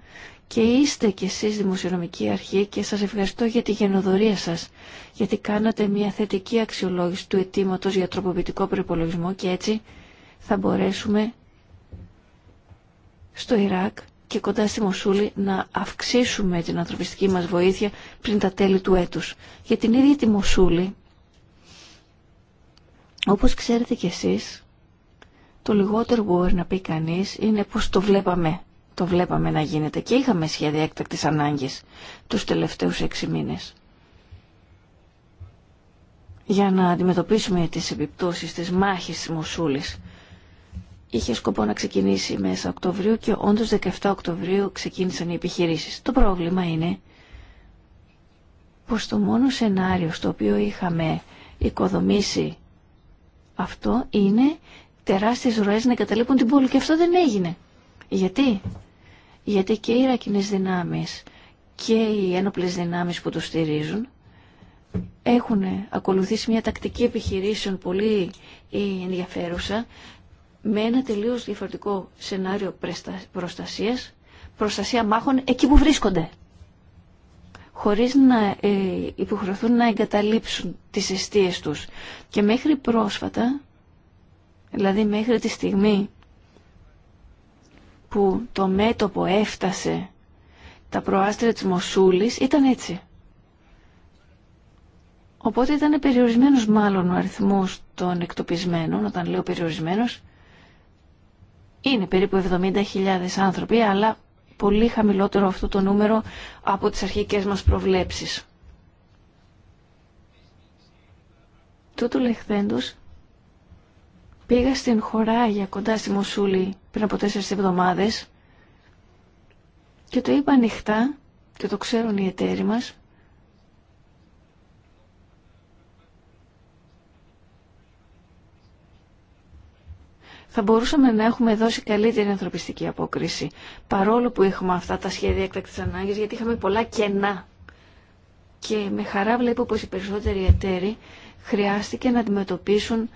και είστε κι εσείς δημοσιονομική αρχή και σας ευχαριστώ για τη γενοδορία σας γιατί κάνατε μια θετική αξιολόγηση του αιτήματο για τροποποιητικό προπολογισμό και έτσι θα μπορέσουμε στο Ιράκ και κοντά στη Μοσούλη να αυξήσουμε την ανθρωπιστική μας βοήθεια πριν τα τέλη του έτους. Για την ίδια τη Μοσούλη, όπως ξέρετε κι εσείς, το λιγότερο που μπορεί να πει κανείς είναι πως το βλέπαμε. Το βλέπαμε να γίνεται και είχαμε σχέδια έκτακτης ανάγκης τους τελευταίους έξι μήνες. Για να αντιμετωπίσουμε τις επιπτώσεις της μάχης της Μοσούλης είχε σκοπό να ξεκινήσει μέσα Οκτωβρίου και όντως 17 Οκτωβρίου ξεκίνησαν οι επιχειρήσεις. Το πρόβλημα είναι πως το μόνο σενάριο στο οποίο είχαμε οικοδομήσει αυτό είναι τεράστιες ροές να εγκαταλείπουν την πόλη και αυτό δεν έγινε. Γιατί? Γιατί και οι Ρακινές δυνάμεις και οι ένοπλες δυνάμεις που το στηρίζουν έχουν ακολουθήσει μια τακτική επιχειρήσεων πολύ ενδιαφέρουσα με ένα τελείως διαφορετικό σενάριο προστασίας, προστασία μάχων εκεί που βρίσκονται, χωρίς να ε, υποχρεωθούν να εγκαταλείψουν τις αιστείες τους. Και μέχρι πρόσφατα, δηλαδή μέχρι τη στιγμή που το μέτωπο έφτασε τα προάστρια της Μοσούλης, ήταν έτσι. Οπότε ήταν περιορισμένος μάλλον ο αριθμός των εκτοπισμένων, όταν λέω περιορισμένος, είναι περίπου 70.000 άνθρωποι, αλλά πολύ χαμηλότερο αυτό το νούμερο από τις αρχικές μας προβλέψεις. Τούτου λεχθέντος πήγα στην χωράγια κοντά στη Μοσούλη πριν από τέσσερις εβδομάδες και το είπα ανοιχτά και το ξέρουν οι εταίροι μας θα μπορούσαμε να έχουμε δώσει καλύτερη ανθρωπιστική απόκριση. Παρόλο που έχουμε αυτά τα σχέδια έκτακτη ανάγκης, γιατί είχαμε πολλά κενά. Και με χαρά βλέπω πω οι περισσότεροι εταίροι χρειάστηκε να αντιμετωπίσουν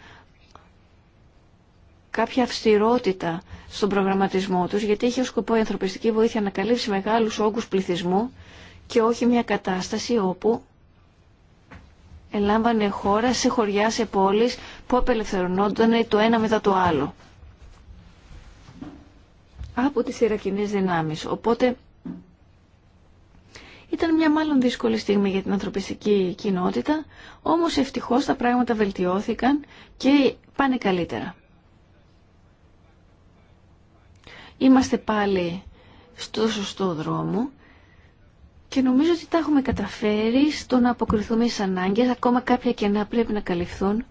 κάποια αυστηρότητα στον προγραμματισμό τους, γιατί είχε ως σκοπό η ανθρωπιστική βοήθεια να καλύψει μεγάλους όγκους πληθυσμού και όχι μια κατάσταση όπου ελάμβανε χώρα σε χωριά, σε πόλεις που απελευθερωνόταν το ένα μετά το άλλο από τις Ιρακινές δυνάμεις. Οπότε ήταν μια μάλλον δύσκολη στιγμή για την ανθρωπιστική κοινότητα, όμως ευτυχώς τα πράγματα βελτιώθηκαν και πάνε καλύτερα. Είμαστε πάλι στο σωστό δρόμο και νομίζω ότι τα έχουμε καταφέρει στο να αποκριθούμε στις ανάγκες, ακόμα κάποια κενά πρέπει να καλυφθούν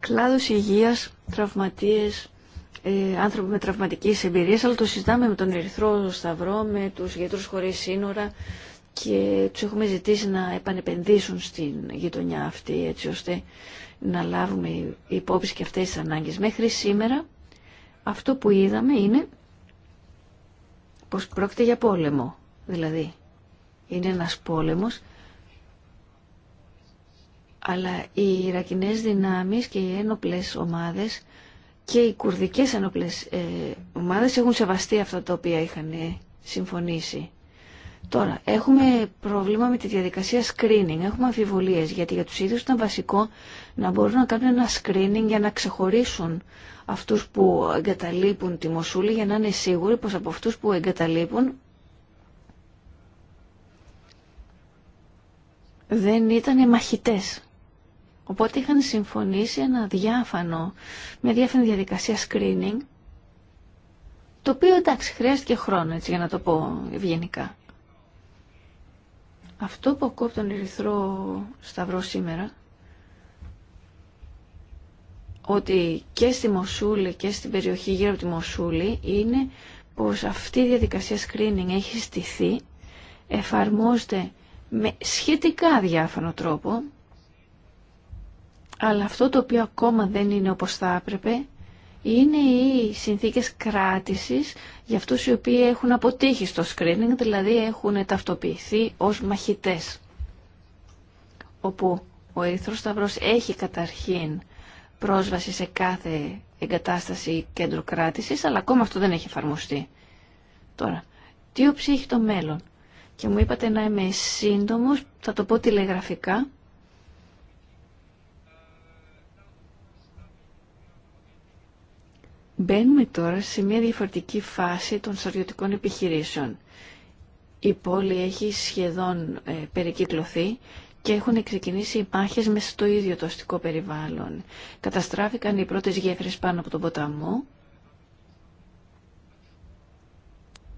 κλάδους υγείας, τραυματίες, ε, άνθρωποι με τραυματικές εμπειρίες, αλλά το συζητάμε με τον Ερυθρό Σταυρό, με τους γιατρούς χωρίς σύνορα και τους έχουμε ζητήσει να επανεπενδύσουν στην γειτονιά αυτή έτσι ώστε να λάβουμε υπόψη και αυτές τις ανάγκες. Μέχρι σήμερα αυτό που είδαμε είναι πως πρόκειται για πόλεμο. Δηλαδή είναι ένας πόλεμος αλλά οι Ιρακινές δυνάμεις και οι ένοπλες ομάδες και οι κουρδικές ένοπλες ε, ομάδες έχουν σεβαστεί αυτά τα οποία είχαν ε, συμφωνήσει. Τώρα, έχουμε πρόβλημα με τη διαδικασία screening. Έχουμε αμφιβολίες γιατί για τους ίδιους ήταν βασικό να μπορούν να κάνουν ένα screening για να ξεχωρίσουν αυτούς που εγκαταλείπουν τη Μοσούλη για να είναι σίγουροι πως από αυτούς που εγκαταλείπουν δεν ήταν μαχητές. Οπότε είχαν συμφωνήσει ένα διάφανο, μια διάφανη διαδικασία screening, το οποίο εντάξει χρειάστηκε χρόνο, έτσι για να το πω ευγενικά. Αυτό που ακούω από τον Ερυθρό Σταυρό σήμερα, ότι και στη Μοσούλη και στην περιοχή γύρω από τη Μοσούλη, είναι πως αυτή η διαδικασία screening έχει στηθεί, εφαρμόζεται με σχετικά διάφανο τρόπο, αλλά αυτό το οποίο ακόμα δεν είναι όπως θα έπρεπε είναι οι συνθήκες κράτησης για αυτούς οι οποίοι έχουν αποτύχει στο screening, δηλαδή έχουν ταυτοποιηθεί ως μαχητές. Όπου ο Ερυθρός Σταυρός έχει καταρχήν πρόσβαση σε κάθε εγκατάσταση κέντρο κράτησης, αλλά ακόμα αυτό δεν έχει εφαρμοστεί. Τώρα, τι οψή έχει το μέλλον. Και μου είπατε να είμαι σύντομος, θα το πω τηλεγραφικά. Μπαίνουμε τώρα σε μια διαφορετική φάση των στρατιωτικών επιχειρήσεων. Η πόλη έχει σχεδόν ε, περικυκλωθεί και έχουν ξεκινήσει οι μάχες μέσα στο ίδιο το αστικό περιβάλλον. Καταστράφηκαν οι πρώτες γέφυρες πάνω από τον ποταμό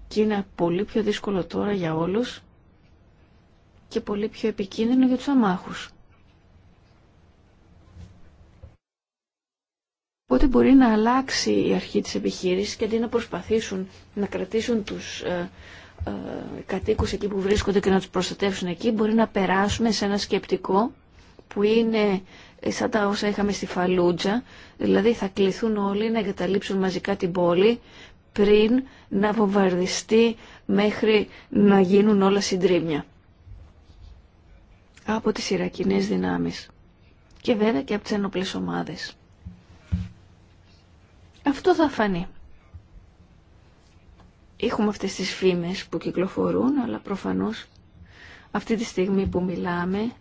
και είναι πολύ πιο δύσκολο τώρα για όλους και πολύ πιο επικίνδυνο για τους αμάχους. Οπότε μπορεί να αλλάξει η αρχή της επιχείρησης και αντί να προσπαθήσουν να κρατήσουν τους ε, ε, κατοίκους εκεί που βρίσκονται και να τους προστατεύσουν εκεί, μπορεί να περάσουμε σε ένα σκεπτικό που είναι σαν τα όσα είχαμε στη Φαλούτζα, δηλαδή θα κληθούν όλοι να εγκαταλείψουν μαζικά την πόλη πριν να βομβαρδιστεί μέχρι να γίνουν όλα συντρίμια από τις Ιρακινές δυνάμεις και βέβαια και από τις ενοπλές ομάδες. Αυτό θα φανεί. Έχουμε αυτές τις φήμες που κυκλοφορούν, αλλά προφανώς αυτή τη στιγμή που μιλάμε,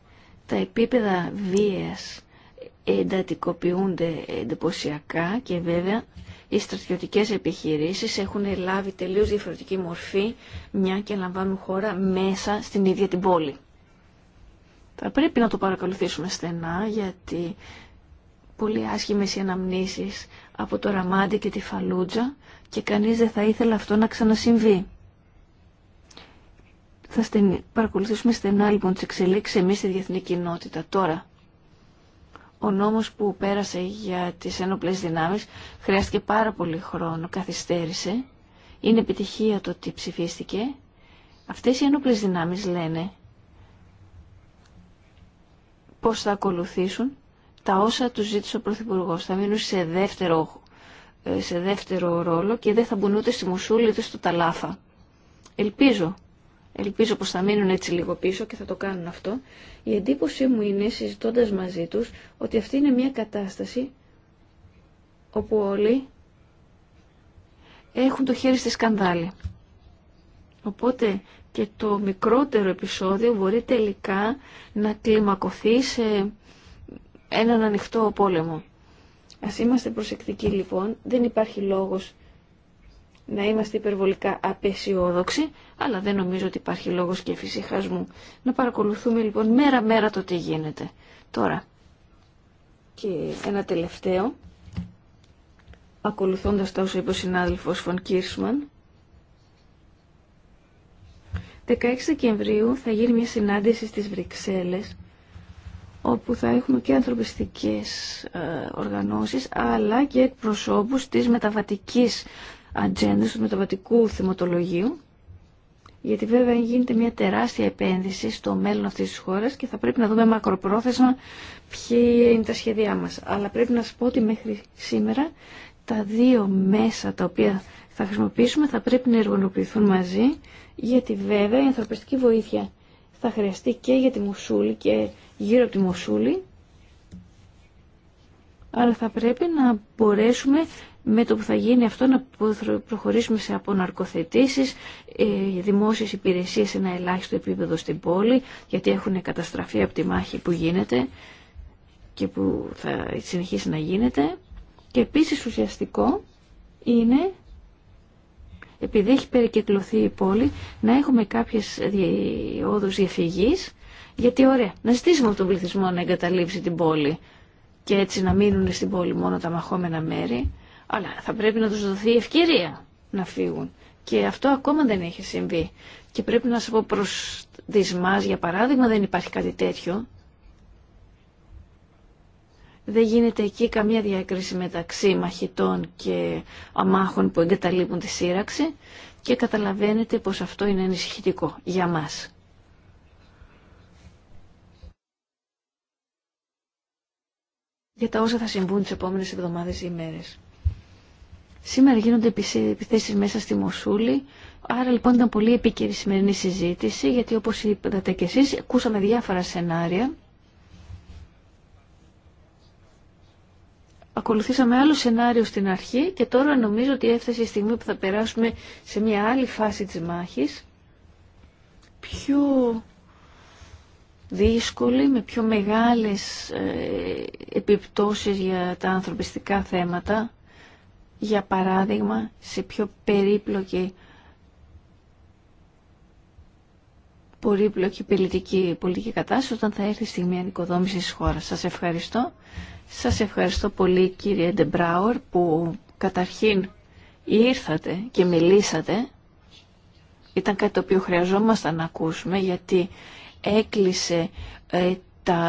τα επίπεδα βίας εντατικοποιούνται εντυπωσιακά και βέβαια οι στρατιωτικές επιχειρήσεις έχουν λάβει τελείως διαφορετική μορφή, μια και λαμβάνουν χώρα μέσα στην ίδια την πόλη. Θα πρέπει να το παρακολουθήσουμε στενά, γιατί πολύ άσχημες οι αναμνήσεις από το Ραμάντι και τη Φαλούτζα και κανείς δεν θα ήθελε αυτό να ξανασυμβεί. Θα παρακολουθήσουμε στενά λοιπόν τις εξελίξεις εμείς στη διεθνή κοινότητα. Τώρα, ο νόμος που πέρασε για τις ένοπλες δυνάμεις χρειάστηκε πάρα πολύ χρόνο, καθυστέρησε. Είναι επιτυχία το ότι ψηφίστηκε. Αυτές οι ένοπλες δυνάμεις λένε πώς θα ακολουθήσουν τα όσα του ζήτησε ο Πρωθυπουργό. Θα μείνουν σε δεύτερο, ε, σε δεύτερο ρόλο και δεν θα μπουν ούτε στη Μουσούλη ούτε στο Ταλάφα. Ελπίζω. Ελπίζω πως θα μείνουν έτσι λίγο πίσω και θα το κάνουν αυτό. Η εντύπωση μου είναι, συζητώντας μαζί τους, ότι αυτή είναι μια κατάσταση όπου όλοι έχουν το χέρι στη σκανδάλη. Οπότε και το μικρότερο επεισόδιο μπορεί τελικά να κλιμακωθεί σε έναν ανοιχτό πόλεμο. Ας είμαστε προσεκτικοί λοιπόν, δεν υπάρχει λόγος να είμαστε υπερβολικά απεσιόδοξοι, αλλά δεν νομίζω ότι υπάρχει λόγος και μου Να παρακολουθούμε λοιπόν μέρα-μέρα το τι γίνεται. Τώρα, και ένα τελευταίο, ακολουθώντας τα όσα είπε ο συνάδελφος Φων Κίρσμαν, 16 Δεκεμβρίου θα γίνει μια συνάντηση στις Βρυξέλλες όπου θα έχουμε και ανθρωπιστικές ε, οργανώσεις αλλά και εκπροσώπους της μεταβατικής ατζέντα, του μεταβατικού θεματολογίου γιατί βέβαια γίνεται μια τεράστια επένδυση στο μέλλον αυτής της χώρας και θα πρέπει να δούμε μακροπρόθεσμα ποια είναι τα σχέδιά μας. Αλλά πρέπει να σας πω ότι μέχρι σήμερα τα δύο μέσα τα οποία θα χρησιμοποιήσουμε θα πρέπει να εργολοποιηθούν μαζί γιατί βέβαια η ανθρωπιστική βοήθεια θα χρειαστεί και για τη Μουσούλη και γύρω από τη Μοσούλη, αλλά θα πρέπει να μπορέσουμε με το που θα γίνει αυτό να προχωρήσουμε σε αποναρκοθετήσεις, ε, δημόσιες υπηρεσίες σε ένα ελάχιστο επίπεδο στην πόλη, γιατί έχουν καταστραφεί από τη μάχη που γίνεται και που θα συνεχίσει να γίνεται. Και επίσης ουσιαστικό είναι, επειδή έχει περικεκλωθεί η πόλη, να έχουμε κάποιες διόδους διαφυγής γιατί ωραία, να ζητήσουμε από τον πληθυσμό να εγκαταλείψει την πόλη και έτσι να μείνουν στην πόλη μόνο τα μαχόμενα μέρη, αλλά θα πρέπει να τους δοθεί ευκαιρία να φύγουν. Και αυτό ακόμα δεν έχει συμβεί. Και πρέπει να σα πω προς τις για παράδειγμα, δεν υπάρχει κάτι τέτοιο. Δεν γίνεται εκεί καμία διάκριση μεταξύ μαχητών και αμάχων που εγκαταλείπουν τη σύραξη και καταλαβαίνετε πως αυτό είναι ανησυχητικό για μας. για τα όσα θα συμβούν τις επόμενες εβδομάδες ή ημέρες. Σήμερα γίνονται επιθέσεις μέσα στη Μοσούλη, άρα λοιπόν ήταν πολύ επίκαιρη η σημερινή συζήτηση, γιατί όπως είπατε και εσείς, ακούσαμε διάφορα σενάρια. Ακολουθήσαμε άλλο σενάριο στην αρχή και τώρα νομίζω ότι έφτασε η στιγμή που θα περάσουμε σε μια άλλη φάση της μάχης, πιο δύσκολη, με πιο μεγάλες ε, επιπτώσεις για τα ανθρωπιστικά θέματα, για παράδειγμα σε πιο περίπλοκη πολύπλοκη πολιτική, πολιτική κατάσταση όταν θα έρθει η στιγμή ανοικοδόμηση της χώρας. Σας ευχαριστώ. Σας ευχαριστώ πολύ κύριε Ντεμπράουερ που καταρχήν ήρθατε και μιλήσατε. Ήταν κάτι το οποίο χρειαζόμασταν να ακούσουμε γιατί έκλεισε ε, τα...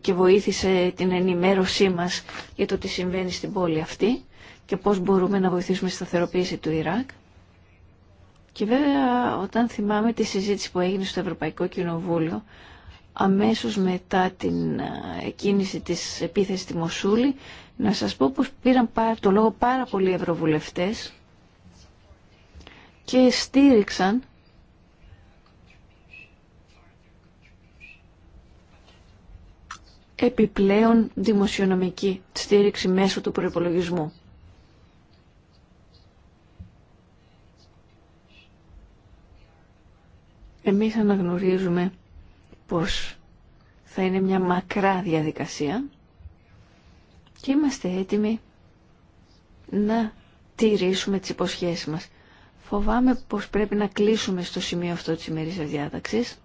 και βοήθησε την ενημέρωσή μας για το τι συμβαίνει στην πόλη αυτή και πώς μπορούμε να βοηθήσουμε στη σταθεροποίηση του Ιράκ. Και βέβαια όταν θυμάμαι τη συζήτηση που έγινε στο Ευρωπαϊκό Κοινοβούλιο αμέσως μετά την ε, κίνηση της επίθεσης στη Μοσούλη να σας πω πως πήραν το λόγο πάρα πολλοί ευρωβουλευτές και στήριξαν επιπλέον δημοσιονομική στήριξη μέσω του προϋπολογισμού. Εμείς αναγνωρίζουμε πως θα είναι μια μακρά διαδικασία και είμαστε έτοιμοι να τηρήσουμε τις υποσχέσεις μας. Φοβάμαι πως πρέπει να κλείσουμε στο σημείο αυτό της ημερής διάταξης.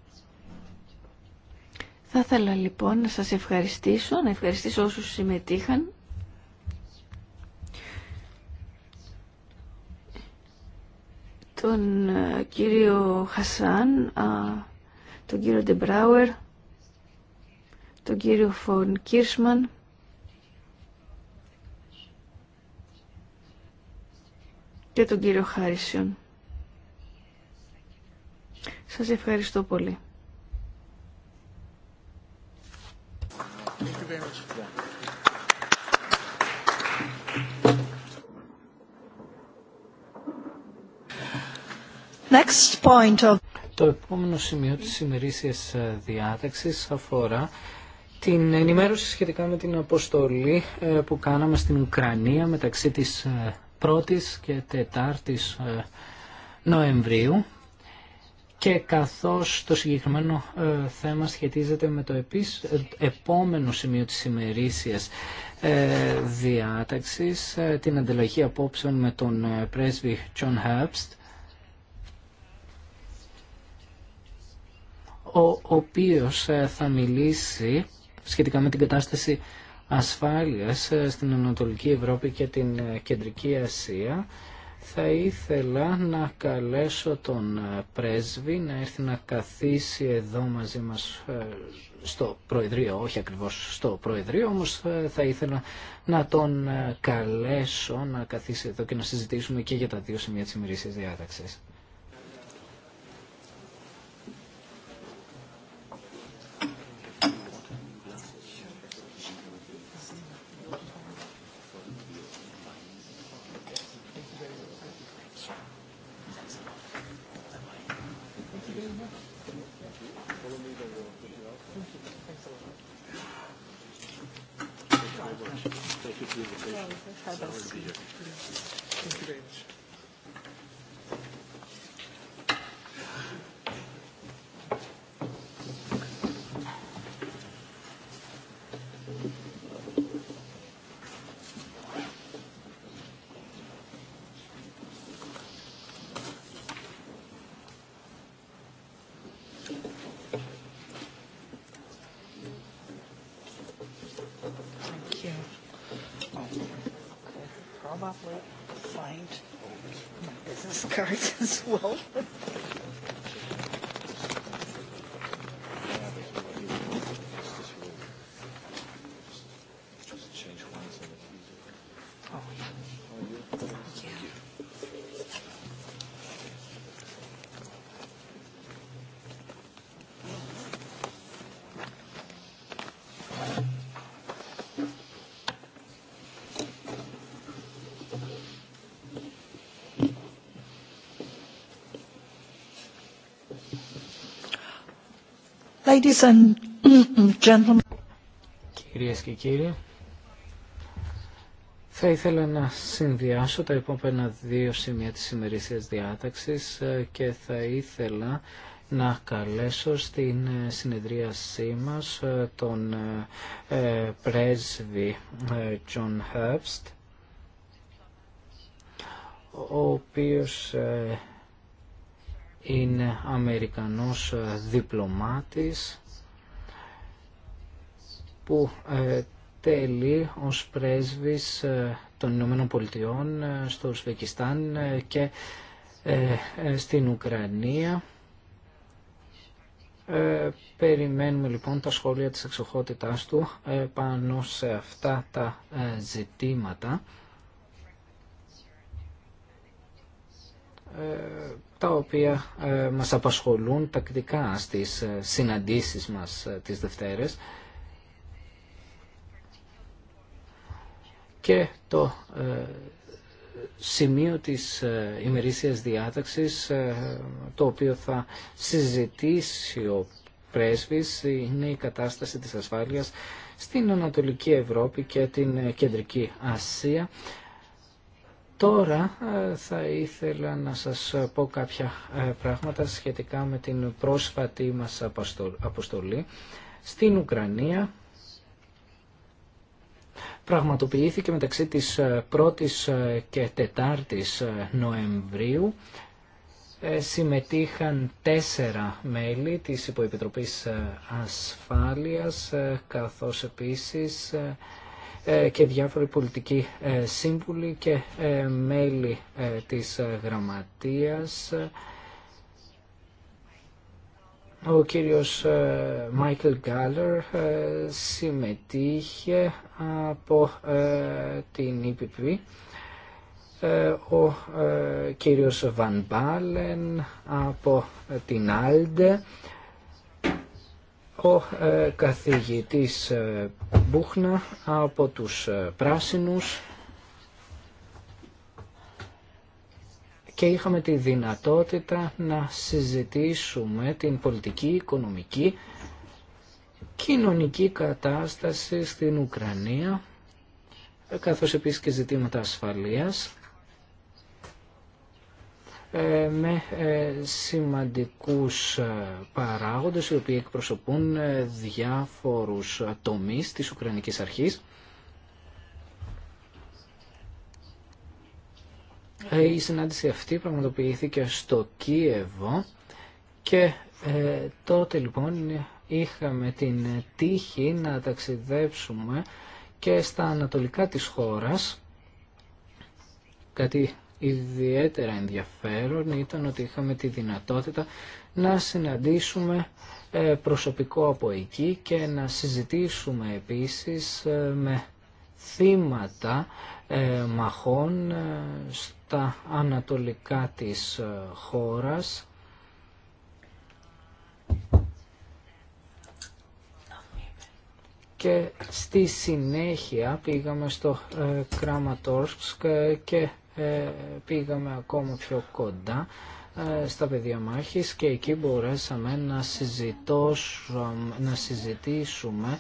Θα ήθελα λοιπόν να σας ευχαριστήσω, να ευχαριστήσω όσους συμμετείχαν. Τον ε, κύριο Χασάν, τον κύριο Ντεμπράουερ, τον κύριο Φον Κίρσμαν, και τον κύριο Χάρισιον. Σας ευχαριστώ πολύ. Το επόμενο σημείο της ημερήσιας ε, διάταξης αφορά την ενημέρωση σχετικά με την αποστολή ε, που κάναμε στην Ουκρανία μεταξύ της 1ης ε, και 4ης Νοεμβρίου και καθώς το συγκεκριμένο ε, θέμα σχετίζεται με το ε, επόμενο σημείο της ημερήσιας ε, διάταξης, την ανταλλαγή απόψεων με τον πρέσβη Τζον Herbst, ο οποίος θα μιλήσει σχετικά με την κατάσταση ασφάλειας στην Ανατολική Ευρώπη και την Κεντρική Ασία θα ήθελα να καλέσω τον ε, πρέσβη να έρθει να καθίσει εδώ μαζί μας ε, στο Προεδρείο, όχι ακριβώς στο Προεδρείο, όμως ε, θα ήθελα να τον καλέσω να καθίσει εδώ και να συζητήσουμε και για τα δύο σημεία της ημερήσιας διάταξης. Ladies and gentlemen. Κυρίες και κύριοι, θα ήθελα να συνδυάσω τα επόμενα δύο σημεία της ημερήσιας διάταξης ε, και θα ήθελα να καλέσω στην ε, συνεδρίασή μας ε, τον πρέσβη John Herbst, ο οποίος είναι Αμερικανός ε, διπλωμάτης που ε, τέλει ως πρέσβης ε, των Ηνωμένων Πολιτειών στο Ουσβεκιστάν και στην Ουκρανία. Ε, περιμένουμε λοιπόν τα σχόλια της εξοχότητάς του πάνω σε αυτά τα ζητήματα. τα οποία ε, μας απασχολούν τακτικά στις ε, συναντήσεις μας ε, τις Δευτέρες. Και το σημείο της ημερήσιας διάταξης το οποίο θα συζητήσει ο πρέσβης είναι η κατάσταση της ασφάλειας στην Ανατολική Ευρώπη και την Κεντρική Ασία Τώρα ε, θα ήθελα να σας πω κάποια ε, πράγματα σχετικά με την πρόσφατη μας αποστολή στην Ουκρανία. Πραγματοποιήθηκε μεταξύ της 1ης ε, και 4ης Νοεμβρίου. Συμμετείχαν τέσσερα μέλη της Υποεπιτροπής Ασφάλειας, καθώς επίσης ε, και διάφοροι πολιτικοί ε, σύμβουλοι και ε, μέλη της Γραμματείας. Ο κύριος Μάικλ Γκάλλερ συμμετείχε από την ΕΠΠ. Ο κύριος Βαν Μπάλεν από την Άλντε ο ε, καθηγητής ε, Μπούχνα από τους ε, Πράσινους και είχαμε τη δυνατότητα να συζητήσουμε την πολιτική, οικονομική, κοινωνική κατάσταση στην Ουκρανία καθώς επίσης και ζητήματα ασφαλείας ε, με ε, σημαντικούς ε, παράγοντες οι οποίοι εκπροσωπούν διάφορους τομείς της Ουκρανικής Αρχής. Η συνάντηση αυτή πραγματοποιήθηκε στο Κίεβο και τότε λοιπόν είχαμε την τύχη να ταξιδέψουμε και στα ανατολικά της χώρας κάτι ιδιαίτερα ενδιαφέρον ήταν ότι είχαμε τη δυνατότητα να συναντήσουμε ε, προσωπικό από εκεί και να συζητήσουμε επίσης ε, με θύματα ε, μαχών στα ανατολικά της χώρας και στη συνέχεια πήγαμε στο Κράματόρσκ και ε, πήγαμε ακόμα πιο κοντά ε, στα παιδιά μάχης και εκεί μπορέσαμε να, να συζητήσουμε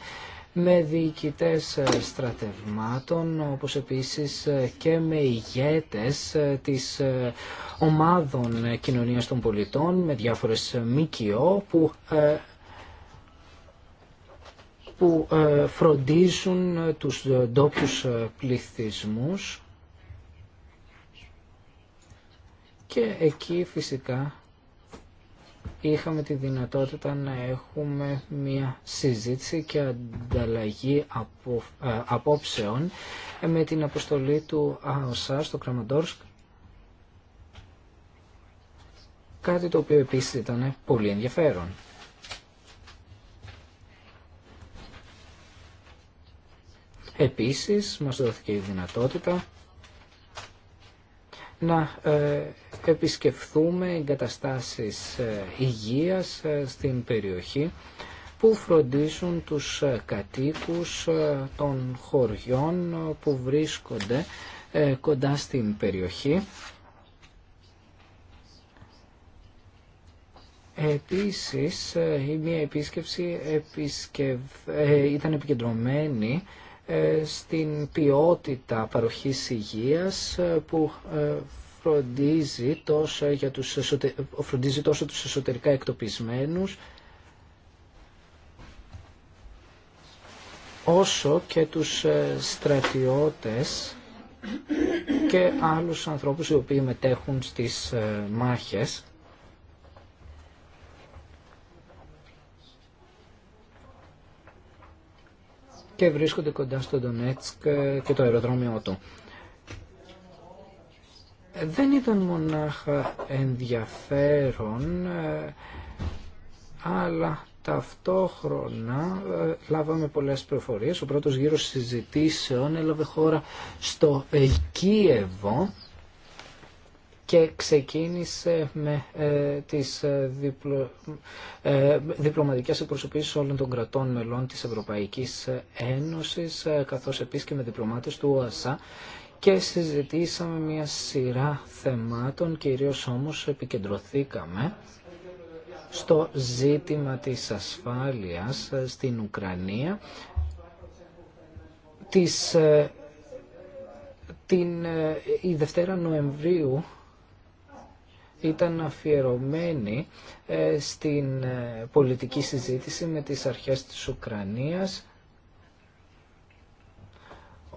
με διοικητές ε, στρατευμάτων, όπως επίσης και με ηγέτες της ομάδων κοινωνίας των πολιτών, με διάφορες ΜΚΟ που, που φροντίζουν τους ντόπιου πληθυσμούς και εκεί φυσικά είχαμε τη δυνατότητα να έχουμε μια συζήτηση και ανταλλαγή από, ε, απόψεων με την αποστολή του ΑΟΣΑ στο Κραμαντόρσκ κάτι το οποίο επίσης ήταν πολύ ενδιαφέρον. Επίσης μας δόθηκε η δυνατότητα να ε, επισκεφθούμε εγκαταστάσεις ε, υγείας ε, στην περιοχή που φροντίσουν τους κατοίκους των χωριών που βρίσκονται κοντά στην περιοχή. Επίσης, η μία επίσκεψη επισκευ... ήταν επικεντρωμένη ε, στην ποιότητα παροχής υγείας ε, που ε, φροντίζει τόσο, για τους εσωτε... τόσο τους εσωτερικά εκτοπισμένους όσο και τους στρατιώτες και άλλους ανθρώπους οι οποίοι μετέχουν στις μάχες και βρίσκονται κοντά στο Ντονέτσκ ε, και το αεροδρόμιο του. Δεν ήταν μονάχα ενδιαφέρον, ε, αλλά ταυτόχρονα ε, λάβαμε πολλές πληροφορίες. Ο πρώτος γύρος συζητήσεων έλαβε χώρα στο Κίεβο και ξεκίνησε με ε, τις ε, ε, διπλωματικές εκπροσωπήσεις όλων των κρατών μελών της Ευρωπαϊκής Ένωσης ε, καθώς επίσης και με διπλωμάτες του ΟΑΣΑ και συζητήσαμε μια σειρά θεμάτων, κυρίως όμως επικεντρωθήκαμε στο ζήτημα της ασφάλειας στην Ουκρανία, της, την, η Δευτέρα Νοεμβρίου ήταν αφιερωμένη ε, στην ε, πολιτική συζήτηση με τις αρχές της Ουκρανίας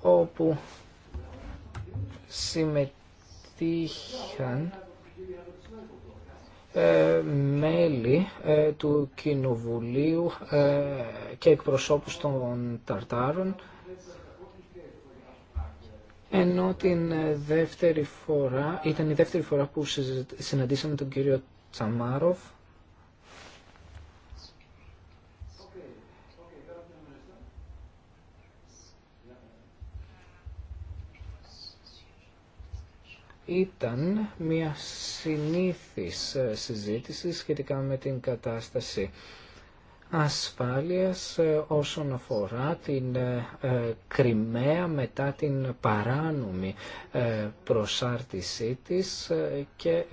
όπου συμμετείχαν ε, μέλη του Κοινοβουλίου και εκπροσώπους των Ταρτάρων ενώ την ε, δεύτερη φορά, ήταν η δεύτερη φορά που συναντήσαμε τον κύριο Τσαμάροφ, ήταν μια συνήθις ε, συζήτηση σχετικά με την κατάσταση ασφάλειας ε, όσον αφορά την ε, ε, Κρυμαία μετά την παράνομη προσάρτησή της και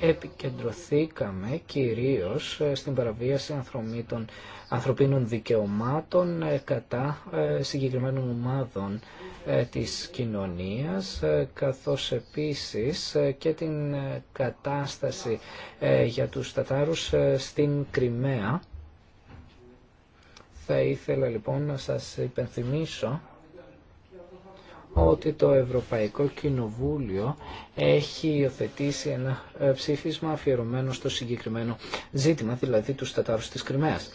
επικεντρωθήκαμε κυρίως ε, στην παραβίαση ανθρωπίνων δικαιωμάτων ε, κατά ε, συγκεκριμένων ομάδων της κοινωνίας καθώς επίσης και την κατάσταση για τους Τατάρους στην Κρυμαία. Θα ήθελα λοιπόν να σας υπενθυμίσω ότι το Ευρωπαϊκό Κοινοβούλιο έχει υιοθετήσει ένα ε, ψήφισμα αφιερωμένο στο συγκεκριμένο ζήτημα, δηλαδή του Τατάρους της Κρυμαίας.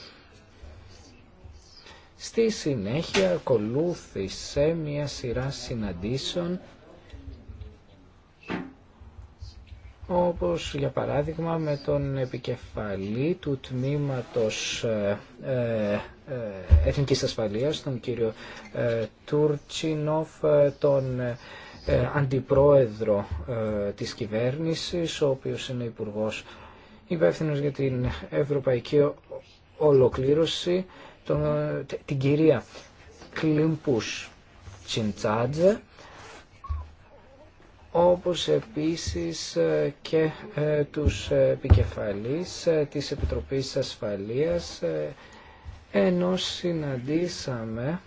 Στη συνέχεια ακολούθησε μια σειρά συναντήσεων όπως για παράδειγμα με τον επικεφαλή του τμήματος ε, ε, ε, Εθνικής Ασφαλείας, τον κύριο Τούρτσινοφ, τον αντιπρόεδρο της κυβέρνησης, ο οποίος είναι υπουργός υπεύθυνος για την Ευρωπαϊκή Ολοκλήρωση, τον, την κυρία Κλίμπους Τσιντσάτζε, όπως επίσης ε, και ε, τους επικεφαλείς ε, της Επιτροπής Ασφαλείας ενώ συναντήσαμε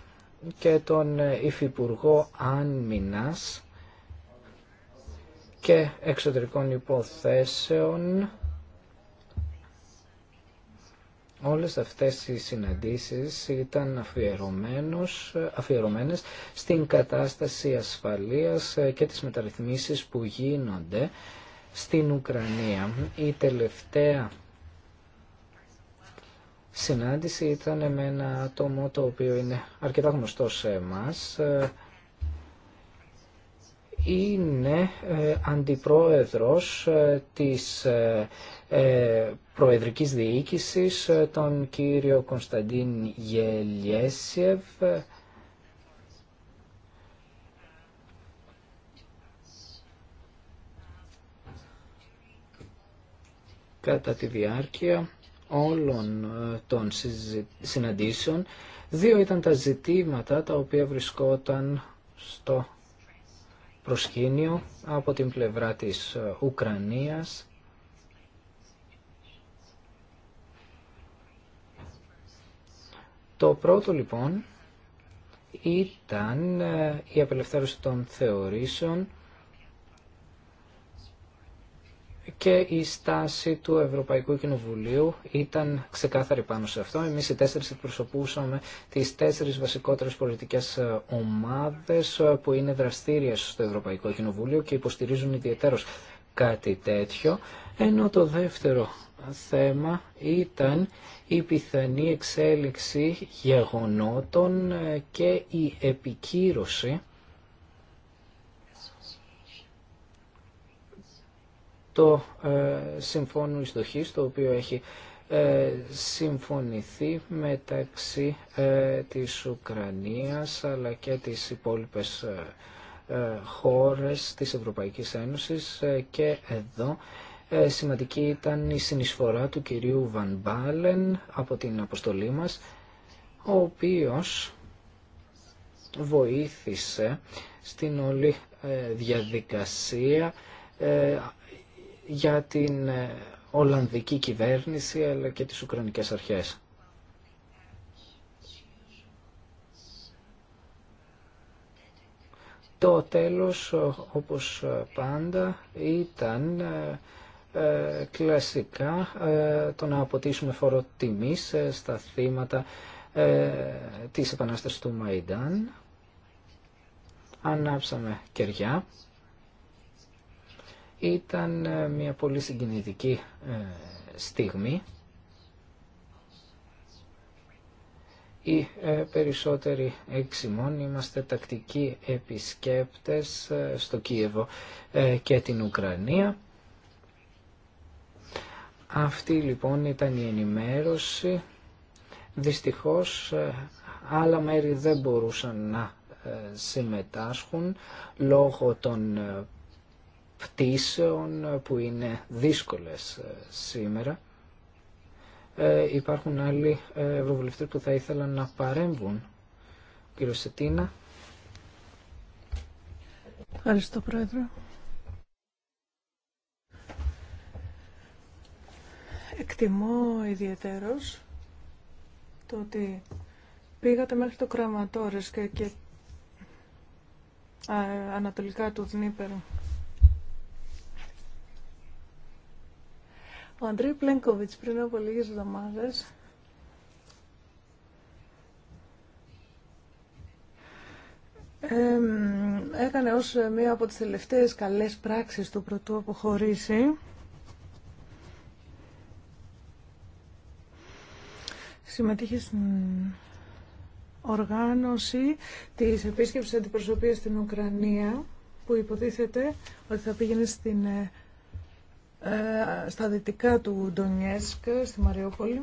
και τον Υφυπουργό Άνμινας και Εξωτερικών Υποθέσεων όλες αυτές οι συναντήσεις ήταν αφιερωμένος, αφιερωμένες στην κατάσταση ασφαλείας και τις μεταρρυθμίσεις που γίνονται στην Ουκρανία. Η τελευταία συνάντηση ήταν με ένα άτομο το οποίο είναι αρκετά γνωστό σε εμάς. Είναι ε, αντιπρόεδρος ε, της ε, ε, προεδρικής Διοίκησης, ε, τον κύριο Κωνσταντίν Γελιέσιευ, κατά τη διάρκεια όλων ε, των συναντήσεων. Δύο ήταν τα ζητήματα τα οποία βρισκόταν στο προσκήνιο από την πλευρά της Ουκρανίας Το πρώτο λοιπόν ήταν ε, η απελευθέρωση των θεωρήσεων και η στάση του Ευρωπαϊκού Κοινοβουλίου ήταν ξεκάθαρη πάνω σε αυτό. Εμείς οι τέσσερις εκπροσωπούσαμε τις τέσσερις βασικότερες πολιτικές ε, ομάδες ε, που είναι δραστήριες στο Ευρωπαϊκό Κοινοβούλιο και υποστηρίζουν ιδιαίτερως κάτι τέτοιο. Ενώ το δεύτερο θέμα ήταν η πιθανή εξέλιξη γεγονότων ε, και η επικύρωση το ε, συμφώνου εισδοχής το οποίο έχει ε, συμφωνηθεί μεταξύ ε, της Ουκρανίας αλλά και της υπόλοιπες ε, χώρες της Ευρωπαϊκής Ένωσης και εδώ ε, σημαντική ήταν η συνεισφορά του κυρίου Βαν Μπάλεν από την αποστολή μας, ο οποίος βοήθησε στην όλη ε, διαδικασία ε, για την Ολλανδική κυβέρνηση αλλά και τις Ουκρανικές αρχές. Το τέλος, όπως πάντα, ήταν ε, κλασικά ε, το να αποτίσουμε φόρο ε, στα θύματα της επανάστασης του Μαϊντάν. Ανάψαμε κεριά. Ήταν μια πολύ συγκινητική στιγμή. Οι περισσότεροι εξημών είμαστε τακτικοί επισκέπτες στο Κίεβο και την Ουκρανία αυτή λοιπόν ήταν η ενημέρωση. Δυστυχώς ε, άλλα μέρη δεν μπορούσαν να ε, συμμετάσχουν λόγω των ε, πτήσεων που είναι δύσκολες σήμερα. Ε, υπάρχουν άλλοι ευρωβουλευτές που θα ήθελαν να παρέμβουν. Κύριο Σετίνα. Ευχαριστώ Πρόεδρε. Εκτιμώ ιδιαίτερος το ότι πήγατε μέχρι το Κραματόρες και, και ανατολικά του Δνύπερου. Ο Αντρί Πλένκοβιτς πριν από λίγες εβδομάδες έκανε ως μία από τις τελευταίες καλές πράξεις του πρωτού αποχωρήσει συμμετείχε στην οργάνωση της επίσκεψης αντιπροσωπείας στην Ουκρανία που υποτίθεται ότι θα πήγαινε στην, ε, ε, στα δυτικά του Ντονιέσκ, στη Μαριόπολη.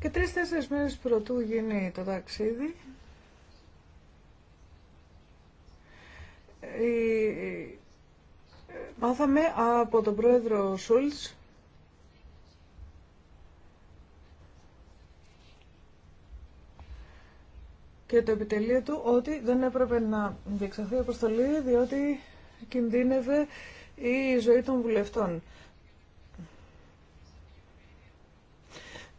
Και τρεις-τέσσερις μέρες πρωτού γίνει το ταξίδι, μάθαμε από τον πρόεδρο Σούλτς και το επιτελείο του ότι δεν έπρεπε να διεξαχθεί η αποστολή διότι κινδύνευε η ζωή των βουλευτών.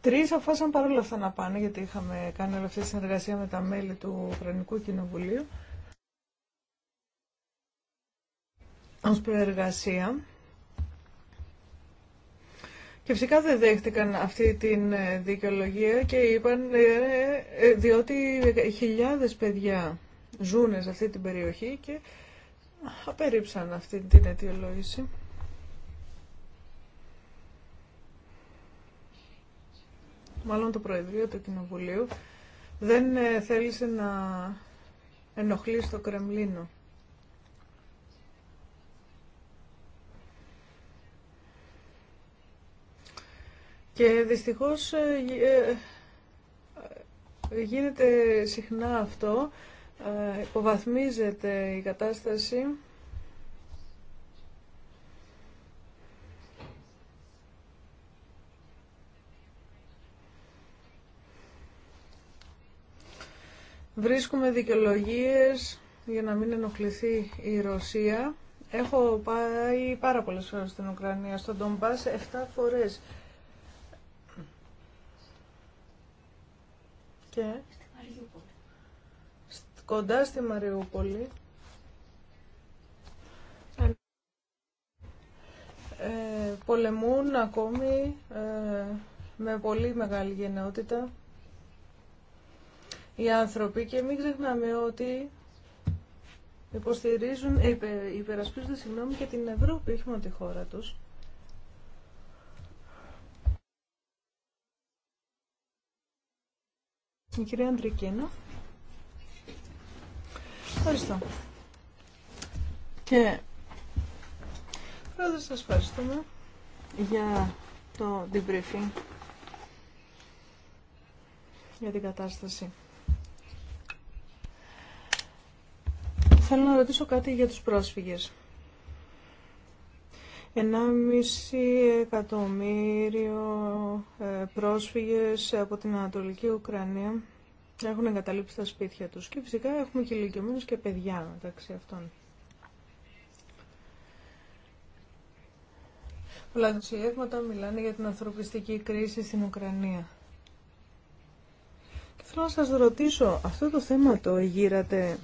Τρεις αφάσαν παρόλα αυτά να πάνε, γιατί είχαμε κάνει όλη αυτή τη συνεργασία με τα μέλη του Ουκρανικού Κοινοβουλίου. Ως προεργασία. Και φυσικά δεν δέχτηκαν αυτή την ε, δικαιολογία και είπαν ε, ε, διότι χιλιάδες παιδιά ζουν σε αυτή την περιοχή και απερίψαν αυτή την αιτιολόγηση. Μάλλον το Προεδρείο του Κοινοβουλίου δεν θέλησε να ενοχλεί στο Κρεμλίνο. Και δυστυχώς ε, ε, ε, γίνεται συχνά αυτό, υποβαθμίζεται η κατάσταση. Βρίσκουμε δικαιολογίες για να μην ενοχληθεί η Ρωσία. Έχω πάει πάρα πολλές φορές στην Ουκρανία, στον Ντομπάς, 7 φορές. και κοντά στη Μαριούπολη ε, πολεμούν ακόμη ε, με πολύ μεγάλη γενναιότητα οι άνθρωποι και μην ξεχνάμε ότι υποστηρίζουν, υπερασπίζονται συγγνώμη και την Ευρώπη, όχι τη χώρα τους. την κυρία Αντρικίνα. Ευχαριστώ. Και πρώτα σας ευχαριστούμε για το debriefing για την κατάσταση. Θέλω να ρωτήσω κάτι για τους πρόσφυγες. 1,5 εκατομμύριο ε, πρόσφυγες από την Ανατολική Ουκρανία έχουν εγκαταλείψει τα σπίτια τους και φυσικά έχουμε και ηλικιωμένους και παιδιά μεταξύ αυτών. Πολλά δημοσιεύματα μιλάνε για την ανθρωπιστική κρίση στην Ουκρανία. Και θέλω να σας ρωτήσω, αυτό το θέμα το γύρατε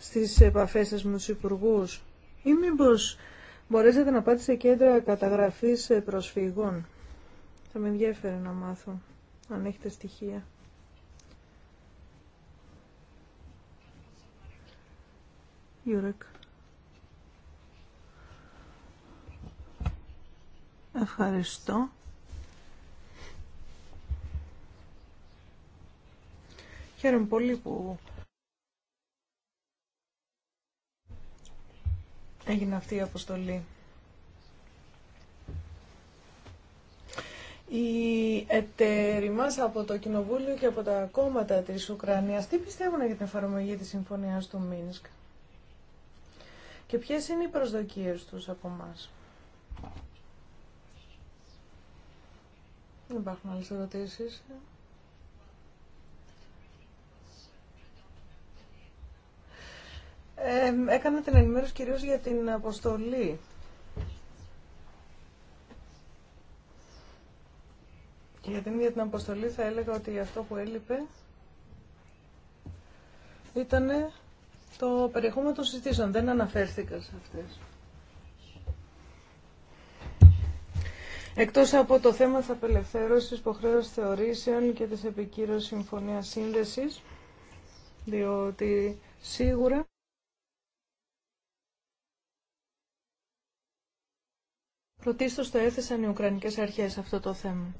στις επαφές σας με τους υπουργούς ή μήπω μπορέσετε να πάτε σε κέντρα καταγραφής προσφυγών. Θα με ενδιαφέρει να μάθω αν έχετε στοιχεία. Γιουρέκ. Ευχαριστώ. Χαίρομαι πολύ που έγινε αυτή η αποστολή. Οι εταίροι μα από το Κοινοβούλιο και από τα κόμματα της Ουκρανίας τι πιστεύουν για την εφαρμογή της συμφωνίας του Μίνσκ και ποιες είναι οι προσδοκίες τους από εμά. Δεν υπάρχουν άλλες ερωτήσεις. έκανα την ενημέρωση κυρίως για την αποστολή. Και για την αποστολή θα έλεγα ότι αυτό που έλειπε ήταν το περιεχόμενο των συζητήσεων. Δεν αναφέρθηκα σε αυτές. Εκτός από το θέμα της απελευθέρωσης, υποχρέωση θεωρήσεων και της επικύρωσης συμφωνίας σύνδεσης, διότι σίγουρα Πρωτίστως το έθεσαν οι Ουκρανικές αρχές αυτό το θέμα.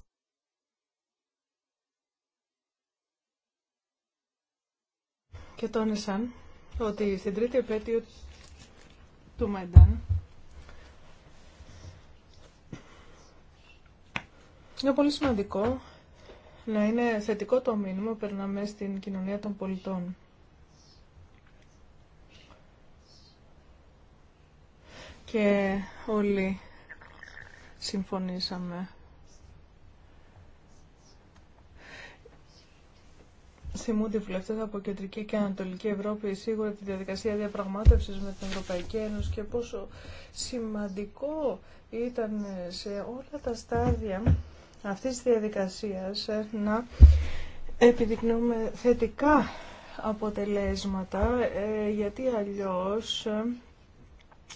Και τόνισαν ότι στην τρίτη επέτειο του Μαϊντάν είναι πολύ σημαντικό να είναι θετικό το μήνυμα που περνάμε στην κοινωνία των πολιτών. Και όλοι συμφωνήσαμε. Θυμούνται οι βουλευτέ από Κεντρική και Ανατολική Ευρώπη σίγουρα τη διαδικασία διαπραγμάτευσης με την Ευρωπαϊκή Ένωση και πόσο σημαντικό ήταν σε όλα τα στάδια αυτή τη διαδικασία να επιδεικνύουμε θετικά αποτελέσματα ε, γιατί αλλιώς ε,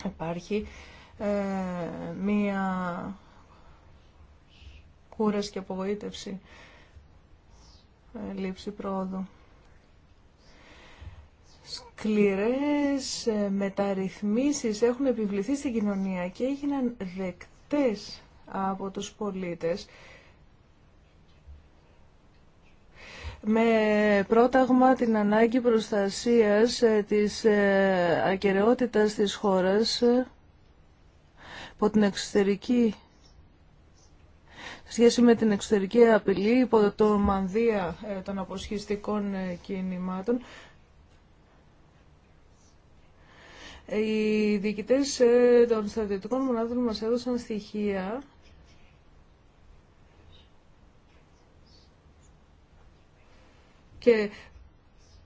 υπάρχει ε, μία κούραση και απογοήτευση, ε, λήψη πρόοδου. Σκληρές ε, μεταρρυθμίσεις έχουν επιβληθεί στην κοινωνία και έγιναν δεκτές από τους πολίτες με πρόταγμα την ανάγκη προστασίας της ακεραιότητας της χώρας από σχέση με την εξωτερική απειλή υπό το μανδύα ε, των αποσχιστικών ε, κινημάτων. Ε, οι διοικητές των στρατιωτικών μονάδων μας έδωσαν στοιχεία και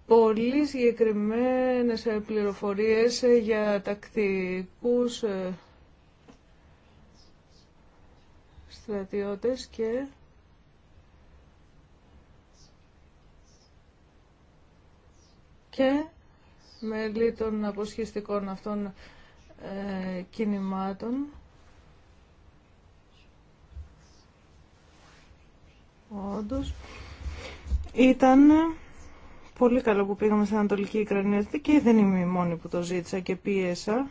πολύ συγκεκριμένες πληροφορίες για τακτικούς στρατιώτες και και μέλη των αποσχιστικών αυτών ε, κινημάτων. Όντως, ήταν πολύ καλό που πήγαμε στην Ανατολική Ουκρανία και δεν είμαι η μόνη που το ζήτησα και πίεσα.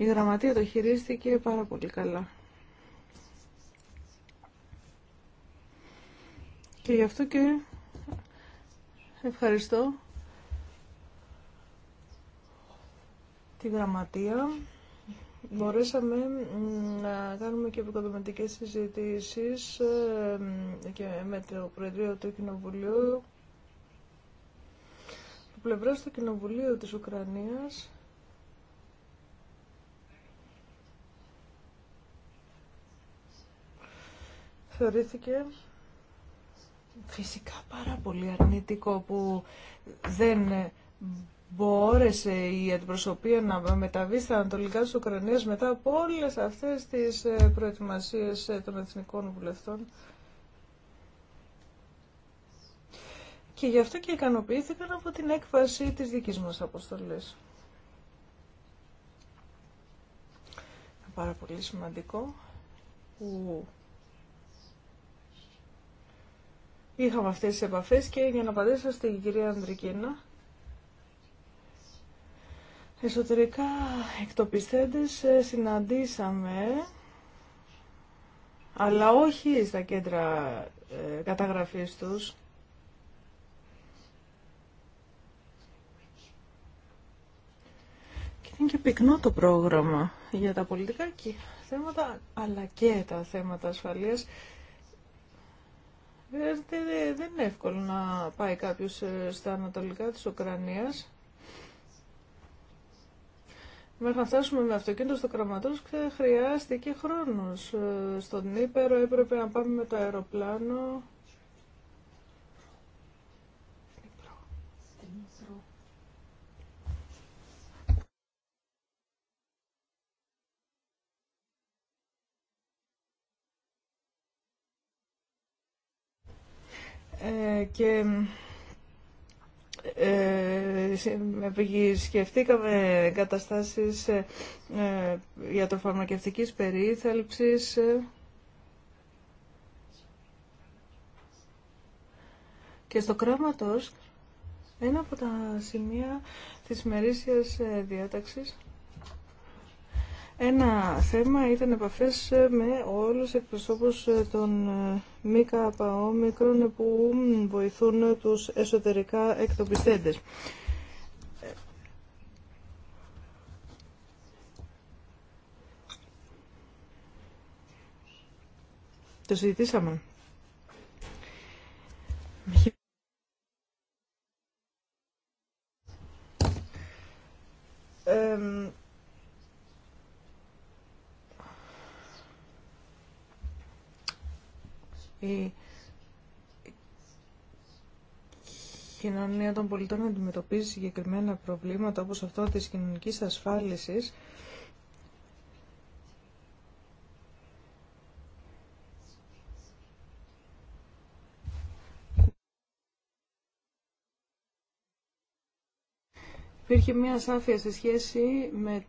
Η γραμματεία το χειρίστηκε πάρα πολύ καλά. Και γι' αυτό και ευχαριστώ τη γραμματεία. Μπορέσαμε να κάνουμε και επικοδομητικές συζητήσεις ε, και με το Προεδρείο του Κοινοβουλίου. Το πλευρά του Κοινοβουλίου της Ουκρανίας θεωρήθηκε φυσικά πάρα πολύ αρνητικό που δεν μπόρεσε η αντιπροσωπεία να μεταβεί στα ανατολικά της Ουκρανίας μετά από όλες αυτές τις ε, προετοιμασίες ε, των εθνικών βουλευτών. Και γι' αυτό και ικανοποιήθηκαν από την έκφραση της δικής μας αποστολής. Πάρα πολύ σημαντικό που είχαμε αυτές τις επαφές και για να απαντήσω στην κυρία Ανδρικίνα. Εσωτερικά εκτοπιστέντες ε, συναντήσαμε, αλλά όχι στα κέντρα ε, καταγραφής τους. Και είναι και πυκνό το πρόγραμμα για τα πολιτικά θέματα, αλλά και τα θέματα ασφαλείας δεν είναι εύκολο να πάει κάποιος ε, στα ανατολικά της Ουκρανίας. Μέχρι να φτάσουμε με αυτοκίνητο στο κραματός χρειάστηκε χρόνος. Ε, στον Ήπερο έπρεπε να πάμε με το αεροπλάνο. Ε, και ε, σκεφτήκαμε καταστάσεις ε, ε ιατροφαρμακευτικής περίθαλψης ε. και στο κράματος ένα από τα σημεία της μερίσιας διάταξης ένα θέμα ήταν επαφές ε, με όλους εκπροσώπους ε, των ε, ΜΚΑΠΑΟ μικρών που βοηθούν τους εσωτερικά εκτοπιστέντες. Το συζητήσαμε. η κοινωνία των πολιτών αντιμετωπίζει συγκεκριμένα προβλήματα όπως αυτό της κοινωνικής ασφάλισης Υπήρχε μια σάφια σε σχέση με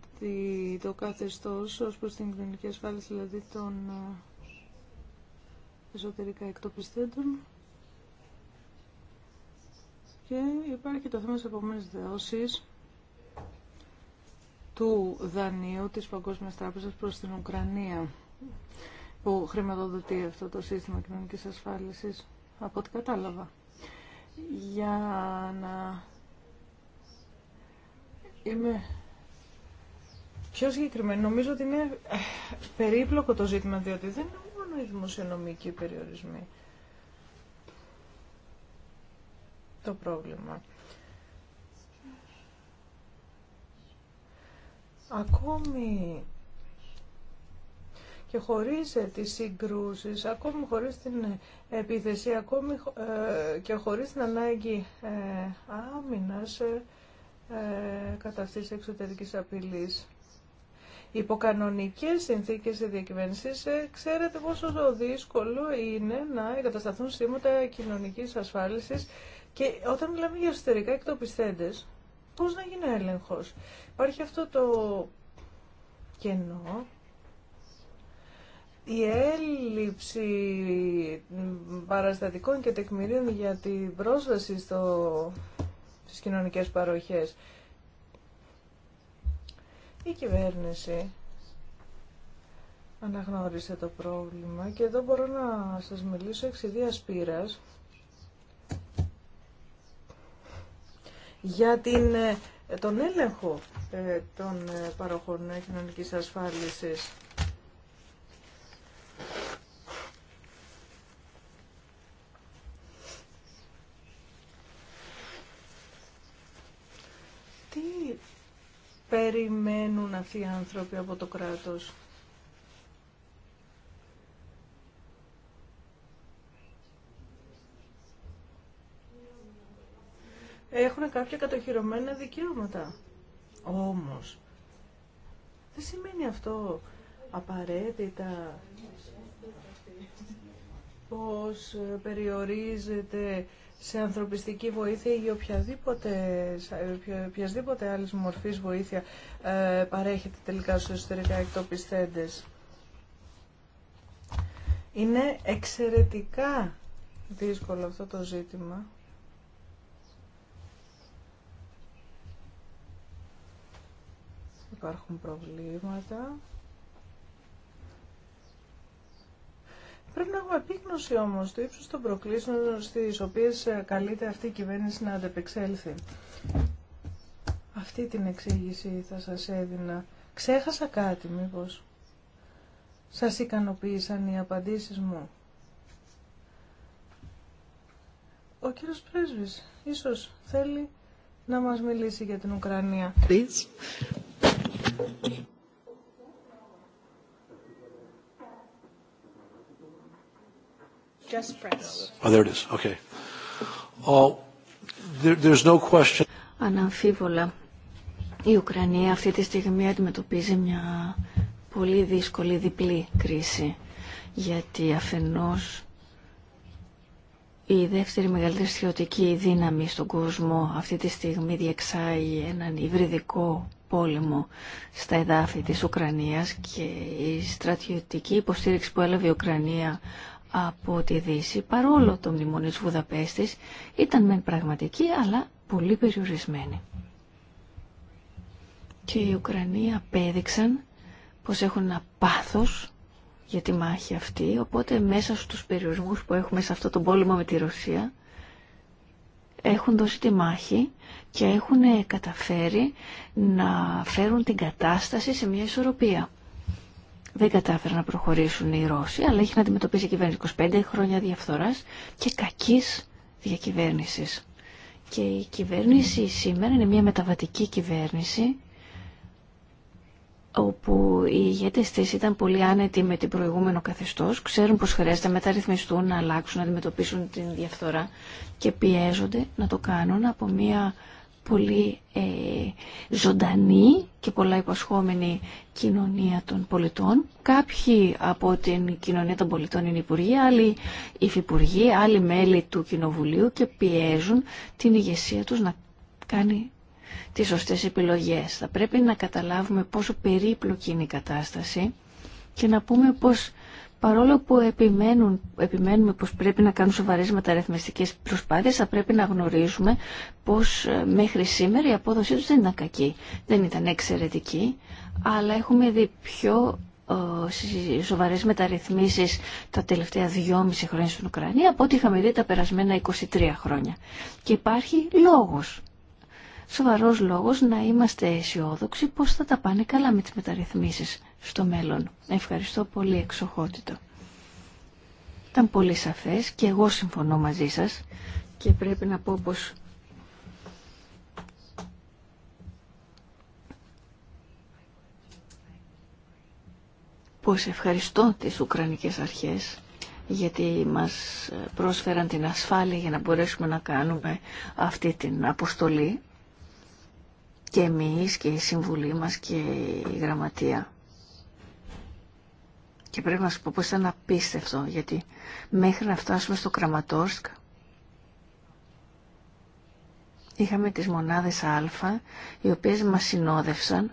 το καθεστώς ως προς την κοινωνική ασφάλιση δηλαδή των ε, εσωτερικά εκτοπιστέντων. Και υπάρχει το θέμα της επόμενης δεώσης του δανείου της Παγκόσμιας Τράπεζας προς την Ουκρανία που χρηματοδοτεί αυτό το σύστημα κοινωνικής ασφάλισης από ό,τι κατάλαβα. Για να είμαι πιο συγκεκριμένη, νομίζω ότι είναι ε, περίπλοκο το ζήτημα διότι δεν μόνο οι δημοσιονομικοί περιορισμοί το πρόβλημα. Ακόμη και χωρίς ε, τις συγκρούσεις, ακόμη χωρίς την επίθεση, ακόμη ε, και χωρίς την ανάγκη ε, άμυνας ε, ε κατά αυτής εξωτερικής απειλής υποκανονικές συνθήκες διακυβέρνησης, ε, ξέρετε πόσο δύσκολο είναι να εγκατασταθούν σήματα κοινωνικής ασφάλισης και όταν μιλάμε για εσωτερικά εκτοπιστέντες, πώς να γίνει έλεγχος. Υπάρχει αυτό το κενό η έλλειψη παραστατικών και τεκμηρίων για την πρόσβαση στο, στις κοινωνικές παροχές. Η κυβέρνηση αναγνώρισε το πρόβλημα και εδώ μπορώ να σας μιλήσω εξ για την, ε, τον έλεγχο ε, των ε, παροχών κοινωνικής ασφάλισης. περιμένουν αυτοί οι άνθρωποι από το κράτος. Έχουν κάποια κατοχυρωμένα δικαιώματα. Όμως, δεν σημαίνει αυτό απαραίτητα πως ε, περιορίζεται σε ανθρωπιστική βοήθεια ή οποιαδήποτε, ε, οποιασδήποτε άλλη μορφής βοήθεια ε, παρέχεται τελικά στους εσωτερικά εκτοπιστέντες. Είναι εξαιρετικά δύσκολο αυτό το ζήτημα. Υπάρχουν προβλήματα. Πρέπει να έχουμε επίγνωση όμως του ύψους των προκλήσεων στις οποίες ε, καλείται αυτή η κυβέρνηση να αντεπεξέλθει. Αυτή την εξήγηση θα σας έδινα. Ξέχασα κάτι μήπως. Σας ικανοποίησαν οι απαντήσεις μου. Ο κύριος Πρέσβης ίσως θέλει να μας μιλήσει για την Ουκρανία. Please. Just press. Αναμφίβολα, η Ουκρανία αυτή τη στιγμή αντιμετωπίζει μια πολύ δύσκολη διπλή κρίση, γιατί αφενός η δεύτερη μεγαλύτερη στρατιωτική δύναμη στον κόσμο αυτή τη στιγμή διεξάγει έναν υβριδικό πόλεμο στα εδάφη της Ουκρανίας και η στρατιωτική υποστήριξη που έλαβε η Ουκρανία από τη Δύση, παρόλο το μνημονίο της Βουδαπέστης, ήταν μεν πραγματική, αλλά πολύ περιορισμένη. Και οι Ουκρανοί απέδειξαν πως έχουν ένα πάθος για τη μάχη αυτή, οπότε μέσα στους περιορισμούς που έχουμε σε αυτό το πόλεμο με τη Ρωσία, έχουν δώσει τη μάχη και έχουν καταφέρει να φέρουν την κατάσταση σε μια ισορροπία δεν κατάφεραν να προχωρήσουν οι Ρώσοι, αλλά είχε να αντιμετωπίσει η κυβέρνηση 25 χρόνια διαφθοράς και κακής διακυβέρνησης. Και η κυβέρνηση σήμερα είναι μια μεταβατική κυβέρνηση όπου οι ηγέτες της ήταν πολύ άνετοι με την προηγούμενο καθεστώς, ξέρουν πως χρειάζεται να μεταρρυθμιστούν, να αλλάξουν, να αντιμετωπίσουν την διαφθορά και πιέζονται να το κάνουν από μια πολύ ε, ζωντανή και πολλά υποσχόμενη κοινωνία των πολιτών. Κάποιοι από την κοινωνία των πολιτών είναι υπουργοί, άλλοι υφυπουργοί, άλλοι μέλη του Κοινοβουλίου και πιέζουν την ηγεσία τους να κάνει τις σωστές επιλογές. Θα πρέπει να καταλάβουμε πόσο περίπλοκη είναι η κατάσταση και να πούμε πως Παρόλο που επιμένουν, επιμένουμε πως πρέπει να κάνουν σοβαρές μεταρρυθμιστικές προσπάθειες, θα πρέπει να γνωρίζουμε πως ε, μέχρι σήμερα η απόδοσή τους δεν ήταν κακή. Δεν ήταν εξαιρετική, αλλά έχουμε δει πιο ε, σοβαρές μεταρρυθμίσεις τα τελευταία 2,5 χρόνια στην Ουκρανία από ό,τι είχαμε δει τα περασμένα 23 χρόνια. Και υπάρχει λόγος σοβαρός λόγος να είμαστε αισιόδοξοι πως θα τα πάνε καλά με τις μεταρρυθμίσεις στο μέλλον. Ευχαριστώ πολύ εξοχότητα. Ήταν πολύ σαφές και εγώ συμφωνώ μαζί σας και πρέπει να πω πως πως ευχαριστώ τις Ουκρανικές αρχές γιατί μας πρόσφεραν την ασφάλεια για να μπορέσουμε να κάνουμε αυτή την αποστολή και εμείς και η Συμβουλή μας και η Γραμματεία. Και πρέπει να σου πω πως ήταν απίστευτο, γιατί μέχρι να φτάσουμε στο Κραματόρσκ είχαμε τις μονάδες Α, οι οποίες μας συνόδευσαν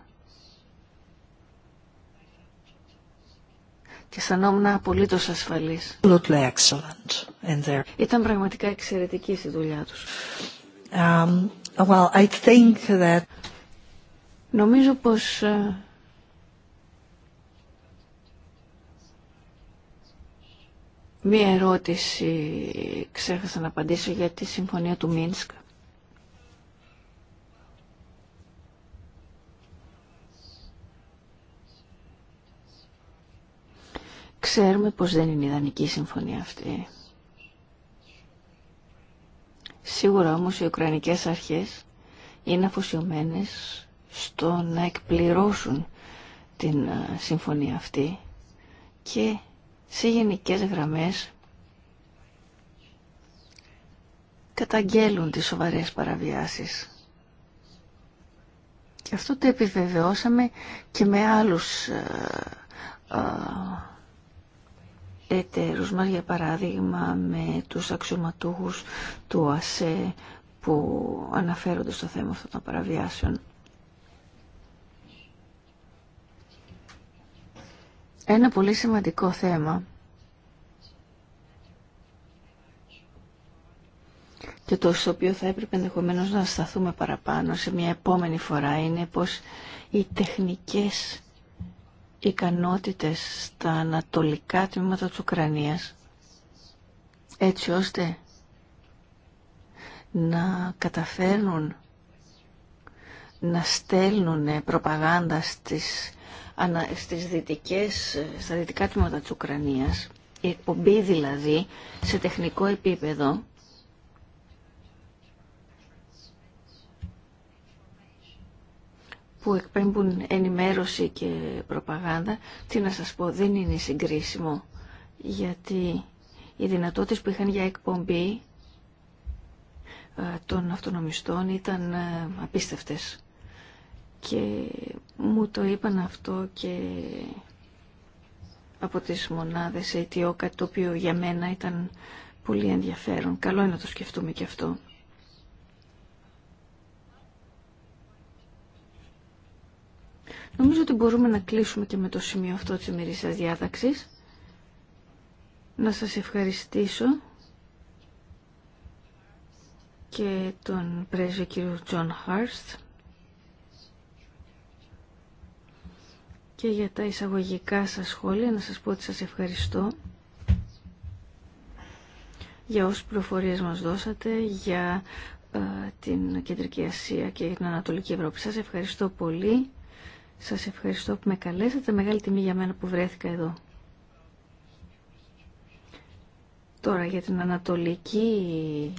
και αισθανόμουν απολύτως ασφαλής. Ήταν πραγματικά εξαιρετική στη δουλειά τους. Um, Νομίζω πως ε, Μία ερώτηση ξέχασα να απαντήσω για τη συμφωνία του Μίνσκ. Ξέρουμε πως δεν είναι ιδανική η συμφωνία αυτή. Σίγουρα όμως οι Ουκρανικές αρχές είναι αφοσιωμένες στο να εκπληρώσουν την ε, συμφωνία αυτή και σε γενικέ γραμμές καταγγέλουν τις σοβαρές παραβιάσεις. Και αυτό το επιβεβαιώσαμε και με άλλους ε, ε, εταίρους μας, για παράδειγμα με τους αξιωματούχους του ΑΣΕ που αναφέρονται στο θέμα αυτών των παραβιάσεων. ένα πολύ σημαντικό θέμα και το στο οποίο θα έπρεπε ενδεχομένω να σταθούμε παραπάνω σε μια επόμενη φορά είναι πως οι τεχνικές ικανότητες στα ανατολικά τμήματα της Ουκρανίας έτσι ώστε να καταφέρνουν να στέλνουν προπαγάνδα στις στις δυτικές, στα δυτικά τμήματα της Ουκρανίας, η εκπομπή δηλαδή σε τεχνικό επίπεδο που εκπέμπουν ενημέρωση και προπαγάνδα, τι να σας πω, δεν είναι συγκρίσιμο, γιατί οι δυνατότητες που είχαν για εκπομπή ε, των αυτονομιστών ήταν ε, απίστευτες και μου το είπαν αυτό και από τις μονάδες αιτιό, το οποίο για μένα ήταν πολύ ενδιαφέρον. Καλό είναι να το σκεφτούμε και αυτό. Νομίζω ότι μπορούμε να κλείσουμε και με το σημείο αυτό της ημερήσιας διάταξης. Να σας ευχαριστήσω και τον πρέσβη κύριο Τζον Χάρστ. και για τα εισαγωγικά σας σχόλια. Να σας πω ότι σας ευχαριστώ για όσες προφορίες μας δώσατε, για ε, την Κεντρική Ασία και την Ανατολική Ευρώπη. Σας ευχαριστώ πολύ. Σας ευχαριστώ που με καλέσατε. Μεγάλη τιμή για μένα που βρέθηκα εδώ. Τώρα για την Ανατολική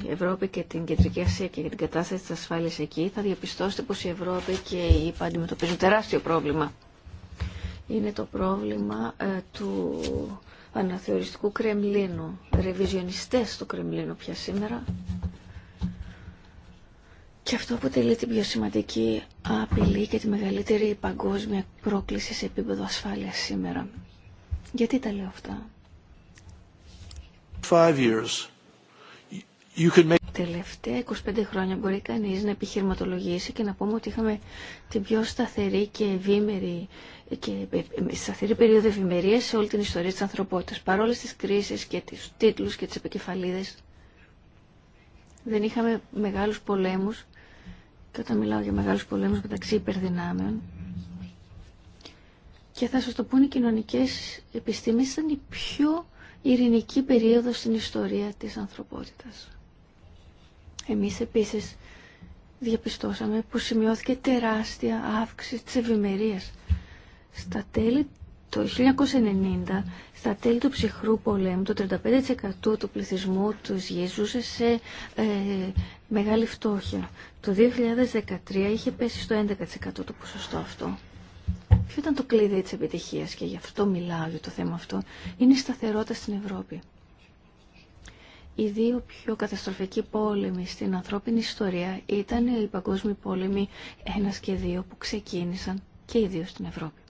Ευρώπη και την Κεντρική Ασία και για την κατάσταση της ασφάλειας εκεί θα διαπιστώσετε πως η Ευρώπη και η ΕΠΑ αντιμετωπίζουν τεράστιο πρόβλημα είναι το πρόβλημα ε, του αναθεωριστικού Κρεμλίνου, ρεβιζιονιστές του Κρεμλίνου πια σήμερα. Και αυτό αποτελεί την πιο σημαντική απειλή και τη μεγαλύτερη παγκόσμια πρόκληση σε επίπεδο ασφάλειας σήμερα. Γιατί τα λέω αυτά. Τελευταία 25 χρόνια μπορεί κανείς να επιχειρηματολογήσει και να πούμε ότι είχαμε την πιο σταθερή και ευήμερη και σταθερή περίοδο ευημερία σε όλη την ιστορία της ανθρωπότητας. Παρόλε τις κρίσεις και τις τίτλους και τις επικεφαλίδες δεν είχαμε μεγάλους πολέμους και όταν μιλάω για μεγάλους πολέμους μεταξύ υπερδυνάμεων και θα σας το πούνε οι κοινωνικές επιστήμες ήταν η πιο ειρηνική περίοδο στην ιστορία της ανθρωπότητας. Εμείς επίσης διαπιστώσαμε που σημειώθηκε τεράστια αύξηση της ευημερία. Στα τέλη το 1990, στα τέλη του ψυχρού πολέμου, το 35% του πληθυσμού της γης ζούσε σε ε, μεγάλη φτώχεια. Το 2013 είχε πέσει στο 11% το ποσοστό αυτό. Ποιο ήταν το κλειδί της επιτυχίας και γι' αυτό μιλάω για το θέμα αυτό, είναι η σταθερότητα στην Ευρώπη. Οι δύο πιο καταστροφικοί πόλεμοι στην ανθρώπινη ιστορία ήταν οι παγκόσμιοι πόλεμοι 1 και δύο που ξεκίνησαν και οι δύο στην Ευρώπη.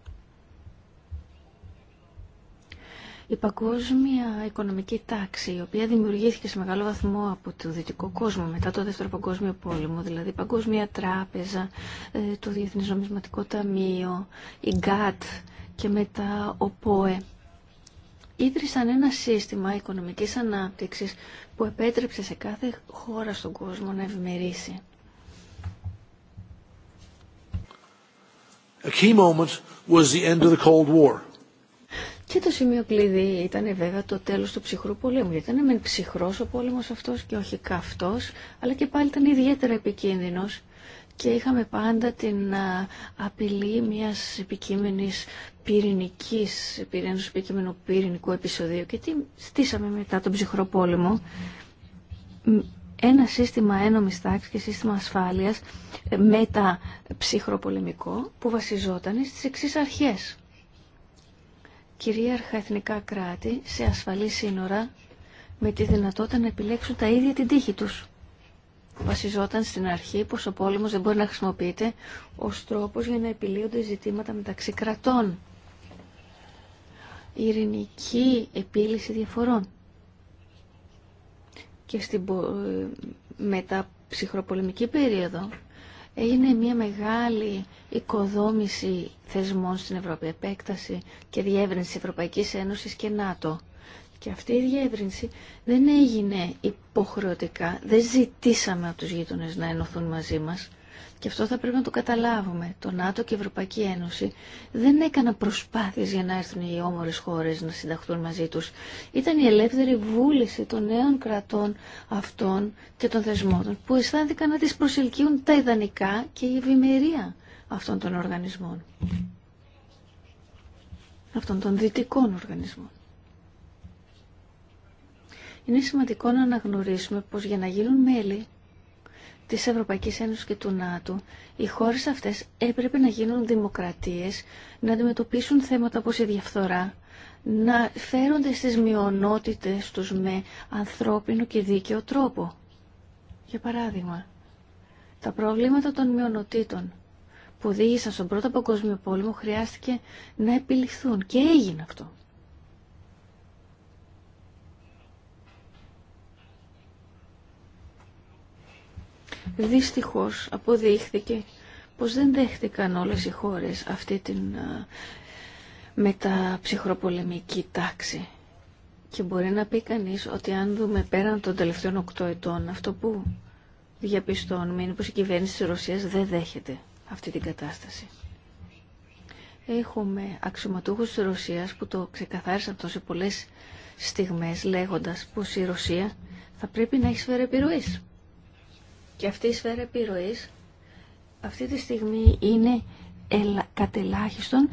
Η παγκόσμια οικονομική τάξη, η οποία δημιουργήθηκε σε μεγάλο βαθμό από το δυτικό κόσμο μετά το Δεύτερο Παγκόσμιο Πόλεμο, δηλαδή η Παγκόσμια Τράπεζα, ε, το Διεθνές Νομισματικό Ταμείο, η ΓΚΑΤ και μετά ο ΠΟΕ, ίδρυσαν ένα σύστημα οικονομικής ανάπτυξης που επέτρεψε σε κάθε χώρα στον κόσμο να ευημερήσει. key moment was the end of the Cold War. Και το σημείο κλειδί ήταν βέβαια το τέλος του ψυχρού πολέμου. Γιατί ήταν μεν ψυχρός ο πόλεμος αυτός και όχι καυτός, αλλά και πάλι ήταν ιδιαίτερα επικίνδυνος και είχαμε πάντα την απειλή μιας επικείμενης πυρηνικής, ενός επικείμενου πυρηνικού επεισοδίου και τι στήσαμε μετά τον ψυχρό πόλεμο ένα σύστημα ένομης τάξης και σύστημα ασφάλειας ε, μετα τον ψυχρο ενα συστημα ενομης ταξης και συστημα ασφαλειας μετα ψυχροπολεμικο που βασιζόταν στις εξής αρχές. Κυρίαρχα εθνικά κράτη σε ασφαλή σύνορα με τη δυνατότητα να επιλέξουν τα ίδια την τύχη τους βασιζόταν στην αρχή πως ο πόλεμος δεν μπορεί να χρησιμοποιείται ως τρόπος για να επιλύονται ζητήματα μεταξύ κρατών. Η ειρηνική επίλυση διαφορών. Και στην ψυχροπολεμική περίοδο έγινε μια μεγάλη οικοδόμηση θεσμών στην Ευρώπη, επέκταση και διεύρυνση Ευρωπαϊκής Ένωσης και ΝΑΤΟ. Και αυτή η διεύρυνση δεν έγινε υποχρεωτικά, δεν ζητήσαμε από τους γείτονες να ενωθούν μαζί μας. Και αυτό θα πρέπει να το καταλάβουμε. Το ΝΑΤΟ και η Ευρωπαϊκή Ένωση δεν έκαναν προσπάθειες για να έρθουν οι όμορες χώρες να συνταχθούν μαζί τους. Ήταν η ελεύθερη βούληση των νέων κρατών αυτών και των θεσμών που αισθάνθηκαν να τις προσελκύουν τα ιδανικά και η ευημερία αυτών των οργανισμών. Αυτών των δυτικών οργανισμών είναι σημαντικό να αναγνωρίσουμε πως για να γίνουν μέλη της Ευρωπαϊκής Ένωσης και του ΝΑΤΟ, οι χώρες αυτές έπρεπε να γίνουν δημοκρατίες, να αντιμετωπίσουν θέματα όπως η διαφθορά, να φέρονται στις μειονότητες τους με ανθρώπινο και δίκαιο τρόπο. Για παράδειγμα, τα προβλήματα των μειονοτήτων που οδήγησαν στον Πρώτο Παγκόσμιο Πόλεμο χρειάστηκε να επιληφθούν και έγινε αυτό. δυστυχώς αποδείχθηκε πως δεν δέχτηκαν όλες οι χώρες αυτή την μεταψυχροπολεμική τάξη. Και μπορεί να πει κανείς ότι αν δούμε πέραν των τελευταίων οκτώ ετών αυτό που διαπιστώνουμε είναι πως η κυβέρνηση της Ρωσίας δεν δέχεται αυτή την κατάσταση. Έχουμε αξιωματούχους της Ρωσίας που το ξεκαθάρισαν τόσο πολλές στιγμές λέγοντας πως η Ρωσία θα πρέπει να έχει σφαίρα επιρροής. Και αυτή η σφαίρα επιρροής αυτή τη στιγμή είναι κατελάχιστον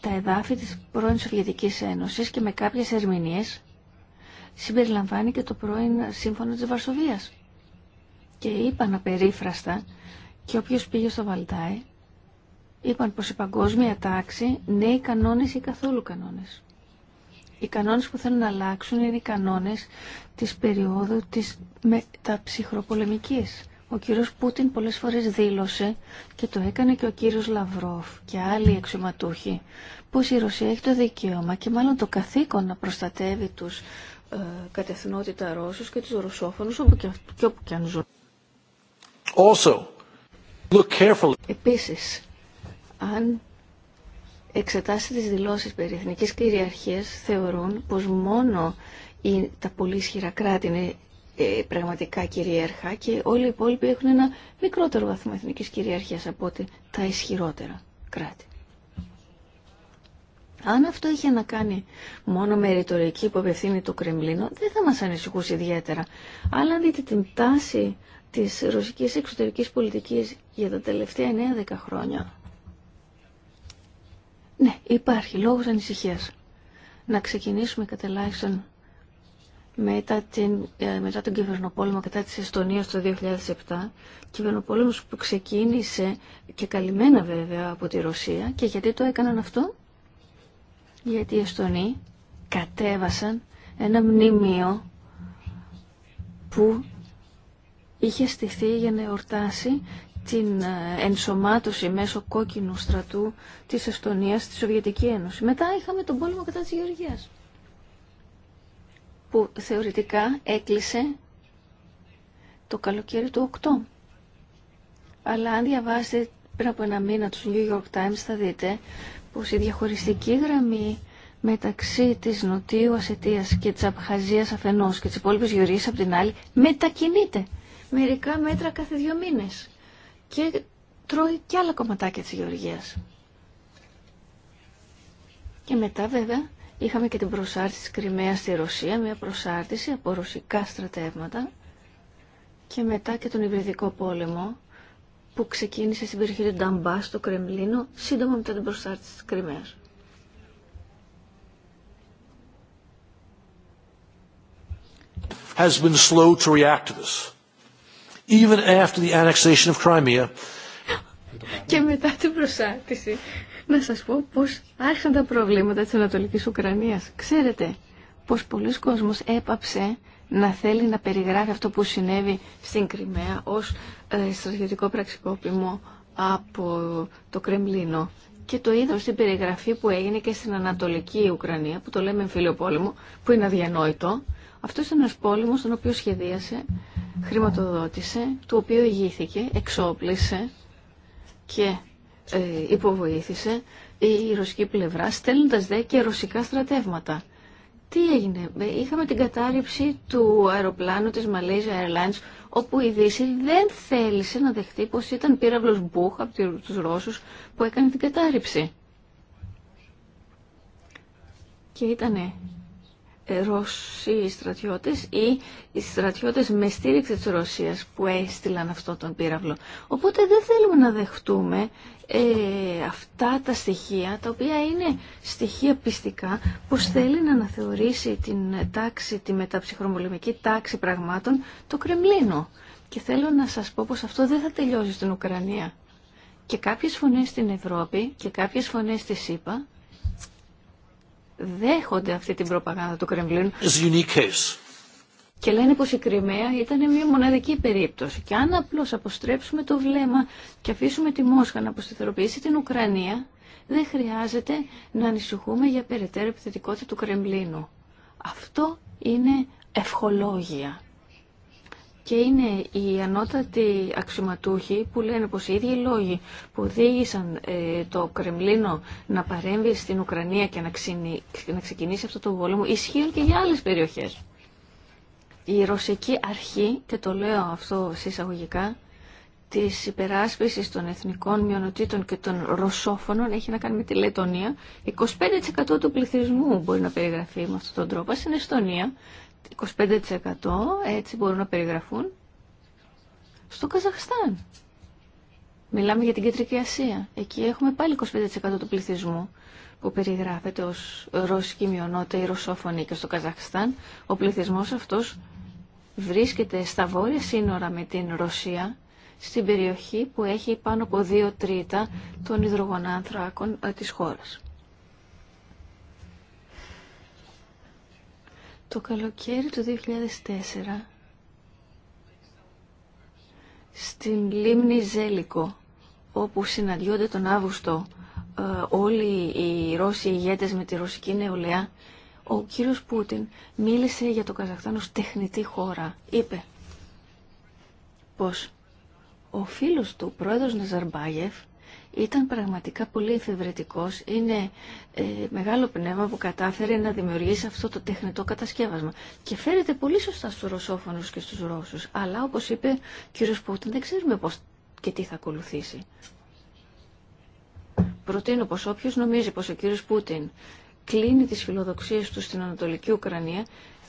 τα εδάφη της πρώην Σοβιετικής Ένωσης και με κάποιες ερμηνείες συμπεριλαμβάνει και το πρώην σύμφωνο της Βαρσοβίας. Και είπαν απερίφραστα και όποιος πήγε στο Βαλτάι είπαν πως η παγκόσμια τάξη νέοι κανόνες ή καθόλου κανόνες. Οι κανόνες που θέλουν να αλλάξουν είναι οι κανόνες της περίοδου της μεταψυχροπολεμικής. Ο κύριος Πούτιν πολλές φορές δήλωσε και το έκανε και ο κύριος Λαυρόφ και άλλοι εξωματούχοι πως η Ρωσία έχει το δικαίωμα και μάλλον το καθήκον να προστατεύει τους ε, κατευθυνότητα Ρώσους και τους Ρωσόφωνους όπου και, όπου και αν ζουν. Also, look carefully. Επίσης, αν εξετάσει τις δηλώσεις περί εθνικής κυριαρχίας θεωρούν πως μόνο τα πολύ ισχυρά κράτη είναι ε, πραγματικά κυρίαρχα και όλοι οι υπόλοιποι έχουν ένα μικρότερο βαθμό εθνικής κυριαρχίας από ότι τα ισχυρότερα κράτη. Αν αυτό είχε να κάνει μόνο με ρητορική που απευθύνει το Κρεμλίνο, δεν θα μας ανησυχούσε ιδιαίτερα. Αλλά αν δείτε την τάση της ρωσικής εξωτερικής πολιτικής για τα τελευταία 9-10 χρόνια, ναι, υπάρχει λόγος ανησυχίας. Να ξεκινήσουμε κατελάχιστον μετά, την, ε, μετά τον κυβερνοπόλεμο κατά της Εστονίας το 2007, κυβερνοπόλεμος που ξεκίνησε και καλυμμένα βέβαια από τη Ρωσία. Και γιατί το έκαναν αυτό? Γιατί οι Εστονοί κατέβασαν ένα μνημείο που είχε στηθεί για να εορτάσει την ε, ενσωμάτωση μέσω κόκκινου στρατού της Εστονίας στη Σοβιετική Ένωση. Μετά είχαμε τον πόλεμο κατά της Γεωργίας, που θεωρητικά έκλεισε το καλοκαίρι του 8. Αλλά αν διαβάσετε πριν από ένα μήνα του New York Times θα δείτε πως η διαχωριστική γραμμή μεταξύ της Νοτιού Ασετίας και της Απχαζίας αφενός και της υπόλοιπης Γεωργίας από την άλλη μετακινείται μερικά μέτρα κάθε δύο μήνες και τρώει και άλλα κομματάκια της γεωργίας. Και μετά βέβαια είχαμε και την προσάρτηση της Κρυμαίας στη Ρωσία, μια προσάρτηση από ρωσικά στρατεύματα και μετά και τον Ιβριδικό πόλεμο που ξεκίνησε στην περιοχή του Νταμπά στο Κρεμλίνο σύντομα μετά την προσάρτηση της Κρυμαίας. Has been slow to react to this even after the annexation of Crimea. Και μετά την προσάρτηση, να σας πω πως άρχισαν τα προβλήματα της Ανατολικής Ουκρανίας. Ξέρετε πως πολλοί κόσμος έπαψε να θέλει να περιγράφει αυτό που συνέβη στην Κρυμαία ως ε, στρατιωτικό πραξικόπημο από το Κρεμλίνο. Και το είδαμε στην περιγραφή που έγινε και στην Ανατολική Ουκρανία, που το λέμε εμφύλιο πόλεμο, που είναι αδιανόητο. Αυτό ήταν ένα πόλεμο, τον οποίο σχεδίασε χρηματοδότησε, του οποίου ηγήθηκε, εξόπλησε και ε, υποβοήθησε η ρωσική πλευρά στέλνοντας δε και ρωσικά στρατεύματα. Τι έγινε, ε, είχαμε την κατάρριψη του αεροπλάνου της Malaysia Airlines όπου η Δύση δεν θέλησε να δεχτεί πως ήταν πύραυλος Μπούχ από τους Ρώσους που έκανε την κατάρριψη. Και ήτανε Ρωσοί στρατιώτες ή οι στρατιώτες με στήριξη της Ρωσίας που έστειλαν αυτό τον πύραυλο. Οπότε δεν θέλουμε να δεχτούμε ε, αυτά τα στοιχεία, τα οποία είναι στοιχεία πιστικά, πως θέλει να αναθεωρήσει την τάξη, τη μεταψυχρομολυμική τάξη πραγμάτων, το Κρεμλίνο. Και θέλω να σας πω πως αυτό δεν θα τελειώσει στην Ουκρανία. Και κάποιες φωνές στην Ευρώπη και κάποιες φωνές στη ΣΥΠΑ δέχονται αυτή την προπαγάνδα του Κρεμλίνου. Και λένε πως η Κρυμαία ήταν μια μοναδική περίπτωση. Και αν απλώς αποστρέψουμε το βλέμμα και αφήσουμε τη Μόσχα να αποστηθεροποιήσει την Ουκρανία, δεν χρειάζεται να ανησυχούμε για περαιτέρω επιθετικότητα του Κρεμλίνου. Αυτό είναι ευχολόγια και είναι οι ανώτατοι αξιωματούχοι που λένε πως οι ίδιοι λόγοι που οδήγησαν ε, το Κρεμλίνο να παρέμβει στην Ουκρανία και να ξεκινήσει αυτό το πόλεμο ισχύουν και για άλλες περιοχές. Η ρωσική αρχή, και το λέω αυτό συσσαγωγικά, της υπεράσπισης των εθνικών μειονοτήτων και των ρωσόφωνων έχει να κάνει με τη Λετωνία. 25% του πληθυσμού μπορεί να περιγραφεί με αυτόν τον τρόπο. Στην Εστονία 25% έτσι μπορούν να περιγραφούν στο Καζαχστάν. Μιλάμε για την Κεντρική Ασία. Εκεί έχουμε πάλι 25% του πληθυσμού που περιγράφεται ως ρώσικη μειονότητα ή ρωσόφωνη και στο Καζαχστάν. Ο πληθυσμός αυτός βρίσκεται στα βόρεια σύνορα με την Ρωσία, στην περιοχή που έχει πάνω από από τρίτα των υδρογονάνθρακων ε, της χώρας. Το καλοκαίρι του 2004 στην λίμνη Ζέλικο όπου συναντιόνται τον Αύγουστο ε, όλοι οι Ρώσοι ηγέτες με τη ρωσική νεολαία ο κύριος Πούτιν μίλησε για το Καζαχστάν ως τεχνητή χώρα. Είπε πως ο φίλος του πρόεδρος Ναζαρμπάγεφ ήταν πραγματικά πολύ εφευρετικός. Είναι ε, μεγάλο πνεύμα που κατάφερε να δημιουργήσει αυτό το τεχνητό κατασκεύασμα. Και φέρεται πολύ σωστά στους Ρωσόφωνους και στους Ρώσους. Αλλά όπως είπε ο κύριος Πούτιν δεν ξέρουμε πώς και τι θα ακολουθήσει. Προτείνω πως όποιος νομίζει πως ο κύριος Πούτιν κλείνει τις φιλοδοξίες του στην Ανατολική Ουκρανία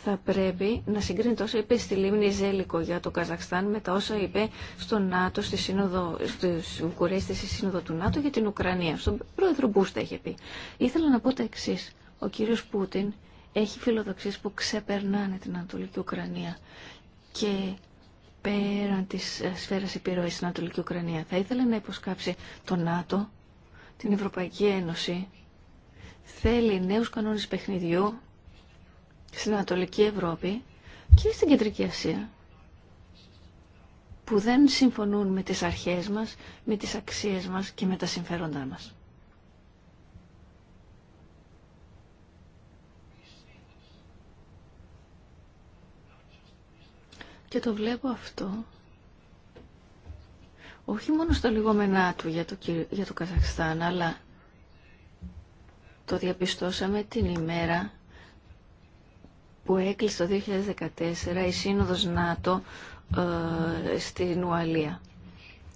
θα πρέπει να συγκρίνει τόσο είπε στη Λίμνη Ζέλικο για το Καζακστάν με τα όσα είπε στο ΝΑΤΟ, στη Σύνοδο, Σύνοδο του ΝΑΤΟ για την Ουκρανία. Στον πρόεδρο Μπούστα είχε πει. Ήθελα να πω τα εξή. Ο κύριος Πούτιν έχει φιλοδοξίες που ξεπερνάνε την Ανατολική Ουκρανία και πέραν της ε, σφαίρας επιρροής στην Ανατολική Ουκρανία. Θα ήθελε να υποσκάψει το ΝΑΤΟ, την Ευρωπαϊκή Ένωση, θέλει νέους κανόνες παιχνιδιού στην Ανατολική Ευρώπη και στην Κεντρική Ασία που δεν συμφωνούν με τις αρχές μας, με τις αξίες μας και με τα συμφέροντά μας. Και το βλέπω αυτό όχι μόνο στα λιγόμενά του για το, για το Καζακστάν, αλλά το διαπιστώσαμε την ημέρα που έκλεισε το 2014 η Σύνοδος ΝΑΤΟ ε, στην Ουαλία.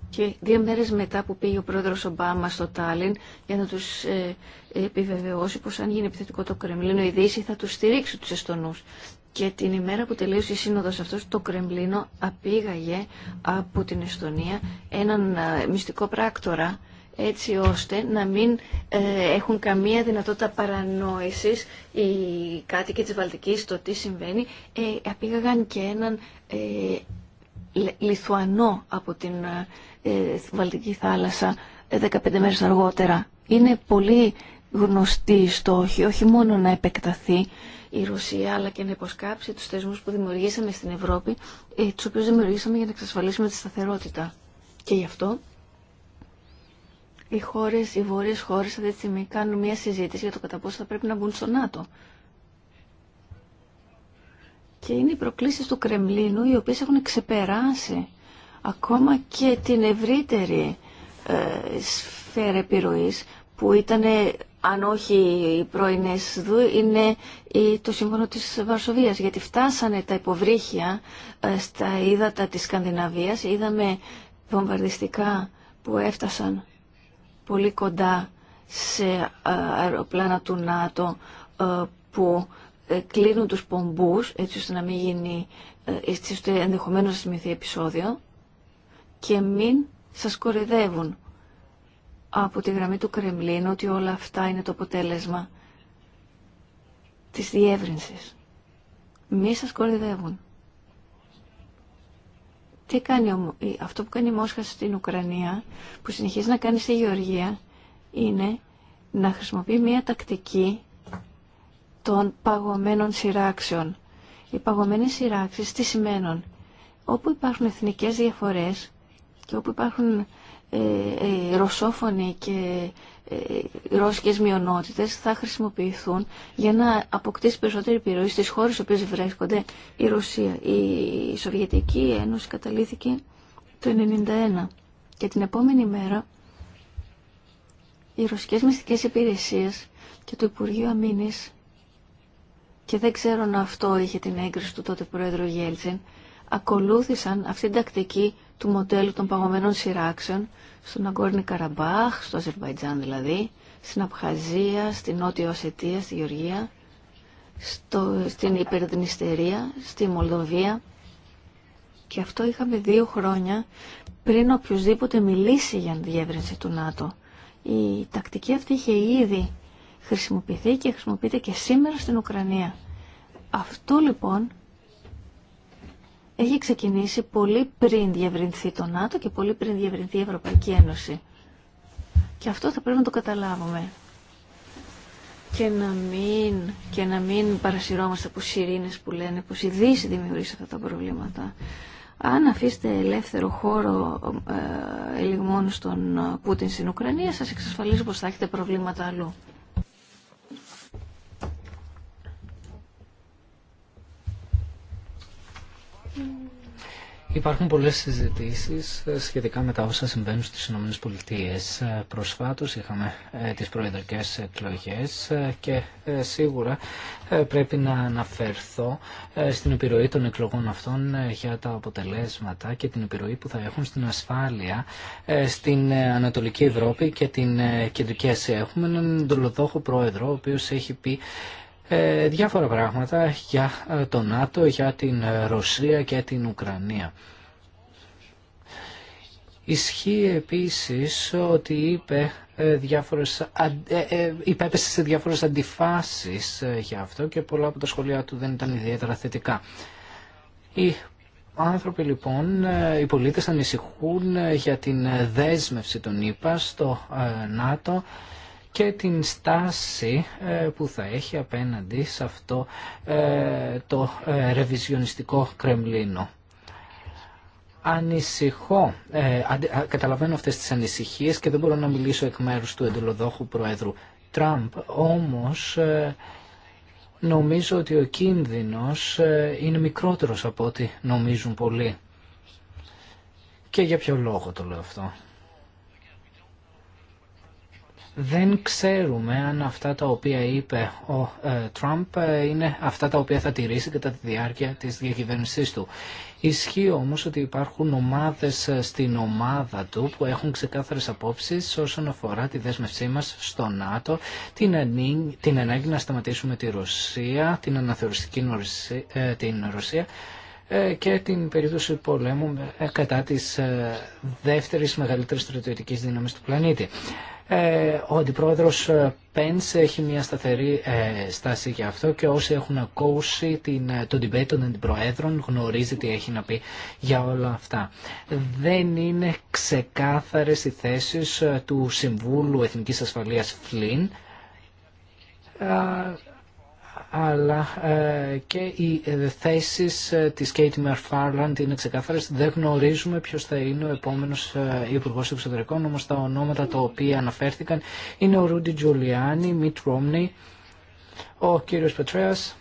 Και δύο μέρες μετά που πήγε ο πρόεδρος Ομπάμα στο Τάλιν για να τους ε, επιβεβαιώσει πως αν γίνει επιθετικό το Κρεμλίνο η Δύση θα τους στηρίξει τους Εστονούς. Και την ημέρα που τελείωσε η σύνοδος αυτός, το Κρεμλίνο απήγαγε από την Εστονία έναν ε, μυστικό πράκτορα έτσι ώστε να μην ε, έχουν καμία δυνατότητα παρανόησης οι κάτοικοι της Βαλτικής στο τι συμβαίνει. Ε, απήγαγαν και έναν ε, Λιθουανό από την ε, Βαλτική θάλασσα 15 μέρες αργότερα. Είναι πολύ γνωστή η στόχη, όχι μόνο να επεκταθεί η Ρωσία, αλλά και να υποσκάψει τους θεσμούς που δημιουργήσαμε στην Ευρώπη, τους οποίους δημιουργήσαμε για να εξασφαλίσουμε τη σταθερότητα. Και γι' αυτό οι χώρες, οι βόρειε χώρες αυτή τη στιγμή κάνουν μια συζήτηση για το κατά πόσο θα πρέπει να μπουν στο ΝΑΤΟ. Και είναι οι προκλήσει του Κρεμλίνου οι οποίες έχουν ξεπεράσει ακόμα και την ευρύτερη ε, σφαίρα επιρροή που ήταν, αν όχι οι πρωινέ, είναι το σύμφωνο της Βαρσοβίας, γιατί φτάσανε τα υποβρύχια ε, στα ύδατα της Σκανδιναβίας, είδαμε βομβαρδιστικά που έφτασαν πολύ κοντά σε ε, αεροπλάνα του ΝΑΤΟ ε, που ε, κλείνουν τους πομπούς έτσι ώστε να μην γίνει έτσι ώστε ενδεχομένως να σημειωθεί επεισόδιο και μην σας κορυδεύουν από τη γραμμή του Κρεμλίνου ότι όλα αυτά είναι το αποτέλεσμα της διεύρυνσης. Μη σας κορυδεύουν. Τι κάνει αυτό που κάνει η Μόσχα στην Ουκρανία, που συνεχίζει να κάνει στη Γεωργία, είναι να χρησιμοποιεί μια τακτική των παγωμένων σειράξεων. Οι παγωμένες σειράξεις τι σημαίνουν. Όπου υπάρχουν εθνικές διαφορές και όπου υπάρχουν ε, ε ρωσόφωνοι και ρώσικες μειονότητες θα χρησιμοποιηθούν για να αποκτήσει περισσότερη επιρροή στις χώρες στις οποίες βρέσκονται η Ρωσία. Η Σοβιετική Ένωση καταλήθηκε το 1991 και την επόμενη μέρα οι ρωσικές μυστικές υπηρεσίες και το Υπουργείο Αμήνης και δεν ξέρω αν αυτό είχε την έγκριση του τότε πρόεδρου Γέλτσεν, ακολούθησαν αυτή την τακτική του μοντέλου των παγωμένων σειράξεων στον Αγκόρνη Καραμπάχ, στο Αζερβαϊτζάν δηλαδή, στην Απχαζία, στην Νότια Οσετία, στη Γεωργία, στο, στην Υπερδνηστερία, στη Μολδοβία. Και αυτό είχαμε δύο χρόνια πριν οποιοδήποτε μιλήσει για διεύρυνση του ΝΑΤΟ. Η τακτική αυτή είχε ήδη χρησιμοποιηθεί και χρησιμοποιείται και σήμερα στην Ουκρανία. Αυτό λοιπόν έχει ξεκινήσει πολύ πριν διευρυνθεί το ΝΑΤΟ και πολύ πριν διευρυνθεί η Ευρωπαϊκή Ένωση. Και αυτό θα πρέπει να το καταλάβουμε. Και να μην, και να μην παρασυρώμαστε από σιρήνες που λένε πως η Δύση δημιουργεί αυτά τα προβλήματα. Αν αφήσετε ελεύθερο χώρο ε, ελιγμών στον Πούτιν στην Ουκρανία, σας εξασφαλίζω πως θα έχετε προβλήματα αλλού. Υπάρχουν πολλές συζητήσεις ε, σχετικά με τα όσα συμβαίνουν στις ΗΠΑ. Ε, προσφάτως είχαμε ε, τις προεδρικές εκλογές και σίγουρα πρέπει να αναφερθώ στην επιρροή των εκλογών αυτών για τα αποτελέσματα και την επιρροή που θα έχουν στην ασφάλεια στην Ανατολική Ευρώπη και την Κεντρική Ασία. Έχουμε έναν ντολοδόχο πρόεδρο ο οποίος έχει πει ε, διάφορα πράγματα για ε, το ΝΑΤΟ, για την ε, Ρωσία και την Ουκρανία. Ισχύει επίσης ότι είπε διάφορες, υπέπεσε σε διάφορες αντιφάσεις για αυτό και πολλά από τα σχολεία του δεν ήταν ιδιαίτερα θετικά. Οι άνθρωποι λοιπόν, οι πολίτες ανησυχούν για την δέσμευση των ΙΠΑ στο ΝΑΤΟ και την στάση ε, που θα έχει απέναντι σε αυτό ε, το ε, ρεβιζιονιστικό Κρεμλίνο. Ανησυχώ, καταλαβαίνω αυτές τις ανησυχίες και δεν μπορώ να μιλήσω εκ μέρους του εντελοδόχου Προέδρου Τραμπ, όμως νομίζω ότι ο κίνδυνος είναι μικρότερος από ό,τι νομίζουν πολλοί. Και για ποιο λόγο το λέω αυτό δεν ξέρουμε αν αυτά τα οποία είπε ο ε, Τραμπ ε, είναι αυτά τα οποία θα τηρήσει κατά τη διάρκεια της διακυβέρνησής του. Ισχύει όμως ότι υπάρχουν ομάδες ε, στην ομάδα του που έχουν ξεκάθαρες απόψεις όσον αφορά τη δέσμευσή μας στο ΝΑΤΟ, την, την ανάγκη να σταματήσουμε τη Ρωσία, την αναθεωριστική ε, την Ρωσία ε, και την περίπτωση πολέμου ε, κατά της ε, δεύτερης μεγαλύτερης στρατιωτικής δύναμης του πλανήτη. Ο αντιπρόεδρος Πένς έχει μια σταθερή στάση για αυτό και όσοι έχουν ακούσει την, τον debate των αντιπροέδρων γνωρίζει τι έχει να πει για όλα αυτά. Δεν είναι ξεκάθαρες οι θέσεις του Συμβούλου Εθνικής Ασφαλείας Φλίν αλλά ε, και οι ε, θέσεις ε, της Katie Μερφάρλαντ είναι ξεκάθαρες. Δεν γνωρίζουμε ποιος θα είναι ο επόμενος Υπουργός Εξωτερικών, όμω τα ονόματα τα οποία αναφέρθηκαν είναι ο Ρούντι Τζουλιάνι, Μιτ Ρόμνι, ο κύριος Πετρέας.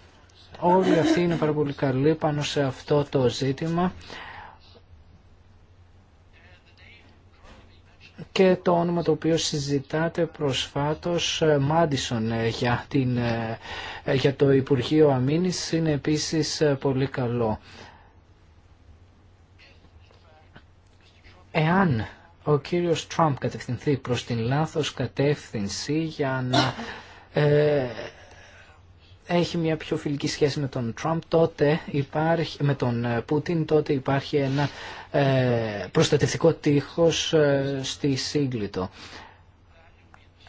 Όλοι αυτοί είναι πάρα πολύ καλοί πάνω σε αυτό το ζήτημα. και το όνομα το οποίο συζητάτε προσφάτως ε, Μάντισον ε, για, την, ε, για το Υπουργείο Αμήνης είναι επίσης πολύ καλό. Εάν ο κύριος Τραμπ κατευθυνθεί προς την λάθος κατεύθυνση για να έχει μια πιο φιλική σχέση με τον Τραμπ, τότε υπάρχει, με τον ε, Πούτιν, τότε υπάρχει ένα ε, προστατευτικό τείχος ε, στη Σύγκλιτο.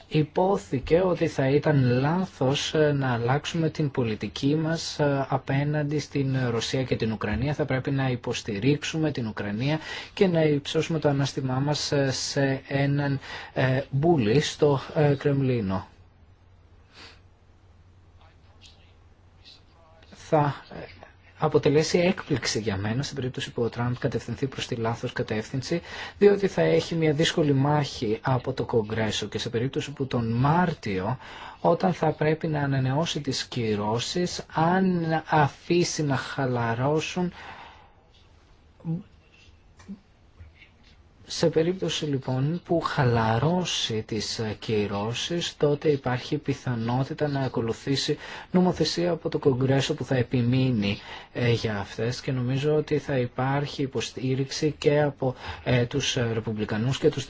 Υπόθηκε ότι θα ήταν λάθος ε, να αλλάξουμε την πολιτική μας απέναντι στην Ρωσία και την Ουκρανία. Θα πρέπει να υποστηρίξουμε την Ουκρανία και να υψώσουμε το ανάστημά μας σε έναν μπούλι στο Κρεμλίνο. θα αποτελέσει έκπληξη για μένα στην περίπτωση που ο Τραμπ κατευθυνθεί προς τη λάθος κατεύθυνση διότι θα έχει μια δύσκολη μάχη από το Κογκρέσο και σε περίπτωση που τον Μάρτιο όταν θα πρέπει να ανανεώσει τις κυρώσεις αν αφήσει να χαλαρώσουν Σε περίπτωση λοιπόν που χαλαρώσει τις κυρώσεις, τότε υπάρχει πιθανότητα να ακολουθήσει νομοθεσία από το Κογκρέσο που θα επιμείνει ε, για αυτές και νομίζω ότι θα υπάρχει υποστήριξη και από ε, τους Ρεπουμπλικανούς και τους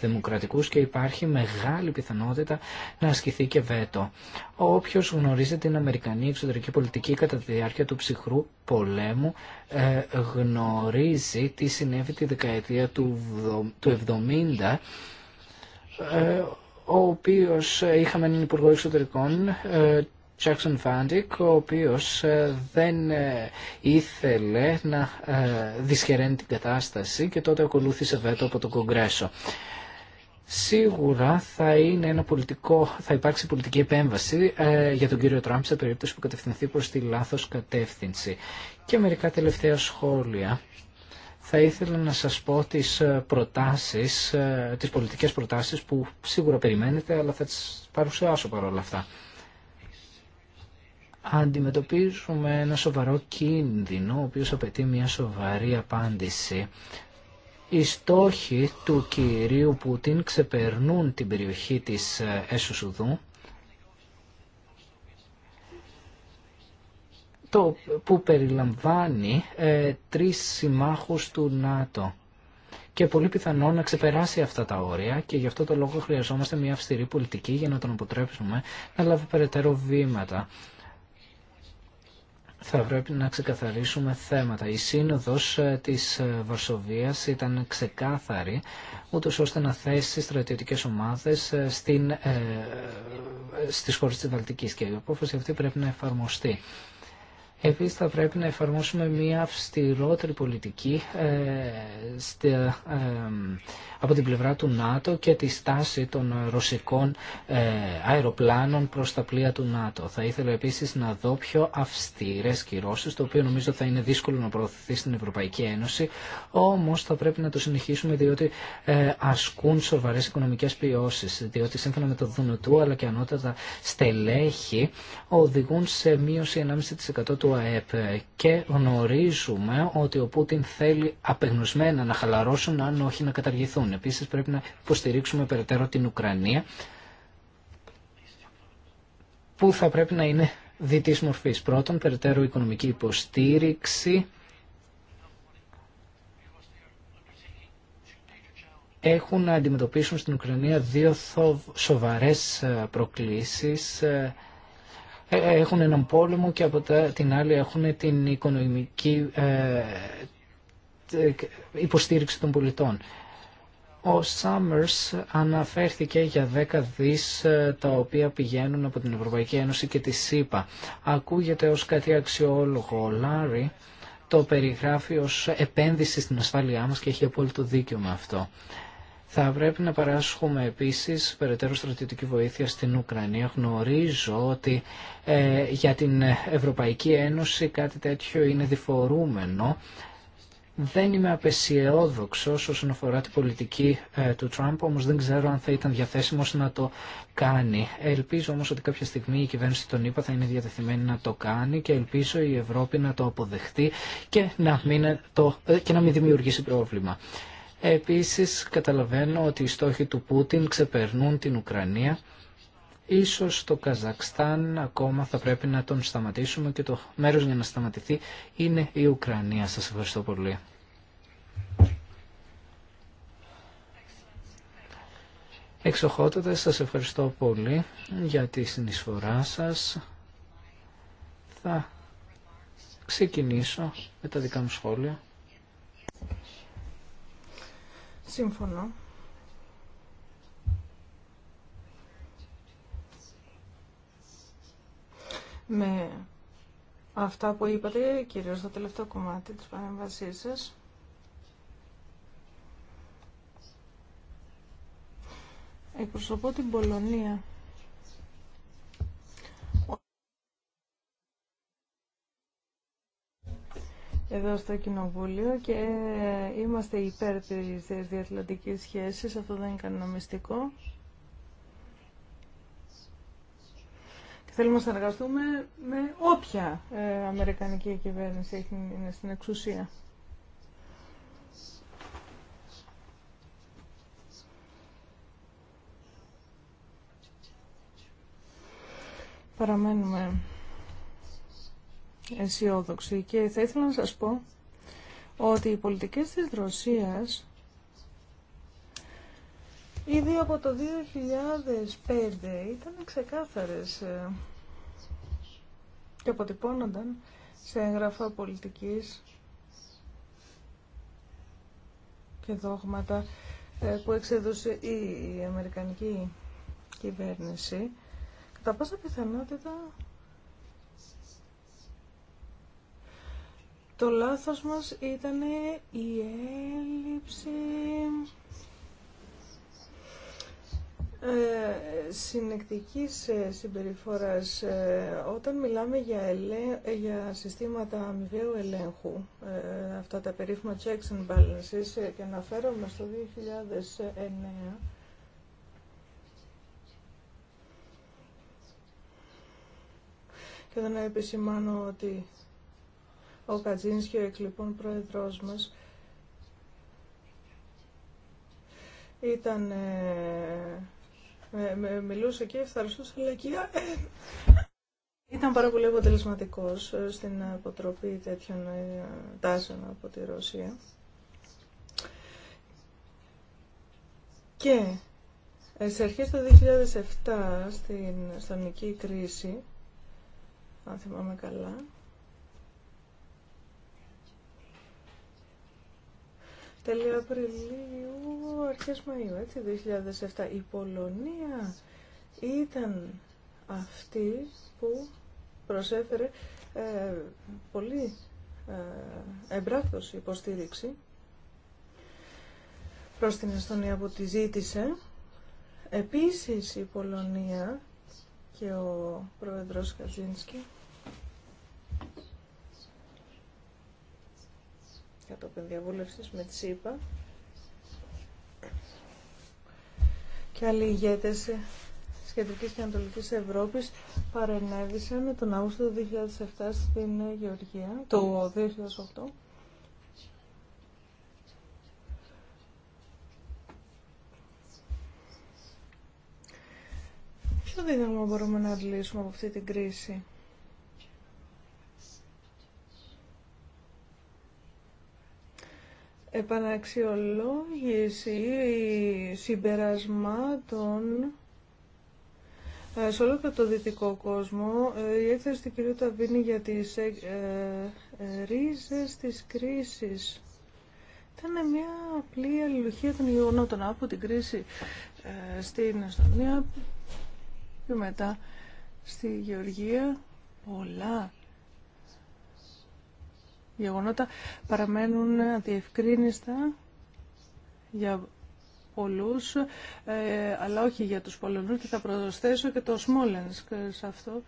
Δημοκρατικούς και υπάρχει μεγάλη πιθανότητα να ασκηθεί και βέτο. Όποιος γνωρίζει την Αμερικανή εξωτερική πολιτική κατά τη διάρκεια του ψυχρού πολέμου ε, γνωρίζει τι συνέβη τη δεκαετία του 70 ε, ο οποίος ε, είχαμε έναν Υπουργό Εξωτερικών ε, Jackson Φάντικ ο οποίος δεν ήθελε να δυσχεραίνει την κατάσταση και τότε ακολούθησε βέτο από τον Κογκρέσο. Σίγουρα θα, είναι ένα πολιτικό, θα υπάρξει πολιτική επέμβαση για τον κύριο Τραμπ σε περίπτωση που κατευθυνθεί προς τη λάθος κατεύθυνση. Και μερικά τελευταία σχόλια θα ήθελα να σας πω τις ε, προτάσεις, ε, τις πολιτικές προτάσεις που σίγουρα περιμένετε, αλλά θα τις παρουσιάσω παρόλα αυτά. Αντιμετωπίζουμε ένα σοβαρό κίνδυνο, ο οποίος απαιτεί μια σοβαρή απάντηση. Οι στόχοι του κυρίου Πουτίν ξεπερνούν την περιοχή της ε, Έσουσουδού το που περιλαμβάνει ε, τρεις συμμάχους του ΝΑΤΟ και πολύ πιθανό να ξεπεράσει αυτά τα όρια και γι' αυτό το λόγο χρειαζόμαστε μια αυστηρή πολιτική για να τον αποτρέψουμε να λάβει περαιτέρω βήματα. Θα πρέπει να ξεκαθαρίσουμε θέματα. Η σύνοδος ε, της ε, Βαρσοβίας ήταν ξεκάθαρη, ούτως ώστε να θέσει στρατιωτικές ομάδες ε, στην, ε, στις χώρες της Βαλτικής και η απόφαση αυτή πρέπει να εφαρμοστεί. Επίσης θα πρέπει να εφαρμόσουμε μια αυστηρότερη πολιτική ε, ε, από την πλευρά του ΝΑΤΟ και τη στάση των ρωσικών ε, αεροπλάνων προς τα πλοία του ΝΑΤΟ. Θα ήθελα επίσης να δω πιο αυστηρές κυρώσεις, το οποίο νομίζω θα είναι δύσκολο να προωθηθεί στην Ευρωπαϊκή Ένωση, όμως θα πρέπει να το συνεχίσουμε διότι ασκούν σοβαρέ οικονομικές ποιώσεις, διότι σύμφωνα με το ΔΝΤ αλλά και ανώτατα στελέχη οδηγούν σε μείωση 1,5% του και γνωρίζουμε ότι ο Πούτιν θέλει απεγνωσμένα να χαλαρώσουν αν όχι να καταργηθούν. Επίσης πρέπει να υποστηρίξουμε περαιτέρω την Ουκρανία που θα πρέπει να είναι διτής μορφής. Πρώτον, περαιτέρω οικονομική υποστήριξη. Έχουν να αντιμετωπίσουν στην Ουκρανία δύο σοβαρές ε, προκλήσεις ε, ε, ε, έχουν έναν πόλεμο και από την άλλη έχουν την οικονομική ε, υποστήριξη των πολιτών. Ο Summers αναφέρθηκε για 10 δις τα οποία πηγαίνουν από την Ευρωπαϊκή Ένωση και τη ΣΥΠΑ. Ακούγεται ως κάτι αξιόλογο. Ο Λάρι το περιγράφει ως επένδυση στην ασφάλειά μας και έχει απόλυτο δίκιο με αυτό. Θα πρέπει να παράσχουμε επίσης περαιτέρω στρατιωτική βοήθεια στην Ουκρανία. Γνωρίζω ότι ε, για την Ευρωπαϊκή Ένωση κάτι τέτοιο είναι διφορούμενο. Δεν είμαι απεσιόδοξος όσον αφορά την πολιτική ε, του Τραμπ, όμως δεν ξέρω αν θα ήταν διαθέσιμος να το κάνει. Ελπίζω όμως ότι κάποια στιγμή η κυβέρνηση των ΗΠΑ θα είναι διατεθειμένη να το κάνει και ελπίζω η Ευρώπη να το αποδεχτεί και να μην, το, ε, και να μην δημιουργήσει πρόβλημα. Επίσης καταλαβαίνω ότι οι στόχοι του Πούτιν ξεπερνούν την Ουκρανία. Ίσως το Καζακστάν ακόμα θα πρέπει να τον σταματήσουμε και το μέρος για να σταματηθεί είναι η Ουκρανία. Σας ευχαριστώ πολύ. Εξοχότατε, σας ευχαριστώ πολύ για τη συνεισφορά σας. Θα ξεκινήσω με τα δικά μου σχόλια. Σύμφωνο. Με αυτά που είπατε, κυρίως στο τελευταίο κομμάτι της παρέμβασής σας, εκπροσωπώ την Πολωνία. εδώ στο Κοινοβούλιο και είμαστε υπέρ της διαθλαντικής σχέσης, αυτό δεν είναι κανένα μυστικό. Και θέλουμε να συνεργαστούμε με όποια ε, αμερικανική κυβέρνηση είναι στην εξουσία. Παραμένουμε αισιόδοξη και θα ήθελα να σας πω ότι οι πολιτικές της Ρωσίας ήδη από το 2005 ήταν ξεκάθαρες ε, και αποτυπώνονταν σε έγγραφα πολιτικής και δόγματα ε, που εξέδωσε η Αμερικανική κυβέρνηση. Κατά πάσα πιθανότητα Το λάθος μας ήταν η έλλειψη ε, συνεκτικής ε, συμπεριφοράς. Ε, όταν μιλάμε για, ελέ, ε, για συστήματα αμοιβαίου ελέγχου, ε, αυτά τα περίφημα checks and balances, και αναφέρομαι στο 2009, και να επισημάνω ότι ο Κατζίνσκι, ο εκλειπών πρόεδρός μας ήταν, ε, μιλούσε και ευθαρσούσε αλλά ήταν πάρα πολύ αποτελεσματικό ε, στην αποτροπή τέτοιων ε, τάσεων από τη Ρωσία. Και σε το του 2007, στην αισθανική κρίση, αν θυμάμαι καλά, Τέλειο Απριλίου, αρχές Μαΐου, έτσι, 2007. Η Πολωνία ήταν αυτή που προσέφερε ε, πολύ ε, υποστήριξη προς την Εστονία που τη ζήτησε. Επίσης η Πολωνία και ο πρόεδρος καζίνσκι. το διαβούλευσης με ΣΥΠΑ και άλλοι ηγέτες της Κεντρικής και Ανατολικής Ευρώπης παρενέβησαν τον Αύγουστο του 2007 στην Γεωργία, το 2008. Ποιο δίδαγμα μπορούμε να αντλήσουμε από αυτή την κρίση. επαναξιολόγηση συμπερασμάτων ε, σε όλο και το δυτικό κόσμο, ε, η έκθεση του κυρίου Ταβίνη για τις ε, ε, ρίζες της κρίσης ήταν μια απλή αλληλουχία των γεγονότων από την κρίση ε, στην Αστονία και μετά στη Γεωργία. Πολλά γεγονότα παραμένουν αντιευκρίνιστα για πολλούς, ε, αλλά όχι για τους Πολωνούς και θα προσθέσω και το Σμόλενσκ σε αυτό.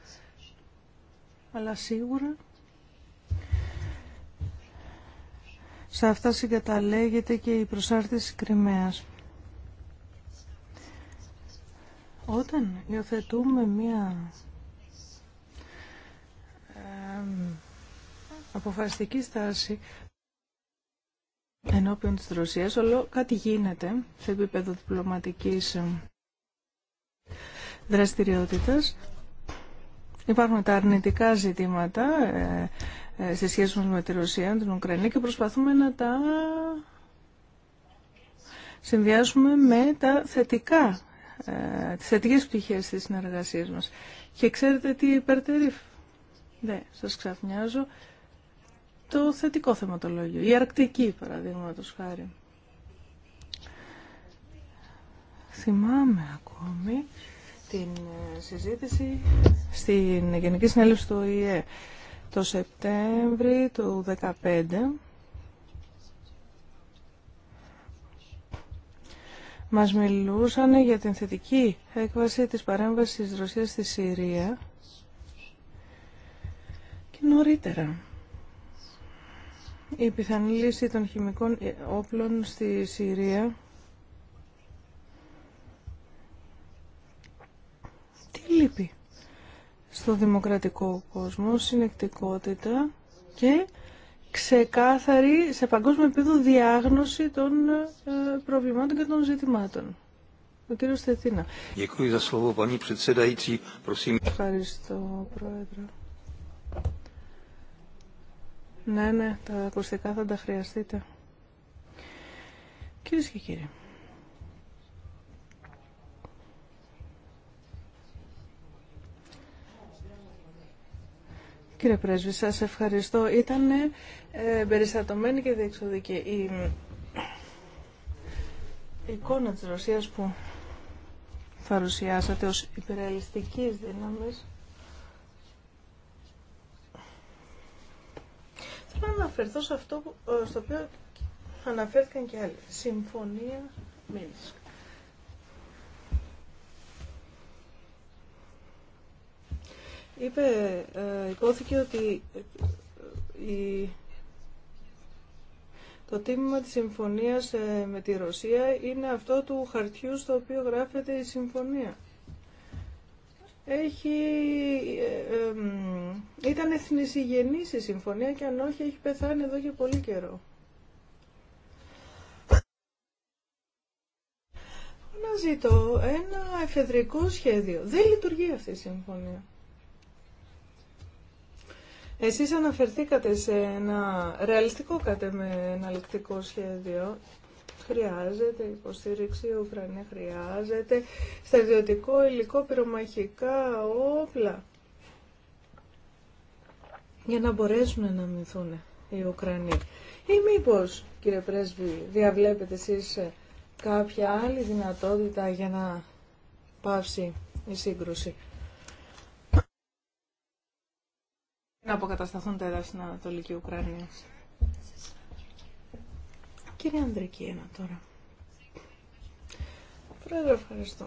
Αλλά σίγουρα σε αυτά συγκαταλέγεται και η προσάρτηση Κρυμαίας. Όταν υιοθετούμε μία ε, αποφασιστική στάση ενώπιον της Ρωσίας, όλο κάτι γίνεται σε επίπεδο διπλωματικής ε, δραστηριότητας. Υπάρχουν τα αρνητικά ζητήματα ε, ε σε σχέση με τη Ρωσία, την Ουκρανία και προσπαθούμε να τα συνδυάσουμε με τα θετικά, ε, τις θετικές πτυχές της συνεργασίας μας. Και ξέρετε τι υπερτερήφ. Ναι, σας ξαφνιάζω το θετικό θεματολόγιο. Η Αρκτική, παραδείγματο χάρη. Θυμάμαι ακόμη την ε, συζήτηση στην Γενική Συνέλευση του ΟΗΕ το Σεπτέμβρη του 2015 μας μιλούσαν για την θετική έκβαση της παρέμβασης της Ρωσίας στη Συρία και νωρίτερα η πιθανή λύση των χημικών όπλων στη Συρία τι λείπει στο δημοκρατικό κόσμο, συνεκτικότητα και ξεκάθαρη σε παγκόσμιο επίπεδο διάγνωση των ε, προβλημάτων και των ζητημάτων. Ο κύριο Θετίνα. Ευχαριστώ, Πρόεδρε. Ναι, ναι, τα ακουστικά θα τα χρειαστείτε. Κυρίε και κύριοι. Κύριε Πρέσβη, σας ευχαριστώ. Ήταν ε, περιστατωμένη και διεξοδική η, η εικόνα της Ρωσίας που παρουσιάσατε ως υπεραλιστικής δύναμης. να αναφερθώ σε αυτό ε, στο οποίο αναφέρθηκαν και άλλοι. Συμφωνία Μίνσκ. Είπε, ε, υπόθηκε ότι ε, το τίμημα της συμφωνίας ε, με τη Ρωσία είναι αυτό του χαρτιού στο οποίο γράφεται η συμφωνία έχει, ε, ε, ήταν εθνισυγενής η συμφωνία και αν όχι έχει πεθάνει εδώ και πολύ καιρό. Να ζητώ ένα εφεδρικό σχέδιο. Δεν λειτουργεί αυτή η συμφωνία. Εσείς αναφερθήκατε σε ένα ρεαλιστικό με εναλλεκτικό σχέδιο χρειάζεται υποστήριξη, η Ουκρανία χρειάζεται στρατιωτικό υλικό, πυρομαχικά, όπλα για να μπορέσουν να μηνθούν οι Ουκρανοί. Ή μήπως, κύριε Πρέσβη, διαβλέπετε εσείς κάποια άλλη δυνατότητα για να πάψει η σύγκρουση. Να αποκατασταθούν τα εδάφη στην Ανατολική Ουκρανία. Κύριε Ανδρική, τώρα. Πρόεδρε, ευχαριστώ.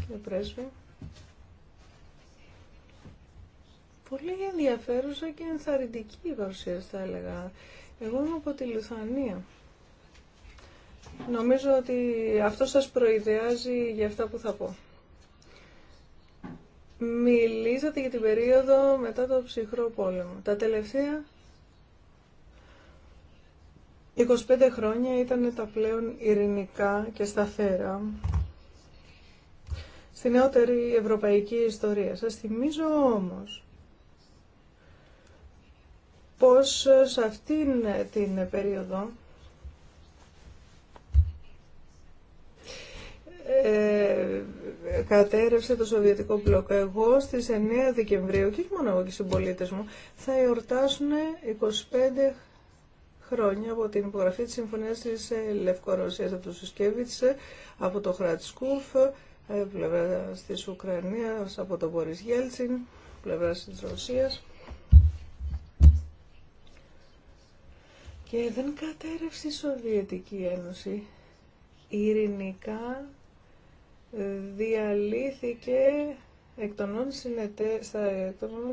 Κύριε Πρέσβη. Πολύ ενδιαφέρουσα και ενθαρρυντική η παρουσίαση, θα έλεγα. Εγώ είμαι από τη Λουθανία. Νομίζω ότι αυτό σας προειδεάζει για αυτά που θα πω. Μιλήσατε για την περίοδο μετά το ψυχρό πόλεμο. Τα τελευταία 25 χρόνια ήταν τα πλέον ειρηνικά και σταθερά στη νεότερη ευρωπαϊκή ιστορία. Σας θυμίζω όμως πως σε αυτήν την περίοδο ε, κατέρευσε το Σοβιετικό μπλοκ. Εγώ στις 9 Δεκεμβρίου, και μόνο εγώ και οι συμπολίτε μου, θα εορτάσουν 25 χρόνια από την υπογραφή της Συμφωνίας της ε, Λευκορωσίας από το Σουσκέβιτς, ε, από το Χρατσκούφ, ε, πλευρά της Ουκρανίας, από το Μπορις Γέλτσιν, πλευρά της Ρωσίας. Και δεν κατέρευσε η Σοβιετική Ένωση ειρηνικά διαλύθηκε εκ των όνων συνετέ,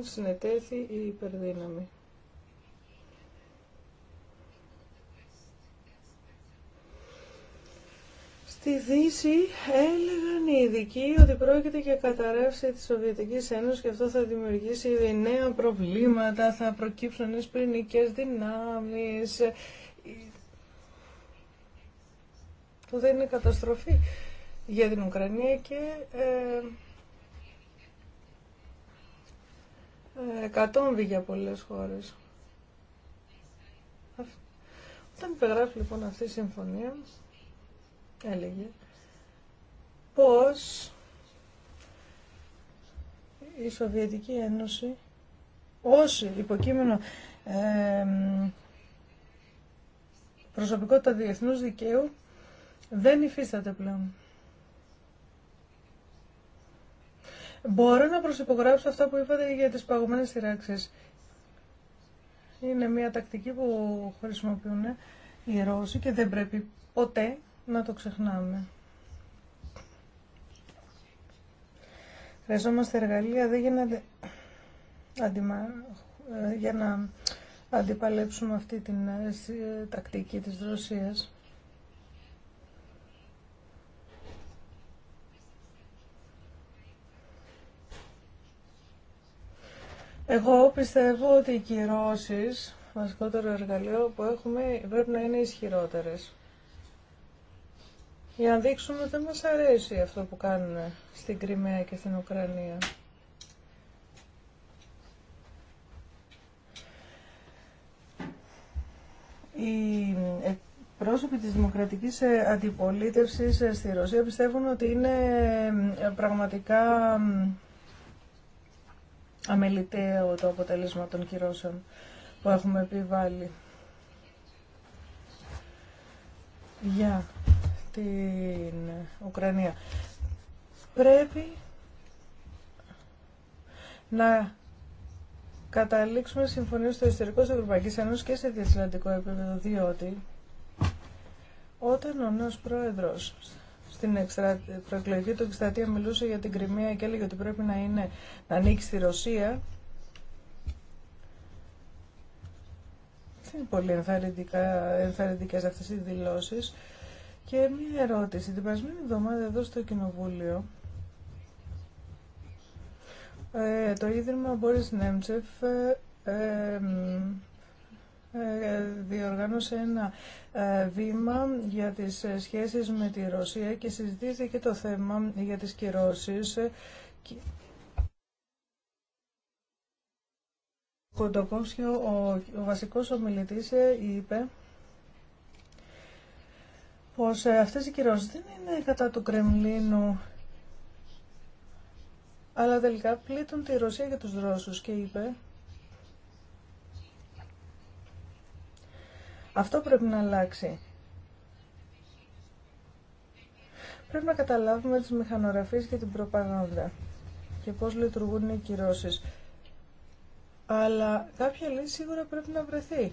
συνετέθη η υπερδύναμη. Στη Δύση έλεγαν οι ειδικοί ότι πρόκειται για καταρρεύση της Σοβιετικής Ένωσης και αυτό θα δημιουργήσει νέα προβλήματα, θα προκύψουν νέες πυρηνικές δυνάμεις. Που δεν είναι καταστροφή για την Ουκρανία και ε, ε, κατόμβη για πολλές χώρες. Όταν υπεγράφει λοιπόν αυτή η συμφωνία, έλεγε πως η Σοβιετική Ένωση ως υποκείμενο ε, προσωπικότητα διεθνούς δικαίου δεν υφίσταται πλέον. Μπορώ να προσυπογράψω αυτά που είπατε για τις παγωμένες σειράξεις. Είναι μια τακτική που χρησιμοποιούν οι Ρώσοι και δεν πρέπει ποτέ να το ξεχνάμε. Χρειαζόμαστε εργαλεία δεν για να, αντιμα... Ε, για να αντιπαλέψουμε αυτή την ε, τακτική της Ρωσίας. Εγώ πιστεύω ότι οι κυρώσει, βασικότερο εργαλείο που έχουμε, πρέπει να είναι ισχυρότερε. Για να δείξουμε ότι δεν μας αρέσει αυτό που κάνουν στην Κρυμαία και στην Ουκρανία. Οι ε, πρόσωποι της δημοκρατικής ε, αντιπολίτευσης ε, στη Ρωσία πιστεύουν ότι είναι πραγματικά αμεληταίο το αποτελέσμα των κυρώσεων που έχουμε επιβάλει. Για την Ουκρανία. Πρέπει να καταλήξουμε συμφωνίες στο ιστορικό της Ευρωπαϊκής Ένωσης και σε διασυλλαντικό επίπεδο, διότι όταν ο νέος πρόεδρος στην προεκλογική του εκστρατεία μιλούσε για την Κρυμαία και έλεγε ότι πρέπει να, είναι, να ανήκει στη Ρωσία. Δεν είναι πολύ ενθαρρυντικές αυτές οι δηλώσεις. Και μία ερώτηση. Την περασμένη εβδομάδα εδώ στο Κοινοβούλιο ε, το Ίδρυμα Μπόρις Νέμτσεφ ε, ε, ε, ε, διοργάνωσε ένα ε, βήμα για τις σχέσεις με τη Ρωσία και συζητήθηκε το θέμα για τις κυρώσεις. Κοντοκόψιο, ο, ο βασικός ομιλητής είπε πως αυτές οι κυρώσεις δεν είναι κατά του Κρεμλίνου αλλά τελικά πλήττουν τη Ρωσία για τους Ρώσους και είπε Αυτό πρέπει να αλλάξει. Πρέπει να καταλάβουμε τις μηχανογραφίες και την προπαγάνδα και πώς λειτουργούν οι κυρώσεις. Αλλά κάποια λύση σίγουρα πρέπει να βρεθεί.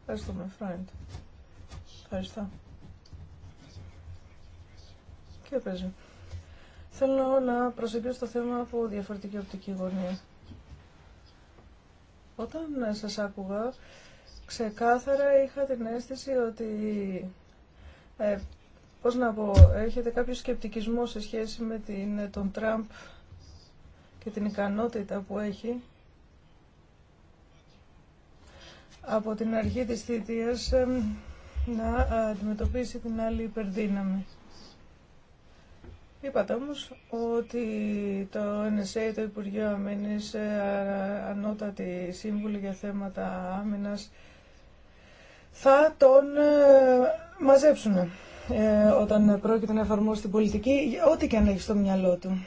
Ευχαριστούμε, friend. Ευχαριστώ. και παίζει. θέλω να προσεγγίσω το θέμα από διαφορετική οπτική γωνία. Όταν σας άκουγα, ξεκάθαρα είχα την αίσθηση ότι ε, πώς να πω, έχετε κάποιο σκεπτικισμό σε σχέση με την, τον Τραμπ και την ικανότητα που έχει από την αρχή της θητείας ε, να αντιμετωπίσει την άλλη υπερδύναμη. Είπατε όμως ότι το NSA, το Υπουργείο Αμήνης, ε, ανώτατη σύμβουλη για θέματα άμυνας, θα τον ε, μαζέψουν ε, όταν πρόκειται να εφαρμόσει την πολιτική, ό,τι και αν έχει στο μυαλό του.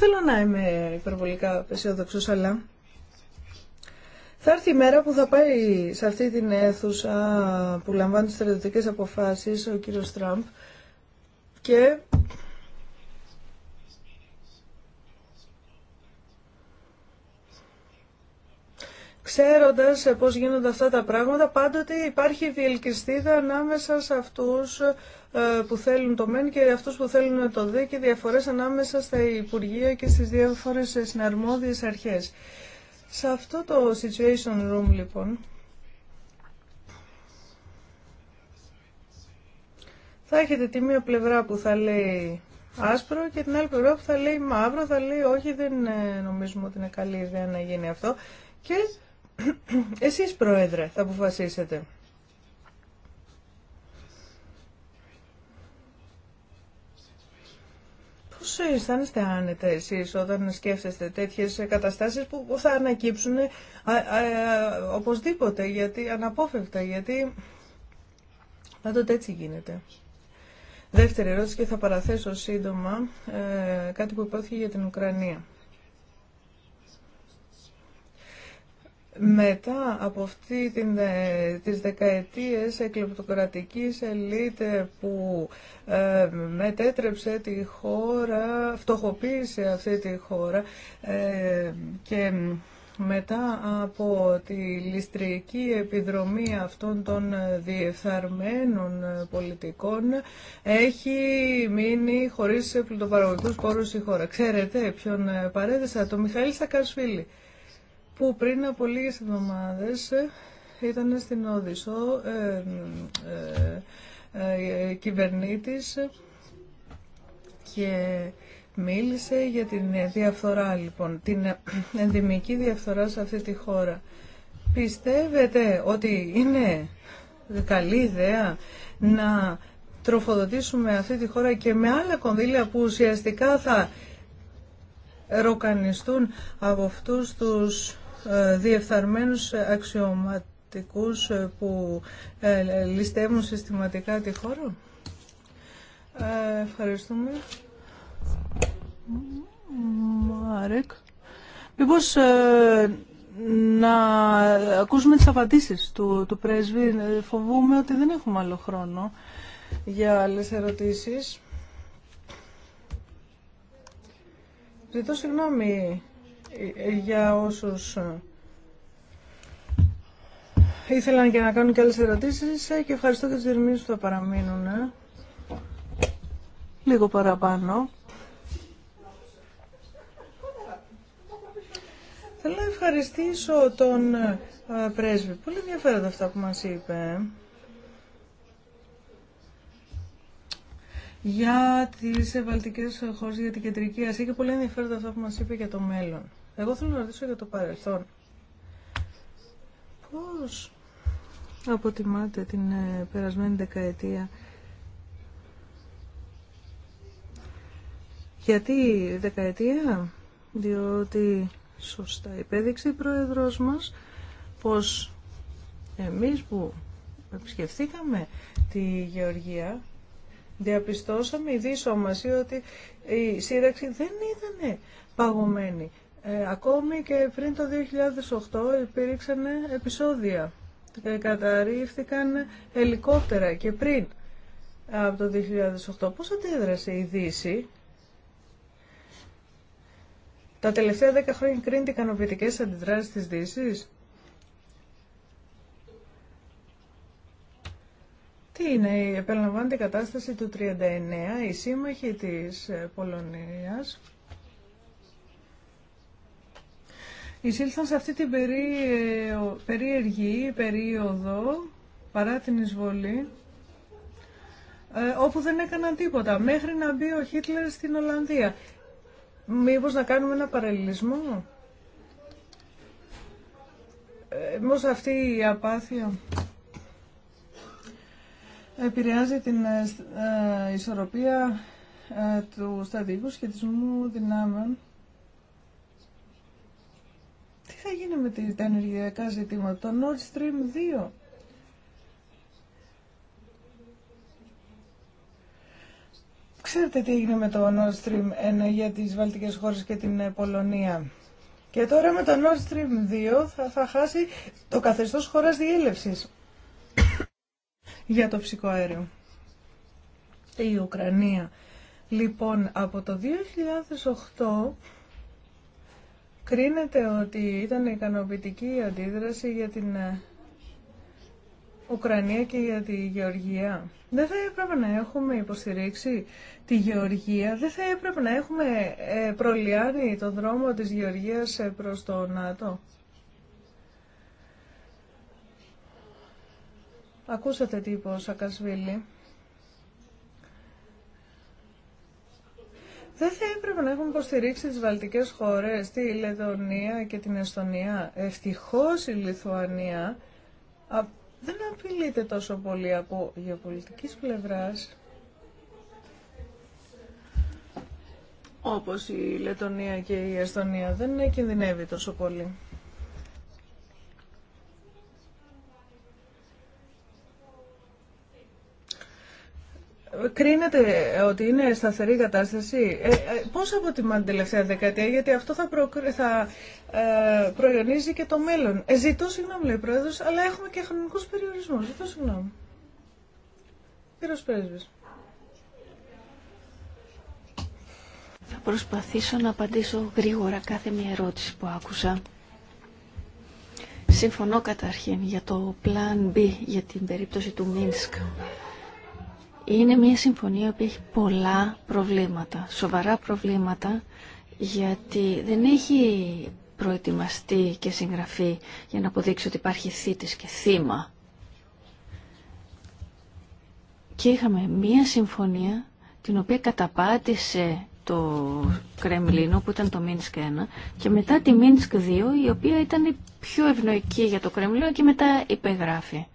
Θέλω να είμαι υπερβολικά αισιόδοξο, αλλά θα έρθει η μέρα που θα πάει σε αυτή την αίθουσα που λαμβάνει τις στρατιωτικές αποφάσεις ο κύριος Τραμπ και Ξέροντας πώς γίνονται αυτά τα πράγματα, πάντοτε υπάρχει διελκυστίδα ανάμεσα σε αυτούς ε, που θέλουν το ΜΕΝ και αυτούς που θέλουν το ΔΕ και διαφορές ανάμεσα στα Υπουργεία και στις διάφορες συναρμόδιες αρχές. Σε αυτό το Situation Room, λοιπόν, θα έχετε τη μία πλευρά που θα λέει άσπρο και την άλλη πλευρά που θα λέει μαύρο, θα λέει όχι δεν ε, νομίζουμε ότι είναι καλή ιδέα να γίνει αυτό και εσείς, Πρόεδρε, θα αποφασίσετε. Πώς αισθάνεστε άνετα εσείς όταν σκέφτεστε τέτοιες καταστάσεις που θα ανακύψουν α, ε, ε, ε, οπωσδήποτε, γιατί αναπόφευκτα, γιατί πάντοτε έτσι γίνεται. Δεύτερη ερώτηση και θα παραθέσω σύντομα ε, κάτι που υπόθηκε για την Ουκρανία. μετά από αυτή την, ε, τις δεκαετίες εκλεπτοκρατικής ελίτ ε, που ε, μετέτρεψε τη χώρα, φτωχοποίησε αυτή τη χώρα και μετά από τη ληστρική επιδρομή αυτών των διεφθαρμένων πολιτικών έχει μείνει χωρίς πλουτοπαραγωγικούς πόρους η χώρα. Ξέρετε ποιον παρέδεσα, τον Μιχαήλ Σακασφίλη που πριν από λίγες εβδομάδες ε, ήταν στην όδησό ε, ε, ε, κυβερνήτης και μίλησε για την διαφθορά λοιπόν, την ενδημική διαφθορά σε αυτή τη χώρα. Πιστεύετε ότι είναι καλή ιδέα να τροφοδοτήσουμε αυτή τη χώρα και με άλλα κονδύλια που ουσιαστικά θα ροκανιστούν από αυτούς τους ε, διεφθαρμένους αξιωματικούς ε, που ε, ληστεύουν συστηματικά τη χώρα. Ευχαριστούμε. Μάρικ Μήπως να ακούσουμε τις απαντήσεις του, του πρέσβη. Φοβούμαι ότι δεν έχουμε άλλο χρόνο για άλλες ερωτήσεις. Ζητώ συγγνώμη για όσους ε, ήθελαν και να κάνουν και άλλες ερωτήσεις ε, και ευχαριστώ και τους που θα παραμείνουν ε. λίγο παραπάνω. Θέλω να ευχαριστήσω τον πρέσβη. Πολύ ενδιαφέροντα αυτά που μας είπε. για τι ευαλτικέ χώρε, για την Κεντρική Ασία και πολύ ενδιαφέροντα αυτά που μα είπε για το μέλλον. Εγώ θέλω να ρωτήσω για το παρελθόν. Πώ αποτιμάτε την ε, περασμένη δεκαετία Γιατί δεκαετία, διότι σωστά υπέδειξε η πρόεδρος μας πως εμείς που επισκεφθήκαμε τη Γεωργία Διαπιστώσαμε η δίσομαση ότι η σύραξη δεν ήταν παγωμένη. Ε, ακόμη και πριν το 2008 υπήρξαν επεισόδια. Ε, καταρρίφθηκαν ελικόπτερα και πριν από το 2008. Πώς αντίδρασε η Δύση. Τα τελευταία 10 χρόνια κρίνεται ικανοποιητικές αντιδράσεις της Δύσης. Τι είναι, επαναλαμβάνεται η κατάσταση του 39, η σύμμαχοι της ε, Πολωνίας εισήλθαν σε αυτή την ε, περίεργη περίοδο παρά την εισβολή ε, όπου δεν έκαναν τίποτα μέχρι να μπει ο Χίτλερ στην Ολλανδία. Μήπως να κάνουμε ένα παραλληλισμό. μήπως αυτή η απάθεια επηρεάζει την ε, ε, ισορροπία ε, του στρατηγικού σχετισμού δυνάμεων. Τι θα γίνει με τα ενεργειακά ζητήματα, το Nord Stream 2. Ξέρετε τι έγινε με το Nord Stream 1 για τις Βαλτικές χώρες και την Πολωνία. Και τώρα με το Nord Stream 2 θα, θα χάσει το καθεστώς χώρας διέλευσης για το φυσικό αέριο. Η Ουκρανία. Λοιπόν, από το 2008 κρίνεται ότι ήταν ικανοποιητική η αντίδραση για την ε, Ουκρανία και για τη Γεωργία. Δεν θα έπρεπε να έχουμε υποστηρίξει τη Γεωργία, δεν θα έπρεπε να έχουμε ε, προλιάρει τον δρόμο της Γεωργίας ε, προς το ΝΑΤΟ. Ακούσατε τι είπε ο Σακασβίλη. Δεν θα έπρεπε να έχουμε υποστηρίξει τις βαλτικές χώρες, τη Λετονία και την Εστονία. Ευτυχώς η Λιθουανία δεν απειλείται τόσο πολύ από γεωπολιτικής πλευράς. Όπως η Λετωνία και η Εστονία δεν κινδυνεύει τόσο πολύ. κρίνεται ότι είναι σταθερή κατάσταση. Ε, ε πώς αποτιμά την τελευταία δεκαετία, γιατί αυτό θα, προ, θα ε, προϊονίζει και το μέλλον. Ε, ζητώ συγγνώμη, λέει Πρόεδρος, αλλά έχουμε και χρονικούς περιορισμούς. Ζητώ συγγνώμη. Κύριος Πρέσβης. Θα προσπαθήσω να απαντήσω γρήγορα κάθε μια ερώτηση που άκουσα. Συμφωνώ καταρχήν για το Plan B για την περίπτωση του Μίνσκ. Είναι μια συμφωνία που έχει πολλά προβλήματα, σοβαρά προβλήματα, γιατί δεν έχει προετοιμαστεί και συγγραφεί για να αποδείξει ότι υπάρχει θήτης και θύμα. Και είχαμε μία συμφωνία την οποία καταπάτησε το Κρεμλίνο που ήταν το Μίνσκ 1 και μετά τη Μίνσκ 2 η οποία ήταν πιο ευνοϊκή για το Κρεμλίνο και μετά υπεγράφει.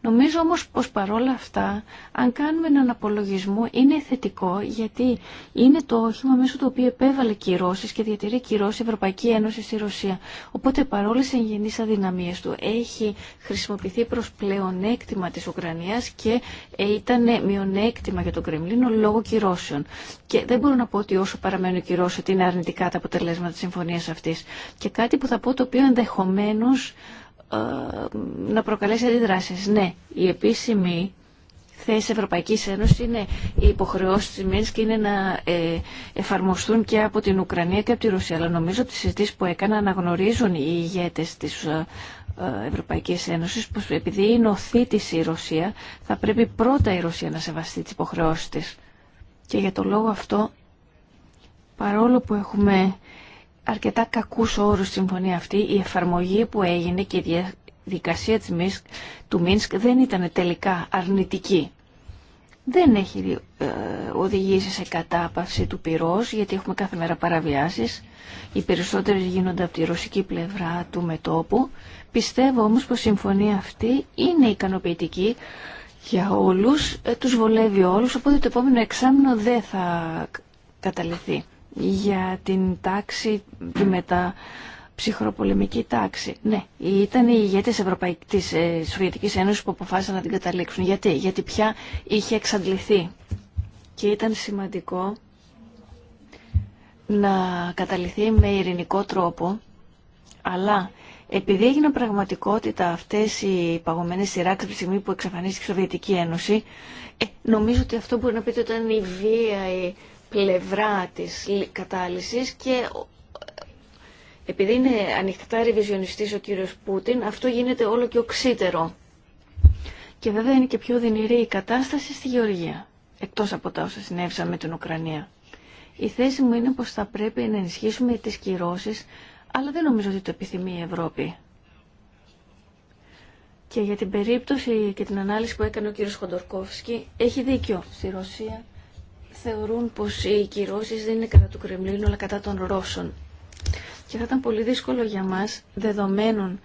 Νομίζω όμως πως παρόλα αυτά, αν κάνουμε έναν απολογισμό, είναι θετικό γιατί είναι το όχημα μέσω του οποίου επέβαλε κυρώσεις και διατηρεί κυρώσεις η Ευρωπαϊκή Ένωση στη Ρωσία. Οπότε παρόλε τι εγγενείς αδυναμίες του έχει χρησιμοποιηθεί προς πλεονέκτημα της Ουκρανίας και ήταν μειονέκτημα για τον Κρεμλίνο λόγω κυρώσεων. Και δεν μπορώ να πω ότι όσο παραμένουν κυρώσεις ότι είναι αρνητικά τα αποτελέσματα της συμφωνίας αυτής. Και κάτι που θα πω το οποίο ενδεχομένως ε, να προκαλέσει αντιδράσεις. Ναι, η επίσημη θέση Ευρωπαϊκής Ένωσης είναι οι υποχρεώσεις της ΜΕΝΣ και είναι να ε, εφαρμοστούν και από την Ουκρανία και από τη Ρωσία. Αλλά νομίζω ότι τις συζητήσεις που έκανα αναγνωρίζουν οι ηγέτες της ε, Ευρωπαϊκής Ένωσης πως επειδή είναι οθήτης η Ρωσία θα πρέπει πρώτα η Ρωσία να σεβαστεί τις υποχρεώσεις της. Και για το λόγο αυτό παρόλο που έχουμε αρκετά κακούς όρους συμφωνία αυτή. Η εφαρμογή που έγινε και η διαδικασία της Μίσκ, του Μίνσκ δεν ήταν τελικά αρνητική. Δεν έχει ε, οδηγήσει σε κατάπαυση του πυρός, γιατί έχουμε κάθε μέρα παραβιάσεις. Οι περισσότερες γίνονται από τη ρωσική πλευρά του μετόπου. Πιστεύω όμως πως η συμφωνία αυτή είναι ικανοποιητική για όλους, ε, τους βολεύει όλους, οπότε το επόμενο εξάμεινο δεν θα καταληθεί για την τάξη, τη μεταψυχροπολεμική τάξη. Ναι, ήταν οι ηγέτες της ε, Σοβιετικής Ένωσης που αποφάσισαν να την καταλήξουν. Γιατί, γιατί πια είχε εξαντληθεί. Και ήταν σημαντικό να καταληθεί με ειρηνικό τρόπο, αλλά επειδή έγινε πραγματικότητα αυτές οι παγωμένες σειράξεις από τη στιγμή που εξαφανίστηκε η Σοβιετική Ένωση, ε, νομίζω ότι αυτό μπορεί να πείτε ότι ήταν η βία, η πλευρά της κατάλυσης και επειδή είναι ανοιχτά ρεβιζιονιστής ο κύριος Πούτιν, αυτό γίνεται όλο και οξύτερο. Και βέβαια είναι και πιο δυνηρή η κατάσταση στη Γεωργία, εκτός από τα όσα συνέβησαν με την Ουκρανία. Η θέση μου είναι πως θα πρέπει να ενισχύσουμε τις κυρώσεις, αλλά δεν νομίζω ότι το επιθυμεί η Ευρώπη. Και για την περίπτωση και την ανάλυση που έκανε ο κύριος Χοντορκόφσκι, έχει δίκιο. Στη Ρωσία θεωρούν πως οι κυρώσεις δεν είναι κατά του Κρεμλίνου αλλά κατά των Ρώσων. Και θα ήταν πολύ δύσκολο για μας, δεδομένων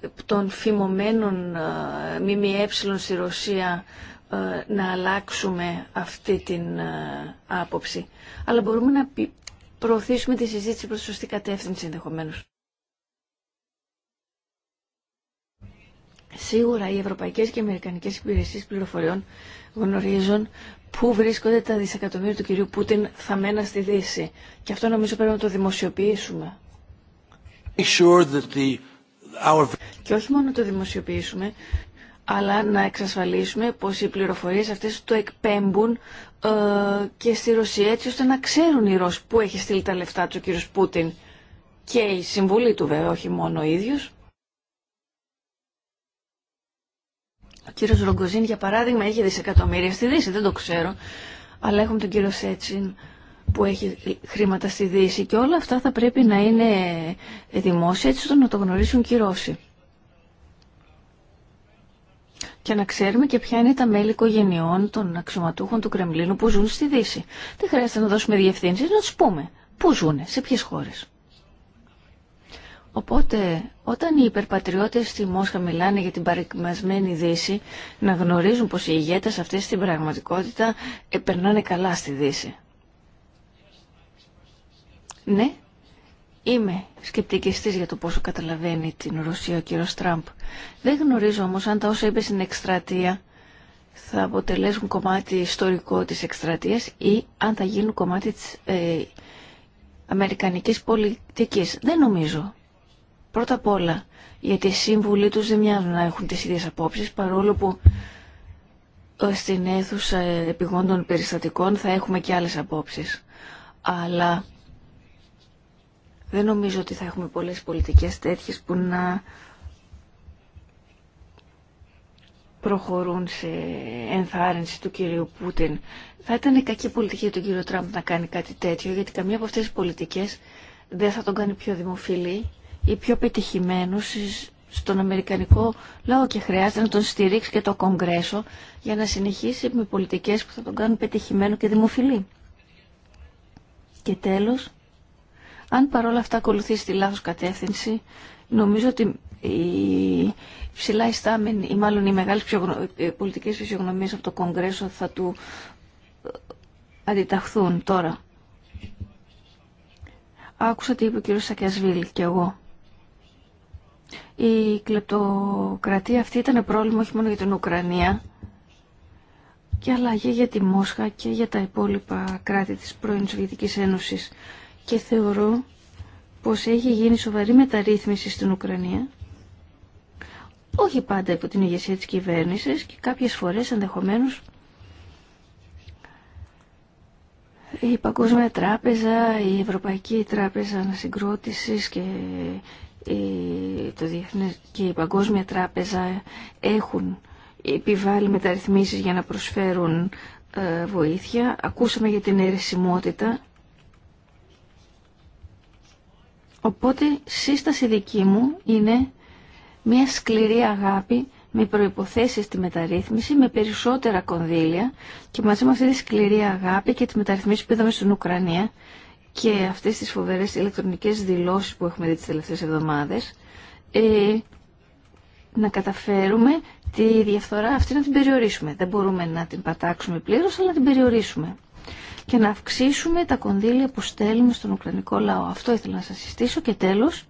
ε, των φημωμένων ε, ΜΜΕ στη Ρωσία, ε, να αλλάξουμε αυτή την ε, άποψη. Αλλά μπορούμε να προωθήσουμε τη συζήτηση προς σωστή κατεύθυνση ενδεχομένως. Σίγουρα οι ευρωπαϊκές και αμερικανικές υπηρεσίες πληροφοριών γνωρίζουν πού βρίσκονται τα δισεκατομμύρια του κυρίου Πούτιν μένα στη Δύση. Και αυτό νομίζω πρέπει να το δημοσιοποιήσουμε. Sure that the... Our... Και όχι μόνο να το δημοσιοποιήσουμε, αλλά να εξασφαλίσουμε πως οι πληροφορίες αυτές το εκπέμπουν ε, και στη Ρωσία έτσι ώστε να ξέρουν οι Ρώσοι που έχει στείλει τα λεφτά του ο κύριος Πούτιν και η συμβολή του βέβαια, όχι μόνο ο ίδιος. κύριο Ρογκοζίν, για παράδειγμα, έχει δισεκατομμύρια στη Δύση, δεν το ξέρω. Αλλά έχουμε τον κύριο Σέτσιν που έχει χρήματα στη Δύση και όλα αυτά θα πρέπει να είναι δημόσια έτσι ώστε να το γνωρίσουν και οι Ρώσοι. Και να ξέρουμε και ποια είναι τα μέλη οικογενειών των αξιωματούχων του Κρεμλίνου που ζουν στη Δύση. Δεν χρειάζεται να δώσουμε διευθύνσει, να του πούμε πού ζουν, σε ποιε χώρες. Οπότε, όταν οι υπερπατριώτες στη Μόσχα μιλάνε για την παρεκμασμένη Δύση, να γνωρίζουν πως οι ηγέτες αυτές στην πραγματικότητα περνάνε καλά στη Δύση. Ναι, είμαι σκεπτικιστής για το πόσο καταλαβαίνει την Ρωσία ο κύριο Τραμπ. Δεν γνωρίζω όμως αν τα όσα είπε στην εκστρατεία θα αποτελέσουν κομμάτι ιστορικό της εκστρατείας ή αν θα γίνουν κομμάτι της ε, αμερικανικής πολιτικής. Δεν νομίζω. Πρώτα απ' όλα, γιατί οι σύμβουλοι τους δεν μοιάζουν να έχουν τις ίδιες απόψεις, παρόλο που ε, στην αίθουσα ε, επιγόντων περιστατικών θα έχουμε και άλλες απόψεις. Αλλά δεν νομίζω ότι θα έχουμε πολλές πολιτικές τέτοιες που να προχωρούν σε ενθάρρυνση του κυρίου Πούτιν. Θα ήταν κακή πολιτική του κύριου Τραμπ να κάνει κάτι τέτοιο, γιατί καμία από αυτές τις πολιτικές δεν θα τον κάνει πιο δημοφιλή οι πιο πετυχημένους στον Αμερικανικό λαό και χρειάζεται να τον στηρίξει και το Κογκρέσο για να συνεχίσει με πολιτικές που θα τον κάνουν πετυχημένο και δημοφιλή. Και τέλος, αν παρόλα αυτά ακολουθήσει τη λάθος κατεύθυνση, νομίζω ότι οι ψηλά ιστάμενοι, ή μάλλον οι μεγάλες ε, πολιτικές φυσιογνωμίες από το Κογκρέσο θα του ε, αντιταχθούν τώρα. Άκουσα τι είπε ο κ. Σακιασβίλη και εγώ. Η κλεπτοκρατία αυτή ήταν πρόβλημα όχι μόνο για την Ουκρανία και για τη Μόσχα και για τα υπόλοιπα κράτη της πρώην Σοβιετικής Ένωσης. Και θεωρώ πως έχει γίνει σοβαρή μεταρρύθμιση στην Ουκρανία, όχι πάντα υπό την ηγεσία της κυβέρνησης και κάποιες φορές ενδεχομένως η Παγκόσμια Τράπεζα, η Ευρωπαϊκή Τράπεζα Ανασυγκρότησης και ε, το Διεθνές και η Παγκόσμια Τράπεζα έχουν επιβάλει μεταρρυθμίσεις για να προσφέρουν ε, βοήθεια. Ακούσαμε για την αιρεσιμότητα. Οπότε σύσταση δική μου είναι μια σκληρή αγάπη με προϋποθέσεις τη μεταρρύθμιση, με περισσότερα κονδύλια και μαζί με αυτή τη σκληρή αγάπη και τη μεταρρυθμίση που είδαμε στην Ουκρανία και αυτές τις φοβερές ηλεκτρονικές δηλώσεις που έχουμε δει τις τελευταίες εβδομάδες ε, να καταφέρουμε τη διαφθορά αυτή να την περιορίσουμε. Δεν μπορούμε να την πατάξουμε πλήρως, αλλά να την περιορίσουμε. Και να αυξήσουμε τα κονδύλια που στέλνουμε στον Ουκρανικό λαό. Αυτό ήθελα να σας συστήσω. Και τέλος,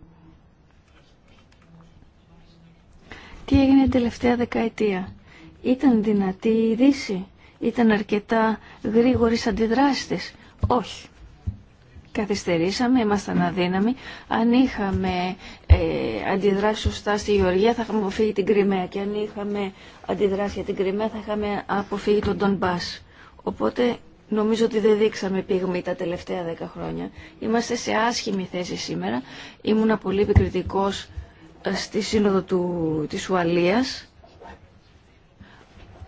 τι έγινε την τελευταία δεκαετία. Ήταν δυνατή η Δύση. Ήταν αρκετά γρήγορη αντιδράσεις Όχι καθυστερήσαμε, ήμασταν αδύναμοι. Αν είχαμε ε, αντιδράσει σωστά στη Γεωργία θα είχαμε αποφύγει την Κρυμαία και αν είχαμε αντιδράσει για την Κρυμαία θα είχαμε αποφύγει τον Τον Μπάς. Οπότε νομίζω ότι δεν δείξαμε πυγμή τα τελευταία δέκα χρόνια. Είμαστε σε άσχημη θέση σήμερα. Ήμουν πολύ επικριτικός ε, στη σύνοδο του, της Ουαλίας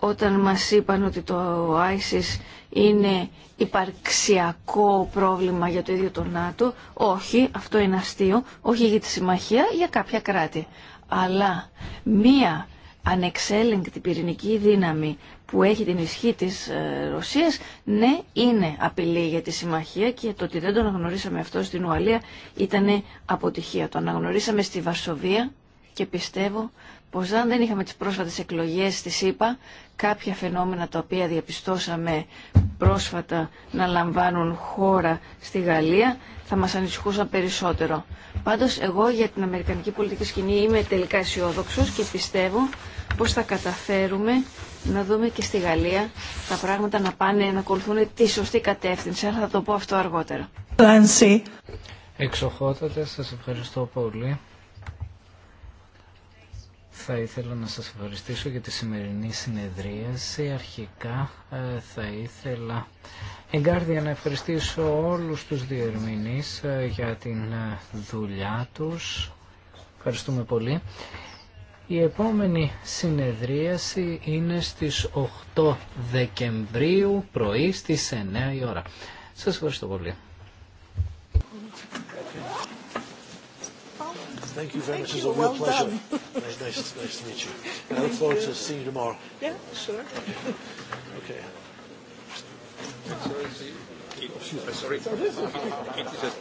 όταν μας είπαν ότι το ISIS είναι υπαρξιακό πρόβλημα για το ίδιο το ΝΑΤΟ. Όχι, αυτό είναι αστείο, όχι για τη συμμαχία, για κάποια κράτη. Αλλά μία ανεξέλεγκτη πυρηνική δύναμη που έχει την ισχύ της ε, Ρωσίας, ναι, είναι απειλή για τη συμμαχία και το ότι δεν το αναγνωρίσαμε αυτό στην Ουαλία ήταν αποτυχία. Το αναγνωρίσαμε στη Βαρσοβία και πιστεύω πως αν δεν είχαμε τις πρόσφατες εκλογές στη ΣΥΠΑ, κάποια φαινόμενα τα οποία διαπιστώσαμε πρόσφατα να λαμβάνουν χώρα στη Γαλλία, θα μας ανησυχούσαν περισσότερο. Πάντως, εγώ για την Αμερικανική πολιτική σκηνή είμαι τελικά αισιόδοξο και πιστεύω πως θα καταφέρουμε να δούμε και στη Γαλλία τα πράγματα να πάνε να ακολουθούν τη σωστή κατεύθυνση. Θα το πω αυτό αργότερα. Εξοχότατε, σας ευχαριστώ πολύ. Θα ήθελα να σας ευχαριστήσω για τη σημερινή συνεδρίαση. Αρχικά ε, θα ήθελα εγκάρδια να ευχαριστήσω όλους τους διερμηνείς ε, για την ε, δουλειά τους. Ευχαριστούμε πολύ. Η επόμενη συνεδρίαση είναι στις 8 Δεκεμβρίου πρωί στις 9 η ώρα. Σας ευχαριστώ πολύ. Thank you very much. It's a real pleasure. Nice, nice, nice to meet you. I look forward to seeing you tomorrow. Yeah, sure. Okay. Sorry.